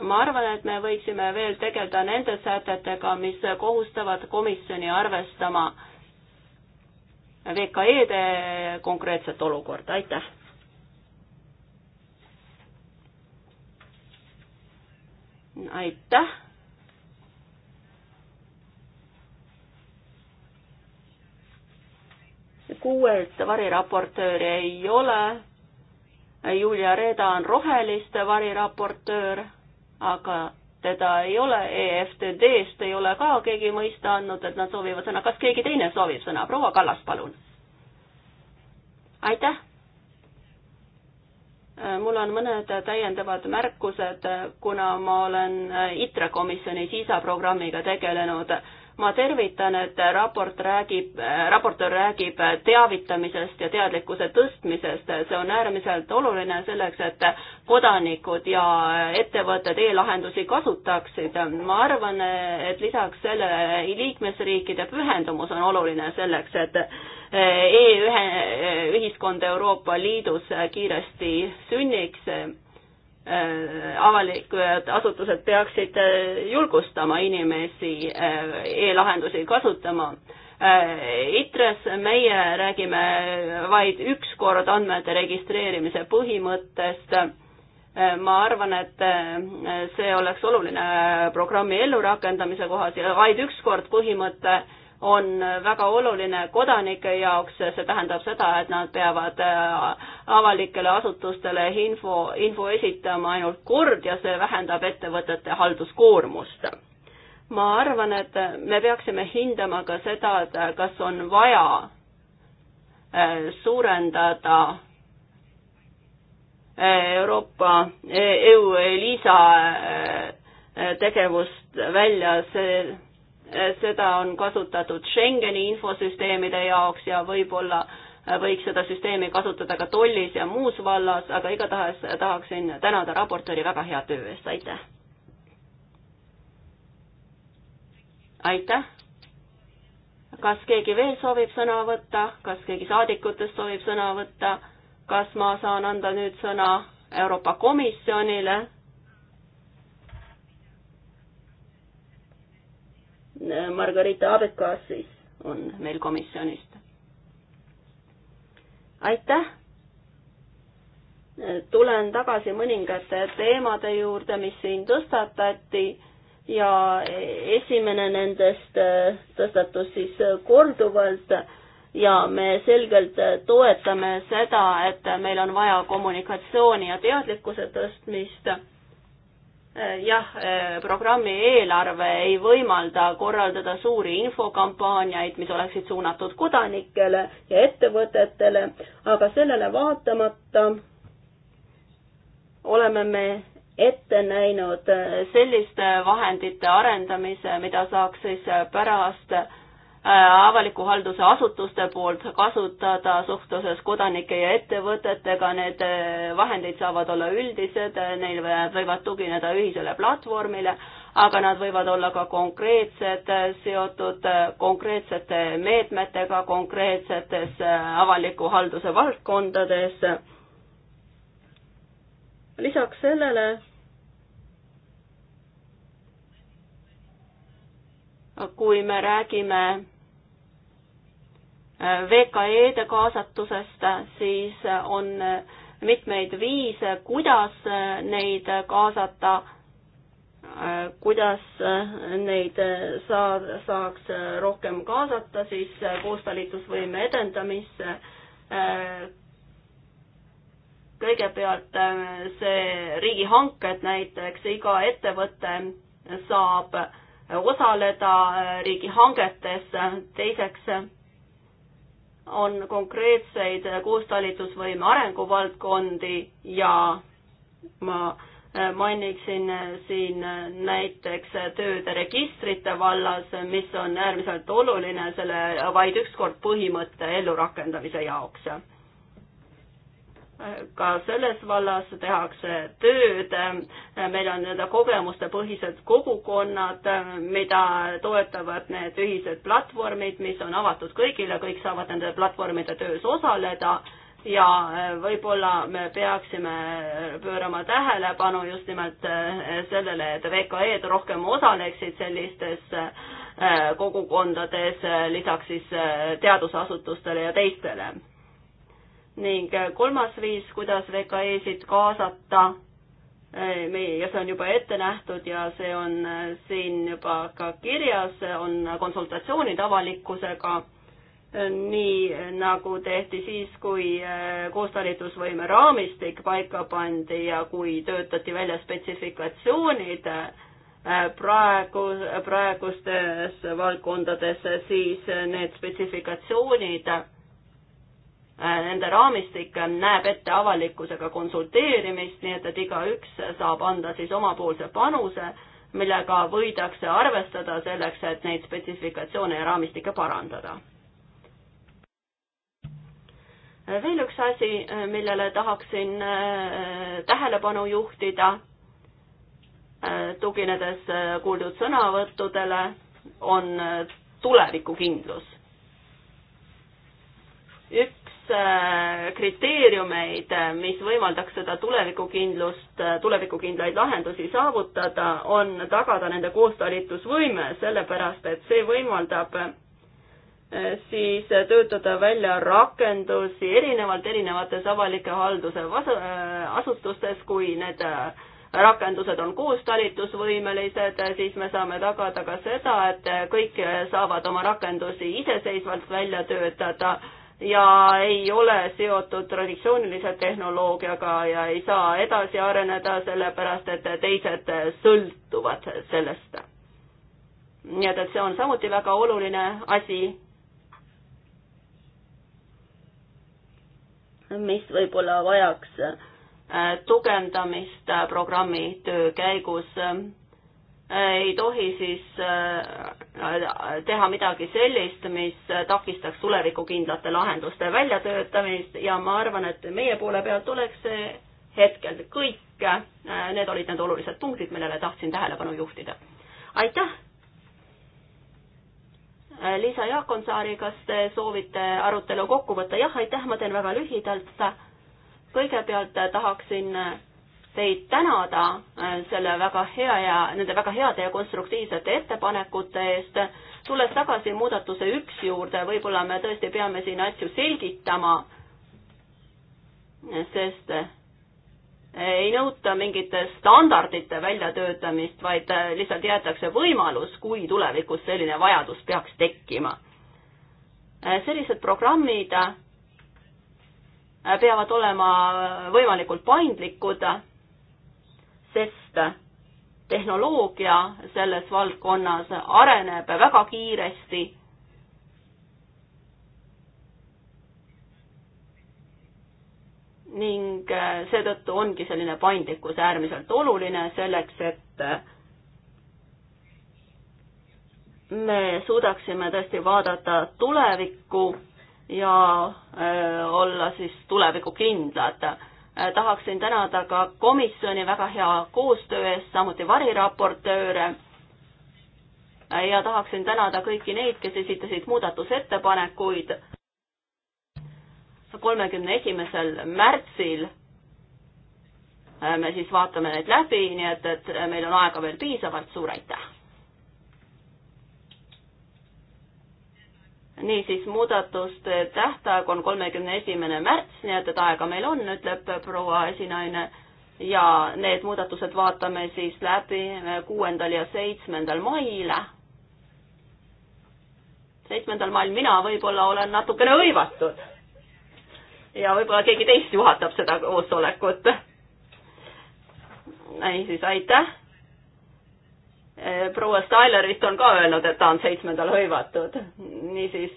ma arvan, et me võiksime veel tegeleda nende sätetega, mis kohustavad komisjoni arvestama VKE-de konkreetset olukorda, aitäh. aitäh kuuelt variraportööri ei ole. Julia Reeda on roheliste variraportöör, aga teda ei ole, EFTD-st ei ole ka keegi mõista andnud, et nad soovivad sõna. kas keegi teine soovib sõna? proua Kallas, palun. aitäh. mul on mõned täiendavad märkused, kuna ma olen ITRE komisjonis ISA programmiga tegelenud ma tervitan, et raport räägib, äh, raportöör räägib teavitamisest ja teadlikkuse tõstmisest, see on äärmiselt oluline selleks, et kodanikud ja ettevõtted e-lahendusi kasutaksid. ma arvan, et lisaks sellele liikmesriikide pühendumus on oluline selleks, et äh, e-ühe, ühiskond Euroopa Liidus kiiresti sünniks Äh, avalikud asutused peaksid äh, julgustama inimesi äh, e-lahendusi kasutama. ITRES meie räägime vaid üks kord andmete registreerimise põhimõttest. ma arvan, et see oleks oluline programmi ellurakendamise kohas ja vaid üks kord põhimõte on väga oluline kodanike jaoks, see tähendab seda, et nad peavad äh, avalikele asutustele info, info esitama ainult kord ja see vähendab ettevõtete halduskoormust. ma arvan, et me peaksime hindama ka seda, et kas on vaja äh, suurendada äh, Euroopa EU-Elisa tegevust välja, see seda on kasutatud Schengeni infosüsteemide jaoks ja võib-olla äh, võiks seda süsteemi kasutada ka tollis ja muus vallas, aga igatahes tahaksin tänada raportööri väga hea töö eest, aitäh! aitäh! kas keegi veel soovib sõna võtta, kas keegi saadikutest soovib sõna võtta, kas ma saan anda nüüd sõna Euroopa Komisjonile? Margarita Abekas siis on meil komisjonist. aitäh! tulen tagasi mõningate teemade juurde, mis siin tõstatati ja esimene nendest äh, tõstatus siis korduvalt ja me selgelt toetame seda, et meil on vaja kommunikatsiooni ja teadlikkuse tõstmist Eh, jah, eh, programmi eelarve ei võimalda korraldada suuri infokampaaniaid, mis oleksid suunatud kodanikele ja ettevõtetele, aga sellele vaatamata oleme me ette näinud eh, selliste vahendite arendamise, mida saaks siis pärast äh, Äh, avaliku halduse asutuste poolt kasutada suhtluses kodanike ja ettevõtetega, need äh, vahendid saavad olla üldised, äh, neil võivad tugineda ühisele platvormile, aga nad võivad olla ka konkreetsed, seotud konkreetsete meetmetega konkreetsetes avaliku halduse valdkondades. lisaks sellele kui me räägime VKE-de kaasatusest, siis on mitmeid viise, kuidas neid kaasata, kuidas neid saad, saaks rohkem kaasata siis koostalitusvõime edendamisse. kõigepealt see riigihanked näiteks, iga ettevõte saab osaleda riigihangetes, teiseks on konkreetseid koostalitusvõime arenguvaldkondi ja ma äh, mainiksin äh, siin äh, näiteks tööde registrite vallas, mis on äärmiselt oluline selle vaid ükskord põhimõtte ellurakendamise jaoks ka selles vallas tehakse tööd, meil on nii-öelda kogemustepõhised kogukonnad, mida toetavad need ühised platvormid, mis on avatud kõigile, kõik saavad nende platvormide töös osaleda ja võib-olla me peaksime pöörama tähelepanu just nimelt sellele, et VKE-d rohkem osaleksid sellistes eh, kogukondades, lisaks siis eh, teadusasutustele ja teistele ning äh, kolmas viis, kuidas VKE-sid kaasata, äh, ja see on juba ette nähtud ja see on äh, siin juba ka kirjas, on konsultatsioonid avalikkusega, nii nagu tehti siis, kui koostalitusvõime raamistik paika pandi ja kui töötati välja spetsifikatsioonid praegu, praegustes valdkondades, siis need spetsifikatsioonid Äh, nende raamistik näeb ette avalikkusega konsulteerimist, nii et, et igaüks saab anda siis omapoolse panuse, millega võidakse arvestada selleks, et neid spetsifikatsioone ja raamistikke parandada. Äh, veel üks asi, äh, millele tahaksin tähelepanu juhtida, tuginedes kuuldud sõnavõttudele, on tulevikukindlus. üks Äh, kriteeriumeid, äh, mis võimaldaks seda tulevikukindlust, äh, tulevikukindlaid lahendusi saavutada, on tagada nende koostalitusvõime, sellepärast et see võimaldab siis töötada välja rakendusi erinevalt erinevates avalike halduse asutustes, kui need rakendused on koostalitusvõimelised, siis me saame tagada ka seda, et kõik saavad oma rakendusi iseseisvalt välja töötada ja ei ole seotud traditsioonilise tehnoloogiaga ja ei saa edasi areneda, sellepärast et teised sõltuvad sellest. nii et, et see on samuti väga oluline asi, mis võib-olla vajaks äh, tugevdamist programmi töö käigus ei tohi siis äh, teha midagi sellist, mis takistaks tulevikukindlate lahenduste väljatöötamist ja ma arvan, et meie poole pealt oleks see hetkel kõik. Äh, need olid need olulised punktid, millele tahtsin tähelepanu juhtida. aitäh! Äh, Liisa Jaakonsaari, kas te soovite arutelu kokku võtta? jah, aitäh, ma teen väga lühidalt. kõigepealt tahaksin teid tänada äh, selle väga hea ja nende väga heade ja konstruktiivsete ettepanekute eest. tulles tagasi muudatuse üks juurde, võib-olla me tõesti peame siin asju selgitama, sest äh, ei nõuta mingite standardite väljatöötamist, vaid äh, lihtsalt jäetakse võimalus, kui tulevikus selline vajadus peaks tekkima. sellised programmid peavad olema võimalikult paindlikud sest tehnoloogia selles valdkonnas areneb väga kiiresti ning äh, seetõttu ongi selline paindlikkus äärmiselt oluline selleks, et äh, me suudaksime tõesti vaadata tulevikku ja äh, olla siis tulevikukindlad. Äh, tahaksin tänada ka komisjoni väga hea koostöö eest, samuti variraportööre äh, ja tahaksin tänada kõiki neid, kes esitasid muudatusettepanekuid kolmekümne esimesel märtsil. Äh, me siis vaatame need läbi, nii et, et meil on aega veel piisavalt, suur aitäh! niisiis, muudatuste tähtaeg on kolmekümne esimene märts, nii et, et aega meil on, ütleb proua esinaine, ja need muudatused vaatame siis läbi kuuendal ja seitsmendal mail. seitsmendal mail mina võib-olla olen natukene hõivatud. ja võib-olla keegi teist juhatab seda koosolekut. niisiis, aitäh Eh, proua Styler vist on ka öelnud, et ta on seitsmendal hõivatud. niisiis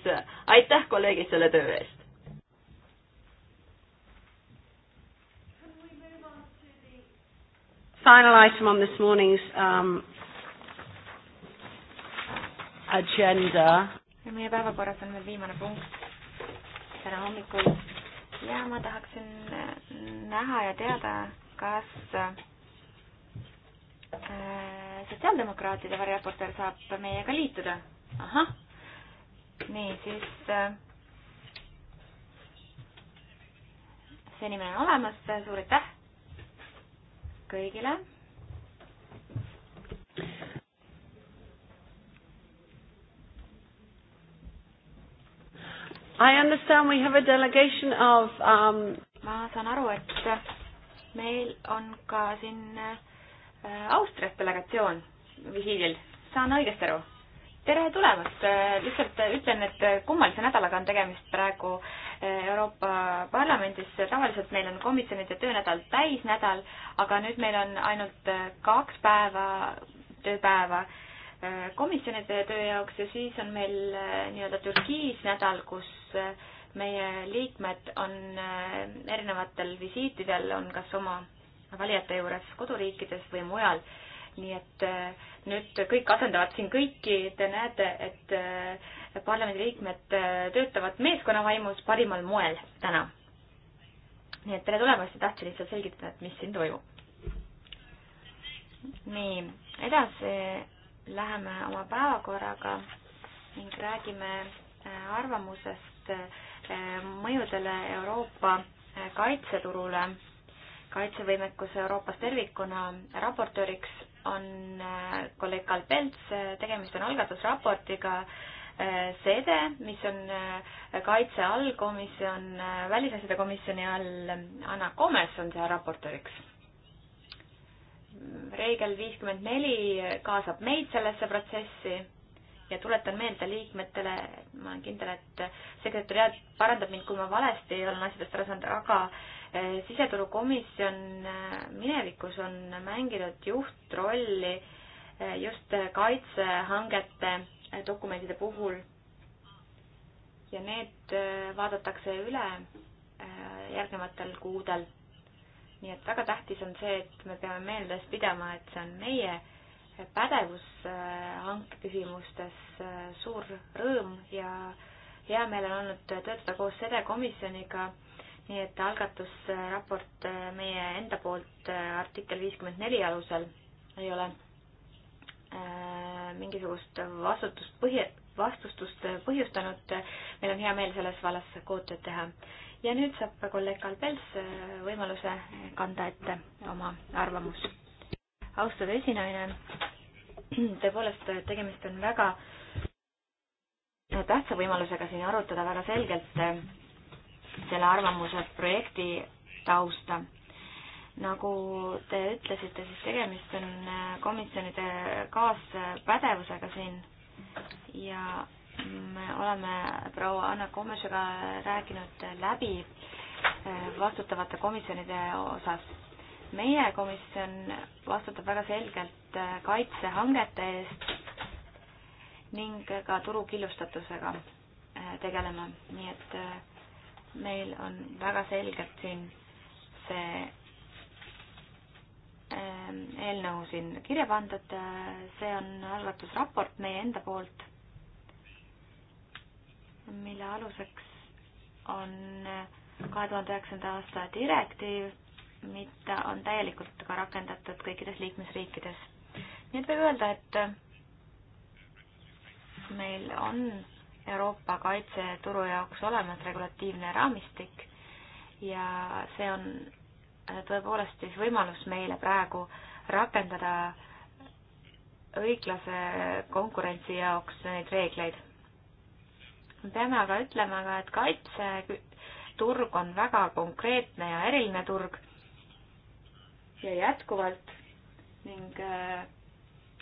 aitäh, kolleegid, selle töö eest. Final item on this morning's um, agenda. meie päevakorras on veel viimane punkt täna hommikul ja ma tahaksin äh, näha ja teada, kas äh, Äh, sotsiaaldemokraatide variraportöör saab meiega liituda. ahah, nii, siis äh, see inimene on olemas, suur aitäh kõigile. I understand we have a delegation of um... ma saan aru, et meil on ka siin uh, Äh, Austrias delegatsioon visiidil, saan õigesti aru? tere tulemast, äh, lihtsalt äh, ütlen, et kummalise nädalaga on tegemist praegu Euroopa Parlamendis, tavaliselt meil on komisjonide töönädal täisnädal, aga nüüd meil on ainult kaks päeva, tööpäeva komisjonide töö jaoks ja siis on meil nii-öelda Türgiis nädal, kus meie liikmed on erinevatel visiitidel, on kas oma valijate juures koduriikides või mujal. nii et eh, nüüd kõik asendavad siin kõiki, te näete, et eh, parlamendiliikmed eh, töötavad meeskonna vaimus parimal moel täna. nii et tere tulemast ja tahtsin lihtsalt selgitada, et mis siin toimub. nii, edasi läheme oma päevakorraga ning räägime arvamusest mõjudele Euroopa kaitseturule kaitsevõimekus Euroopas tervikuna raportööriks on äh, kolleeg Karl Pelts, tegemist on algatusraportiga äh, sede, mis on äh, kaitse allkomisjon, välisasjade komisjoni all, Anna Komes on seal raportööriks. reegel viiskümmend neli kaasab meid sellesse protsessi ja tuletan meelde liikmetele, ma olen kindel, et sekretäriaat parandab mind, kui ma valesti olen asjadest aru saanud, aga Eh, siseturukomisjon eh, minevikus on mänginud juhtrolli eh, just kaitsehangete dokumentide puhul ja need vaadatakse üle järgnevatel kuudel. nii et väga tähtis on see, et me peame meeles pidama, et see on meie pädevus hanke küsimustes, suur rõõm ja hea meel on olnud töötada koos selle komisjoniga nii et algatusraport äh, meie enda poolt äh, artikkel viiskümmend neli alusel ei ole äh, mingisugust vastutust põhje, vastustust põhjustanud. meil on hea meel selles vallas koostööd teha. ja nüüd saab kolleeg Kalbels võimaluse kanda ette oma arvamus. austatud esinaine, tõepoolest tegemist on väga tähtsa võimalusega siin arutada väga selgelt selle arvamuse projekti tausta. nagu te ütlesite, siis tegemist on äh, komisjonide kaaspädevusega siin ja me oleme proua Anna Komešega rääkinud läbi äh, vastutavate komisjonide osas. meie komisjon vastutab väga selgelt äh, kaitsehangete eest ning ka turu killustatusega tegeleme, nii et äh, meil on väga selgelt siin see ähm, eelnõu siin kirja pandud, see on algatusraport meie enda poolt, mille aluseks on kahe tuhande üheksanda aasta direktiiv, mida on täielikult ka rakendatud kõikides liikmesriikides. nii et võib öelda, et meil on Euroopa kaitseturu jaoks olemas regulatiivne raamistik ja see on äh, tõepoolest siis võimalus meile praegu rakendada õiglase konkurentsi jaoks neid reegleid. me peame aga ütlema ka, et kaitseturg on väga konkreetne ja eriline turg ja jätkuvalt ning äh,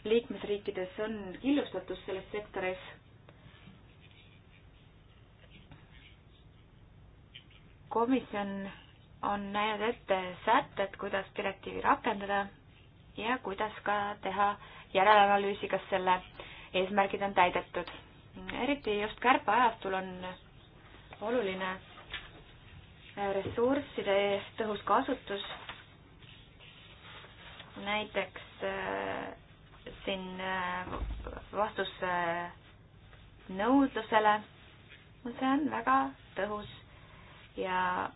liikmesriikides on killustatus selles sektoris komisjon on näinud ette sätted, kuidas direktiivi rakendada ja kuidas ka teha järelanalüüsi, kas selle eesmärgid on täidetud. eriti just kärpeajastul on oluline ressursside tõhus kasutus. näiteks äh, siin äh, vastus äh, nõudlusele, no see on väga tõhus ja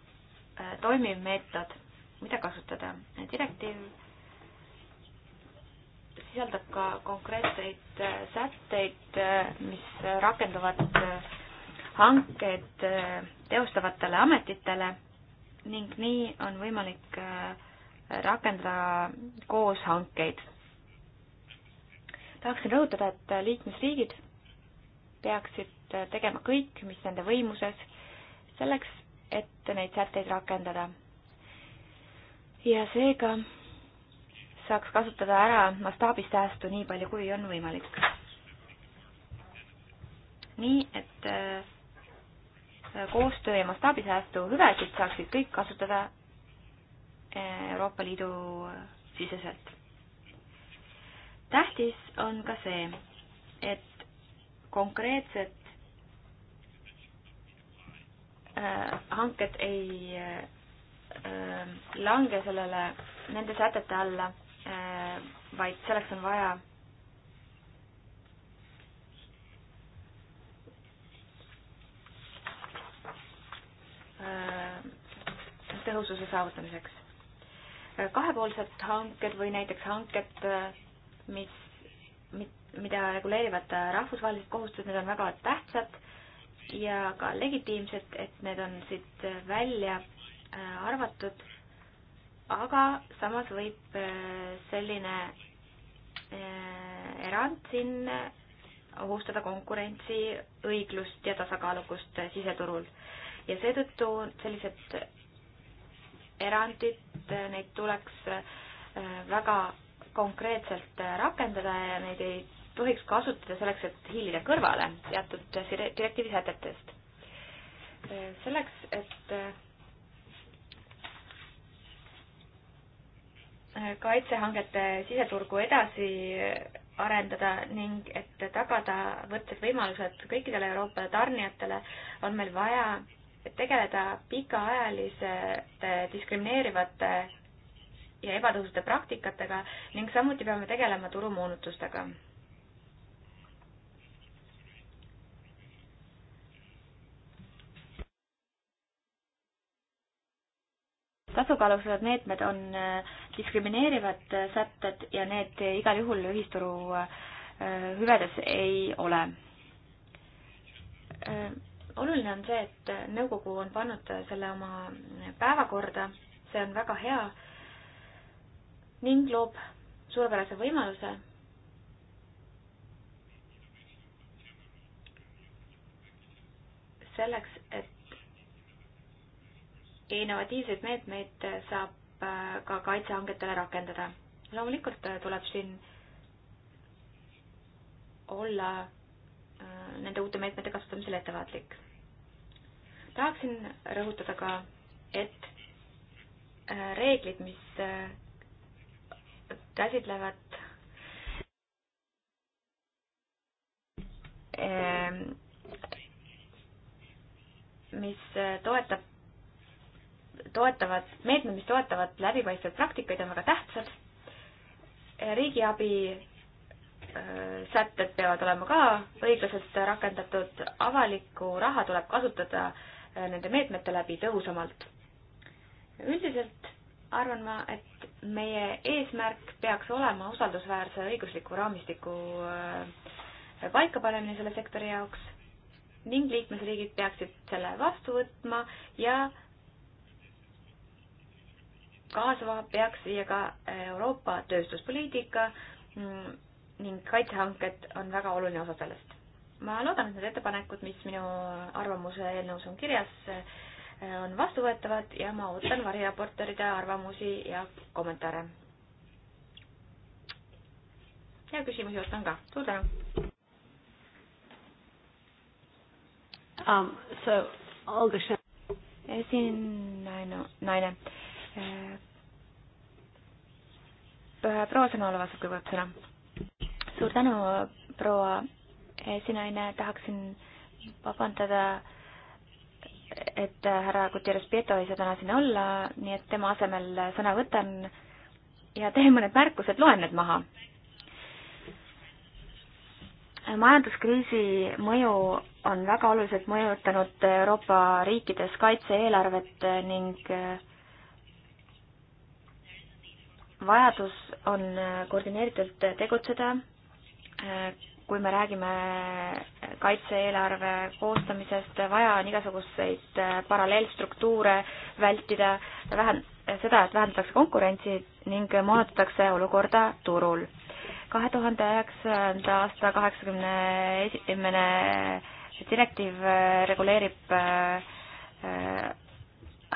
äh, toimiv meetod, mida kasutada. direktiiv sisaldab ka konkreetseid äh, sätteid, äh, mis rakenduvad hanked teostavatele ametitele ning nii on võimalik rakendada koos hankeid. tahaksin rõhutada, et liikmesriigid peaksid tegema kõik, mis nende võimuses, selleks, et neid sätteid rakendada. ja seega saaks kasutada ära mastaabisäästu nii palju, kui on võimalik. nii, et äh, koostöö ja mastaabisäästu hüvesid saaksid kõik kasutada äh, Euroopa Liidu äh, siseselt. tähtis on ka see, et konkreetsed Äh, hanked ei äh, lange sellele, nende sätete alla, äh, vaid selleks on vaja tõhususe saavutamiseks. kahepoolsed hanked või näiteks hanked, mis, mida reguleerivad rahvusvahelised kohustused, need on väga tähtsad ja ka legitiimsed, et need on siit välja äh, arvatud, aga samas võib äh, selline äh, erand siin ohustada konkurentsi õiglust ja tasakaalukust siseturul. ja seetõttu sellised erandid, neid tuleks väga konkreetselt rakendada ja neid ei tohiks kasutada selleks, et hiilida kõrvale teatud direktiivi sätetest. selleks, et äh, kaitsehangete siseturgu edasi arendada ning et tagada võrdsed võimalused kõikidele Euroopa tarnijatele, on meil vaja tegeleda pikaajaliste diskrimineerivate ja ebatõhusate praktikatega ning samuti peame tegelema turumoonutustega tasakaalustatud meetmed on äh, diskrimineerivad äh, sätted ja need äh, igal juhul ühisturu hüvedes ei ole. oluline on see, et nõukogu on pannud selle oma päevakorda, see on väga hea ning loob suurepärase võimaluse selleks, innovatiivseid meetmeid saab äh, ka kaitsehangetele rakendada. loomulikult äh, tuleb siin olla äh, nende uute meetmete kasutamisel ettevaatlik. tahaksin rõhutada ka, et reeglid, mis käsitlevad mis toetab toetavad, meetmed, mis toetavad läbipaistvaid praktikaid, on väga tähtsad. riigiabi äh, sätted peavad olema ka õiglaselt rakendatud, avalikku raha tuleb kasutada äh, nende meetmete läbi tõhusamalt. üldiselt arvan ma, et meie eesmärk peaks olema usaldusväärse õigusliku raamistiku äh, paikapanemine selle sektori jaoks ning liikmesriigid peaksid selle vastu võtma ja äh, kaasava peaks viia ka äh, Euroopa tööstuspoliitika mm, ning kaitsehanked on väga oluline osa sellest. ma loodan, et need ettepanekud, mis minu arvamuse eelnõus on kirjas, äh, on vastuvõetavad ja ma ootan variraportoride arvamusi ja kommentaare. ja küsimusi ootan ka, suur tänu um,. So, Olga Schön-. esinnaine no,, naine, naine Äh, proua Sõnaoleva saab kõigepealt sõna. suur tänu, proua esinaine, tahaksin vabandada, et härra Gutierrez Prieto ei saa täna siin olla, nii et tema asemel sõna võtan ja teen mõned märkused, loen need maha. majanduskriisi mõju on väga oluliselt mõjutanud Euroopa riikides kaitse-eelarvet ning äh, vajadus on äh, koordineeritult äh, tegutseda, äh, kui me räägime kaitse-eelarve koostamisest, vaja on igasuguseid paralleelstruktuure vältida, vähen-, seda, et vähendatakse konkurentsi ning moonutatakse olukorda turul. kahe tuhande üheksanda aasta kaheksakümne esimene direktiiv reguleerib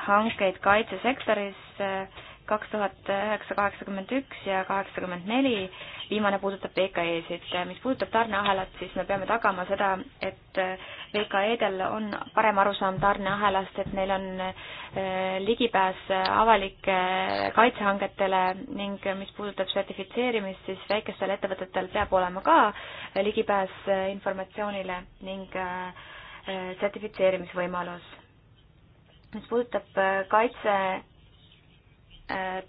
hankeid kaitsesektoris äh, kaks tuhat üheksa kaheksakümmend üks ja kaheksakümmend neli, viimane puudutab VKE-sid. mis puudutab tarneahelat, siis me peame tagama seda, et VKE-del on parem arusaam tarneahelast, et neil on äh, ligipääs avalike kaitsehangetele ning mis puudutab sertifitseerimist, siis väikestel ettevõtetel peab olema ka ligipääs informatsioonile ning äh, sertifitseerimisvõimalus mis puudutab äh, kaitse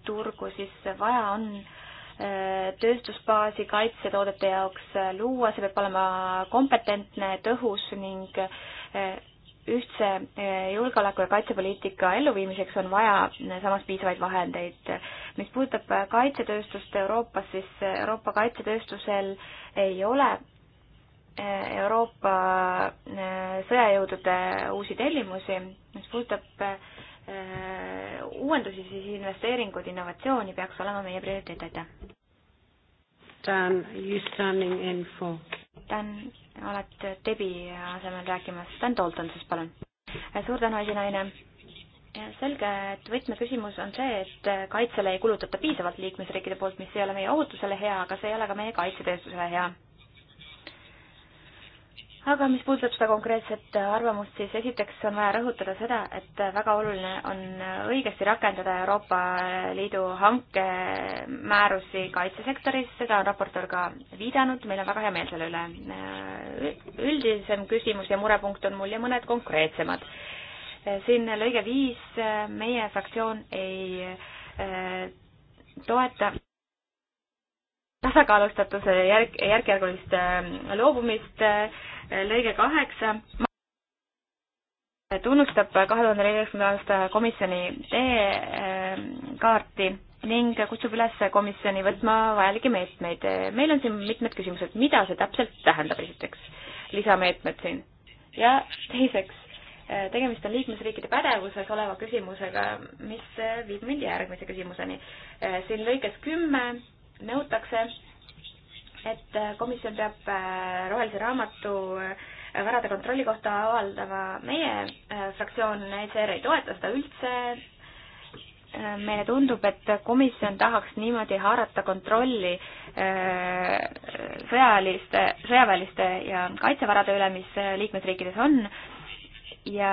turgu, siis vaja on äh, tööstusbaasi kaitsetoodete jaoks äh, luua, see peab olema kompetentne, tõhus ning äh, ühtse julgeoleku- ja kaitsepoliitika elluviimiseks on vaja samas piisavaid vahendeid. mis puudutab kaitsetööstust Euroopas, siis Euroopa kaitsetööstusel ei ole Euroopa sõjajõudude uusi tellimusi, mis puudutab Äh, uuendusi, siis investeeringud, innovatsiooni peaks olema meie prioriteet, aitäh! Dan, you standing in for? Dan, oled Debi asemel rääkimas. Dan Dalton siis, palun. Äh, suur tänu, esinaine. Äh, selge, et võtmeküsimus on see, et kaitsele ei kulutata piisavalt liikmesriikide poolt, mis ei ole meie ohutusele hea, aga see ei ole ka meie kaitsetööstusele hea aga mis puudutab seda konkreetset arvamust, siis esiteks on vaja rõhutada seda, et väga oluline on õigesti rakendada Euroopa Liidu hankemäärusi kaitsesektoris, seda on raportöör ka viidanud, meil on väga hea meel selle üle. üldisem küsimus ja murepunkt on mul ja mõned konkreetsemad. siin lõige viis, meie fraktsioon ei eh, toeta tasakaalustatuse järk, järk-järgulist äh, loobumist, äh, lõige kaheksa tunnustab kahe tuhande neljateistkümnenda aasta komisjoni teekaarti ning kutsub üles komisjoni võtma vajalikke meetmeid. meil on siin mitmed küsimused, mida see täpselt tähendab, esiteks lisameetmed siin ja teiseks, äh, tegemist on liikmesriikide pädevuses oleva küsimusega, mis viib mind järgmise küsimuseni. siin lõikes kümme nõutakse, et komisjon peab äh, rohelise raamatu äh, varade kontrolli kohta avaldama. meie äh, fraktsioon ECR ei toeta seda üldse. meile tundub, et komisjon tahaks niimoodi haarata kontrolli sõjaliste, sõjaväeliste ja kaitsevarade üle, mis liikmesriikides on ja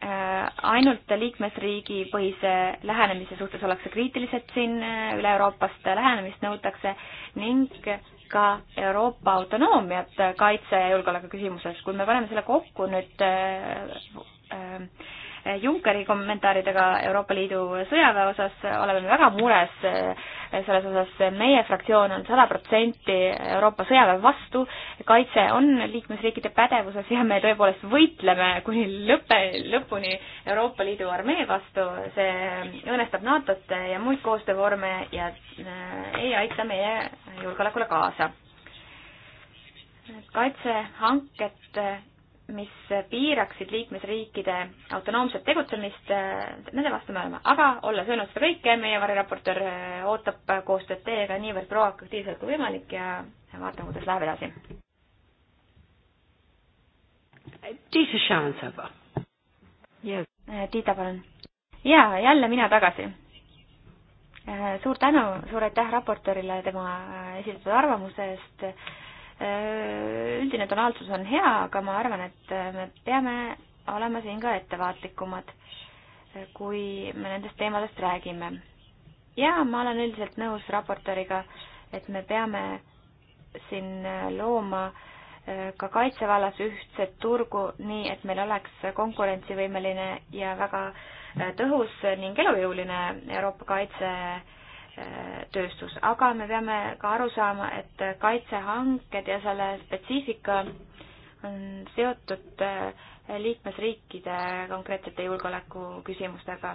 Äh, ainult liikmesriigi põhise lähenemise suhtes ollakse kriitilised siin, äh, üle-Euroopast lähenemist nõutakse ning ka Euroopa autonoomiat kaitse ja julgeoleku küsimuses. kui me paneme selle kokku nüüd äh, Eh, Junckeri kommentaaridega Euroopa Liidu sõjaväe osas, eh, oleme väga mures eh, selles osas, meie fraktsioon on sada protsenti Euroopa sõjaväe vastu, kaitse on liikmesriikide pädevuses ja me tõepoolest võitleme kuni lõpe, lõpuni Euroopa Liidu armee vastu, see õõnestab NATO-t ja muid koostöövorme ja ei aita meie julgeolekule kaasa kaitsehanket mis piiraksid liikmesriikide autonoomset tegutsemist, nende vastu me oleme. aga olles öelnud seda kõike, meie variraportöör eh, ootab koostööd teiega niivõrd proaktiivselt kui võimalik ja vaatame, kuidas läheb edasi. Tiisa Šansova. Eh, Tiita, palun. jaa, jälle mina tagasi. Eh, suur tänu, suur aitäh raportöörile tema esitatud arvamuse eest Äh, üldine tonaalsus on hea, aga ma arvan, et äh, me peame olema siin ka ettevaatlikumad, äh, kui me nendest teemadest räägime. ja ma olen üldiselt nõus raportööriga, et me peame siin looma ka kaitsevallas ühtset turgu, nii et meil oleks konkurentsivõimeline ja väga tõhus ning elujõuline Euroopa kaitse tööstus, aga me peame ka aru saama, et kaitsehanked ja selle spetsiifika on seotud äh, liikmesriikide konkreetsete julgeolekuküsimustega.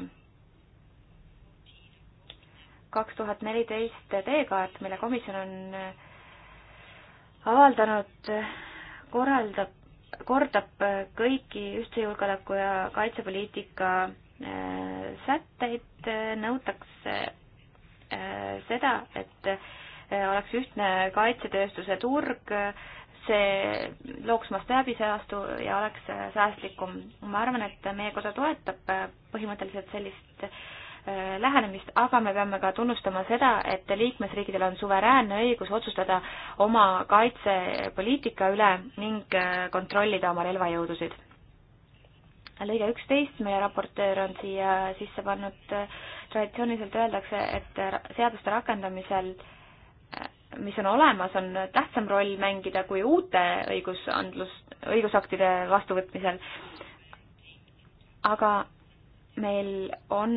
kaks tuhat neliteist teekaart, mille komisjon on äh, avaldanud, korraldab, kordab äh, kõiki ühtse julgeoleku ja kaitsepoliitika sätteid, nõutakse Äh, seda, et äh, oleks ühtne kaitsetööstuse turg, see looks mastaabisäästu ja oleks äh, säästlikum. ma arvan, et meie koda toetab põhimõtteliselt sellist lähenemist, aga me peame ka tunnustama seda, et liikmesriigidel on suveräänne õigus otsustada oma kaitsepoliitika üle ning kontrollida oma relvajõudusid. lõige üksteist, meie raportöör on siia sisse pannud äh, traditsiooniliselt öeldakse, et seaduste rakendamisel, mis on olemas, on tähtsam roll mängida kui uute õigusandlus, õigusaktide vastuvõtmisel. aga meil on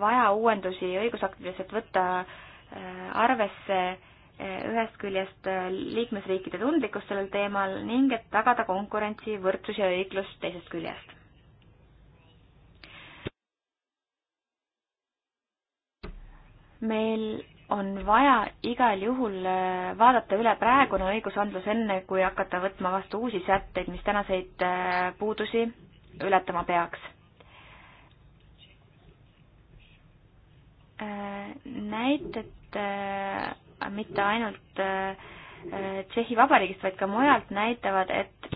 vaja uuendusi õigusaktides, et võtta äh, arvesse äh, ühest küljest äh, liikmesriikide tundlikkust sellel teemal ning et tagada konkurentsi, võrdsus ja õiglus teisest küljest. meil on vaja igal juhul äh, vaadata üle praegune õigusandlus, enne kui hakata võtma vastu uusi sätteid, mis tänaseid äh, puudusi ületama peaks. Äh, näited mitte ainult Tšehhi Vabariigist, vaid ka mujalt näitavad, et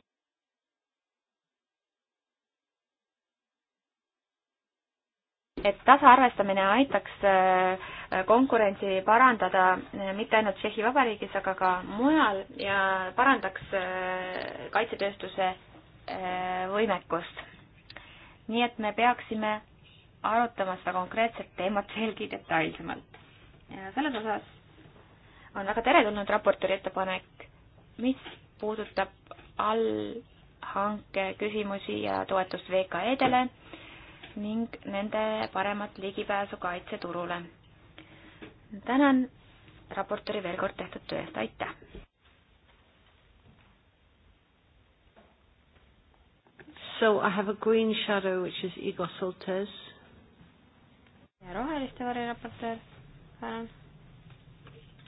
et tasaarvestamine aitaks äh, konkurentsi parandada eh, mitte ainult Tšehhi Vabariigis, aga ka mujal ja parandaks eh, kaitsetööstuse eh, võimekust. nii et me peaksime arutama seda konkreetset teemat veelgi detailsemalt. selles osas on väga teretulnud raportööri ettepanek, mis puudutab allhanke küsimusi ja toetust VKE-dele ning nende paremat ligipääsu kaitseturule tänan raportööri veel kord tehtud töö eest, aitäh! So I have a green shadow which is Igor Soltes. ja roheliste variraportöör, tänan.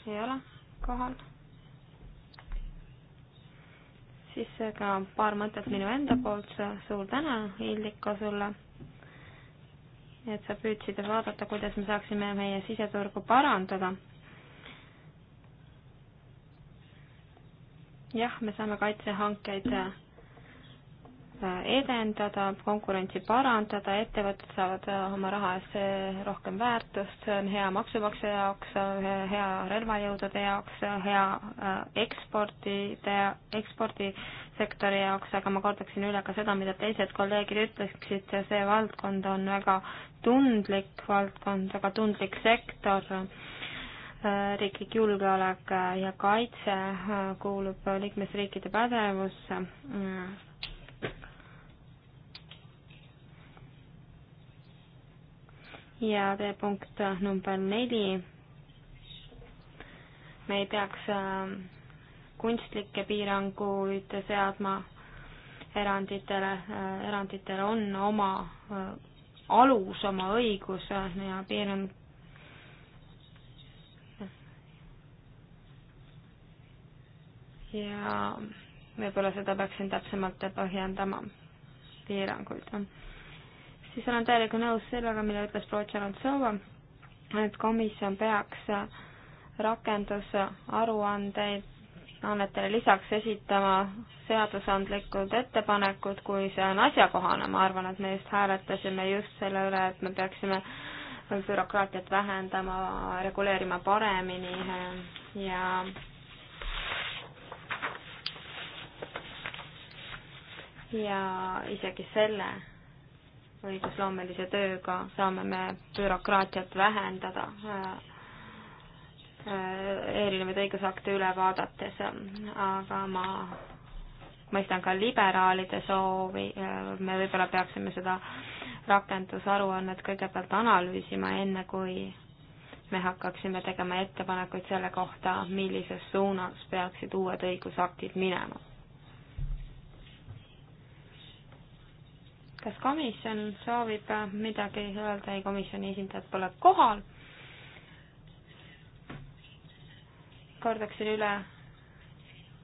ei ole kohal. siis ka paar mõtet minu enda poolt, suur tänu Hildiko sulle et sa püüdsid vaadata, kuidas me saaksime meie siseturgu parandada. jah, me saame kaitsehankeid äh, edendada, konkurentsi parandada, ettevõtted saavad äh, oma raha eest äh, rohkem väärtust, see on hea maksumaksja jaoks, hea relvajõudude jaoks, hea eksportide, ekspordisektori jaoks, aga ma kordaksin üle ka seda, mida teised kolleegid ütleksid, see valdkond on väga tundlik valdkond, väga tundlik sektor, äh, riiklik julgeolek ja kaitse äh, kuulub liikmesriikide pädevusse. ja teie punkt number neli, me ei peaks äh, kunstlikke piiranguid seadma eranditele, eranditel on oma alus oma õigus ja piirang ja võib-olla seda peaksin täpsemalt põhjendama, piiranguid on. siis olen täielikult nõus sellega, mille ütles Protsarantsovo, et komisjon peaks rakendusaruandeid annetele lisaks esitama seadusandlikud ettepanekud, kui see on asjakohane, ma arvan, et me just hääletasime just selle üle, et me peaksime bürokraatiat vähendama, reguleerima paremini eh, ja ja isegi selle õigusloomelise tööga saame me bürokraatiat vähendada eh, Äh, eelnevaid õigusakte üle vaadates, aga ma mõistan ka liberaalide soovi, äh, me võib-olla peaksime seda rakendusaruannet kõigepealt analüüsima, enne kui me hakkaksime tegema ettepanekuid selle kohta, millises suunas peaksid uued õigusaktid minema. kas komisjon soovib midagi öelda, ei komisjoni esindajad pole kohal kordaksin üle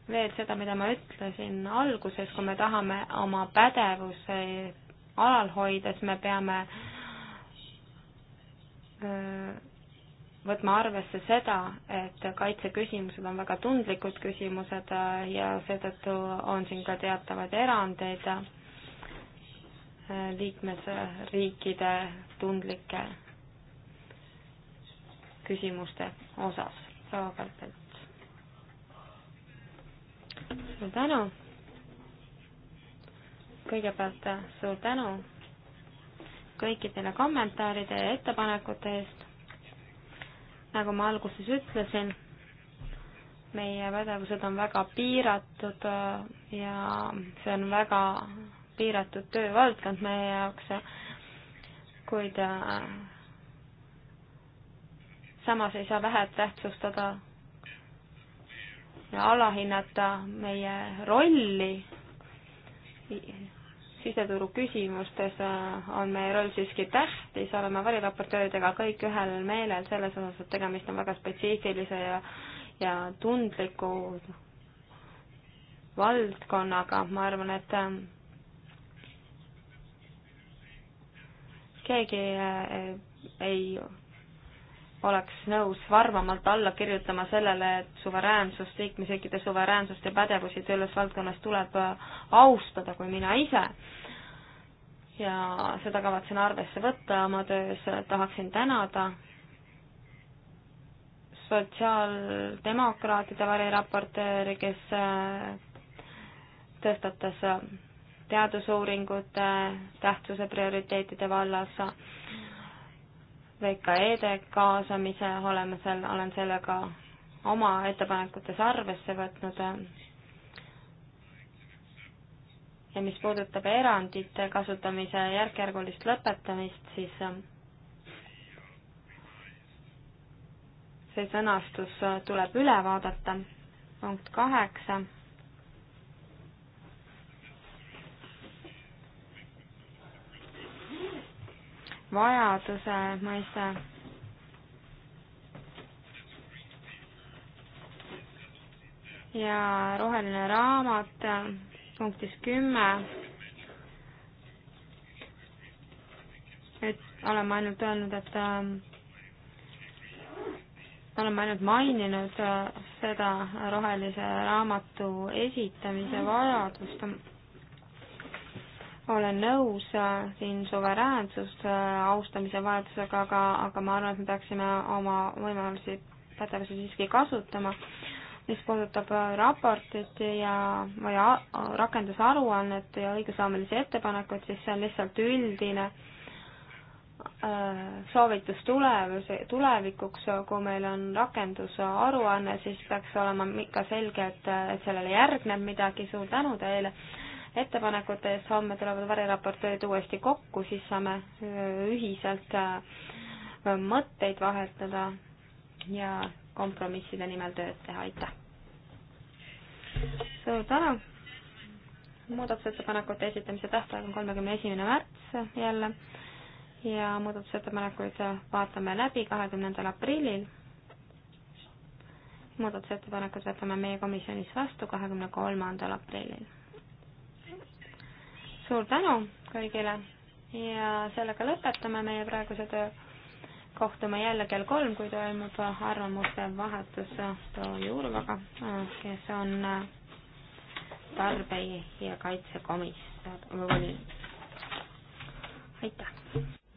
veel seda, mida ma ütlesin alguses, kui me tahame oma pädevuse alal hoida, siis me peame võtma arvesse seda, et kaitseküsimused on väga tundlikud küsimused äh, ja seetõttu on siin ka teatavaid erandeid äh, liikmesriikide tundlike küsimuste osas. proua Kalpelt suur tänu. kõigepealt äh, suur tänu kõikidele kommentaaride ja ettepanekute eest. nagu ma alguses ütlesin, meie pädevused on väga piiratud äh, ja see on väga piiratud töövaldkond meie jaoks, kuid äh, samas ei saa vähetähtsustada alahinnata meie rolli siseturu küsimustes äh, on meie roll siiski tähtis, oleme variraportööridega kõik ühel meelel selles osas, et tegemist on väga spetsiifilise ja, ja tundliku valdkonnaga, ma arvan, et äh, keegi äh, ei oleks nõus varmamalt alla kirjutama sellele, et suveräänsust, liikmesriikide suveräänsust ja pädevusi selles valdkonnas tuleb äh, austada kui mina ise. ja seda kavatsen arvesse võtta oma töös, tahaksin tänada sotsiaaldemokraatide variraportööri, kes äh, tõstatas äh, teadusuuringute tähtsuse prioriteetide vallas VKE-de kaasamise oleme seal, olen sellega oma ettepanekutes arvesse võtnud. ja mis puudutab erandite kasutamise järk-järgulist lõpetamist, siis see sõnastus tuleb üle vaadata. punkt kaheksa vajaduse mõiste. ja roheline raamat punktis kümme et oleme ainult öelnud, et äh, oleme ainult maininud äh, seda rohelise raamatu esitamise vajadust olen nõus äh, siin suveräänsuse äh, austamise vajadusega, aga, aga ma arvan, et me peaksime oma võimalusi, pädevusi siiski kasutama. mis puudutab äh, raportit ja, või rakendusaruannet ja õigusloomelisi ettepanekuid, siis see on lihtsalt üldine soovitus tulev-, tulevikuks, kui meil on rakendusaruanne, siis peaks olema ka selge, et sellele järgneb midagi, suur tänu teile ettepanekute eest, homme tulevad variraportöörid uuesti kokku, siis saame ühiselt mõtteid vahetada ja kompromisside nimel tööd teha, aitäh! suur tänu! muudatusettepanekute esitamise tähtaeg on kolmekümne esimene märts jälle ja muudatusettepanekuid vaatame läbi kahekümnendal aprillil muudatusettepanekud võtame meie komisjonis vastu kahekümne kolmandal aprillil suur tänu kõigile ja sellega lõpetame meie praeguse töö. kohtume jälle kell kolm, kui toimub arvamuste vahetus proua Juurvaga, kes on tarbe- ja kaitsekomisjon. aitäh!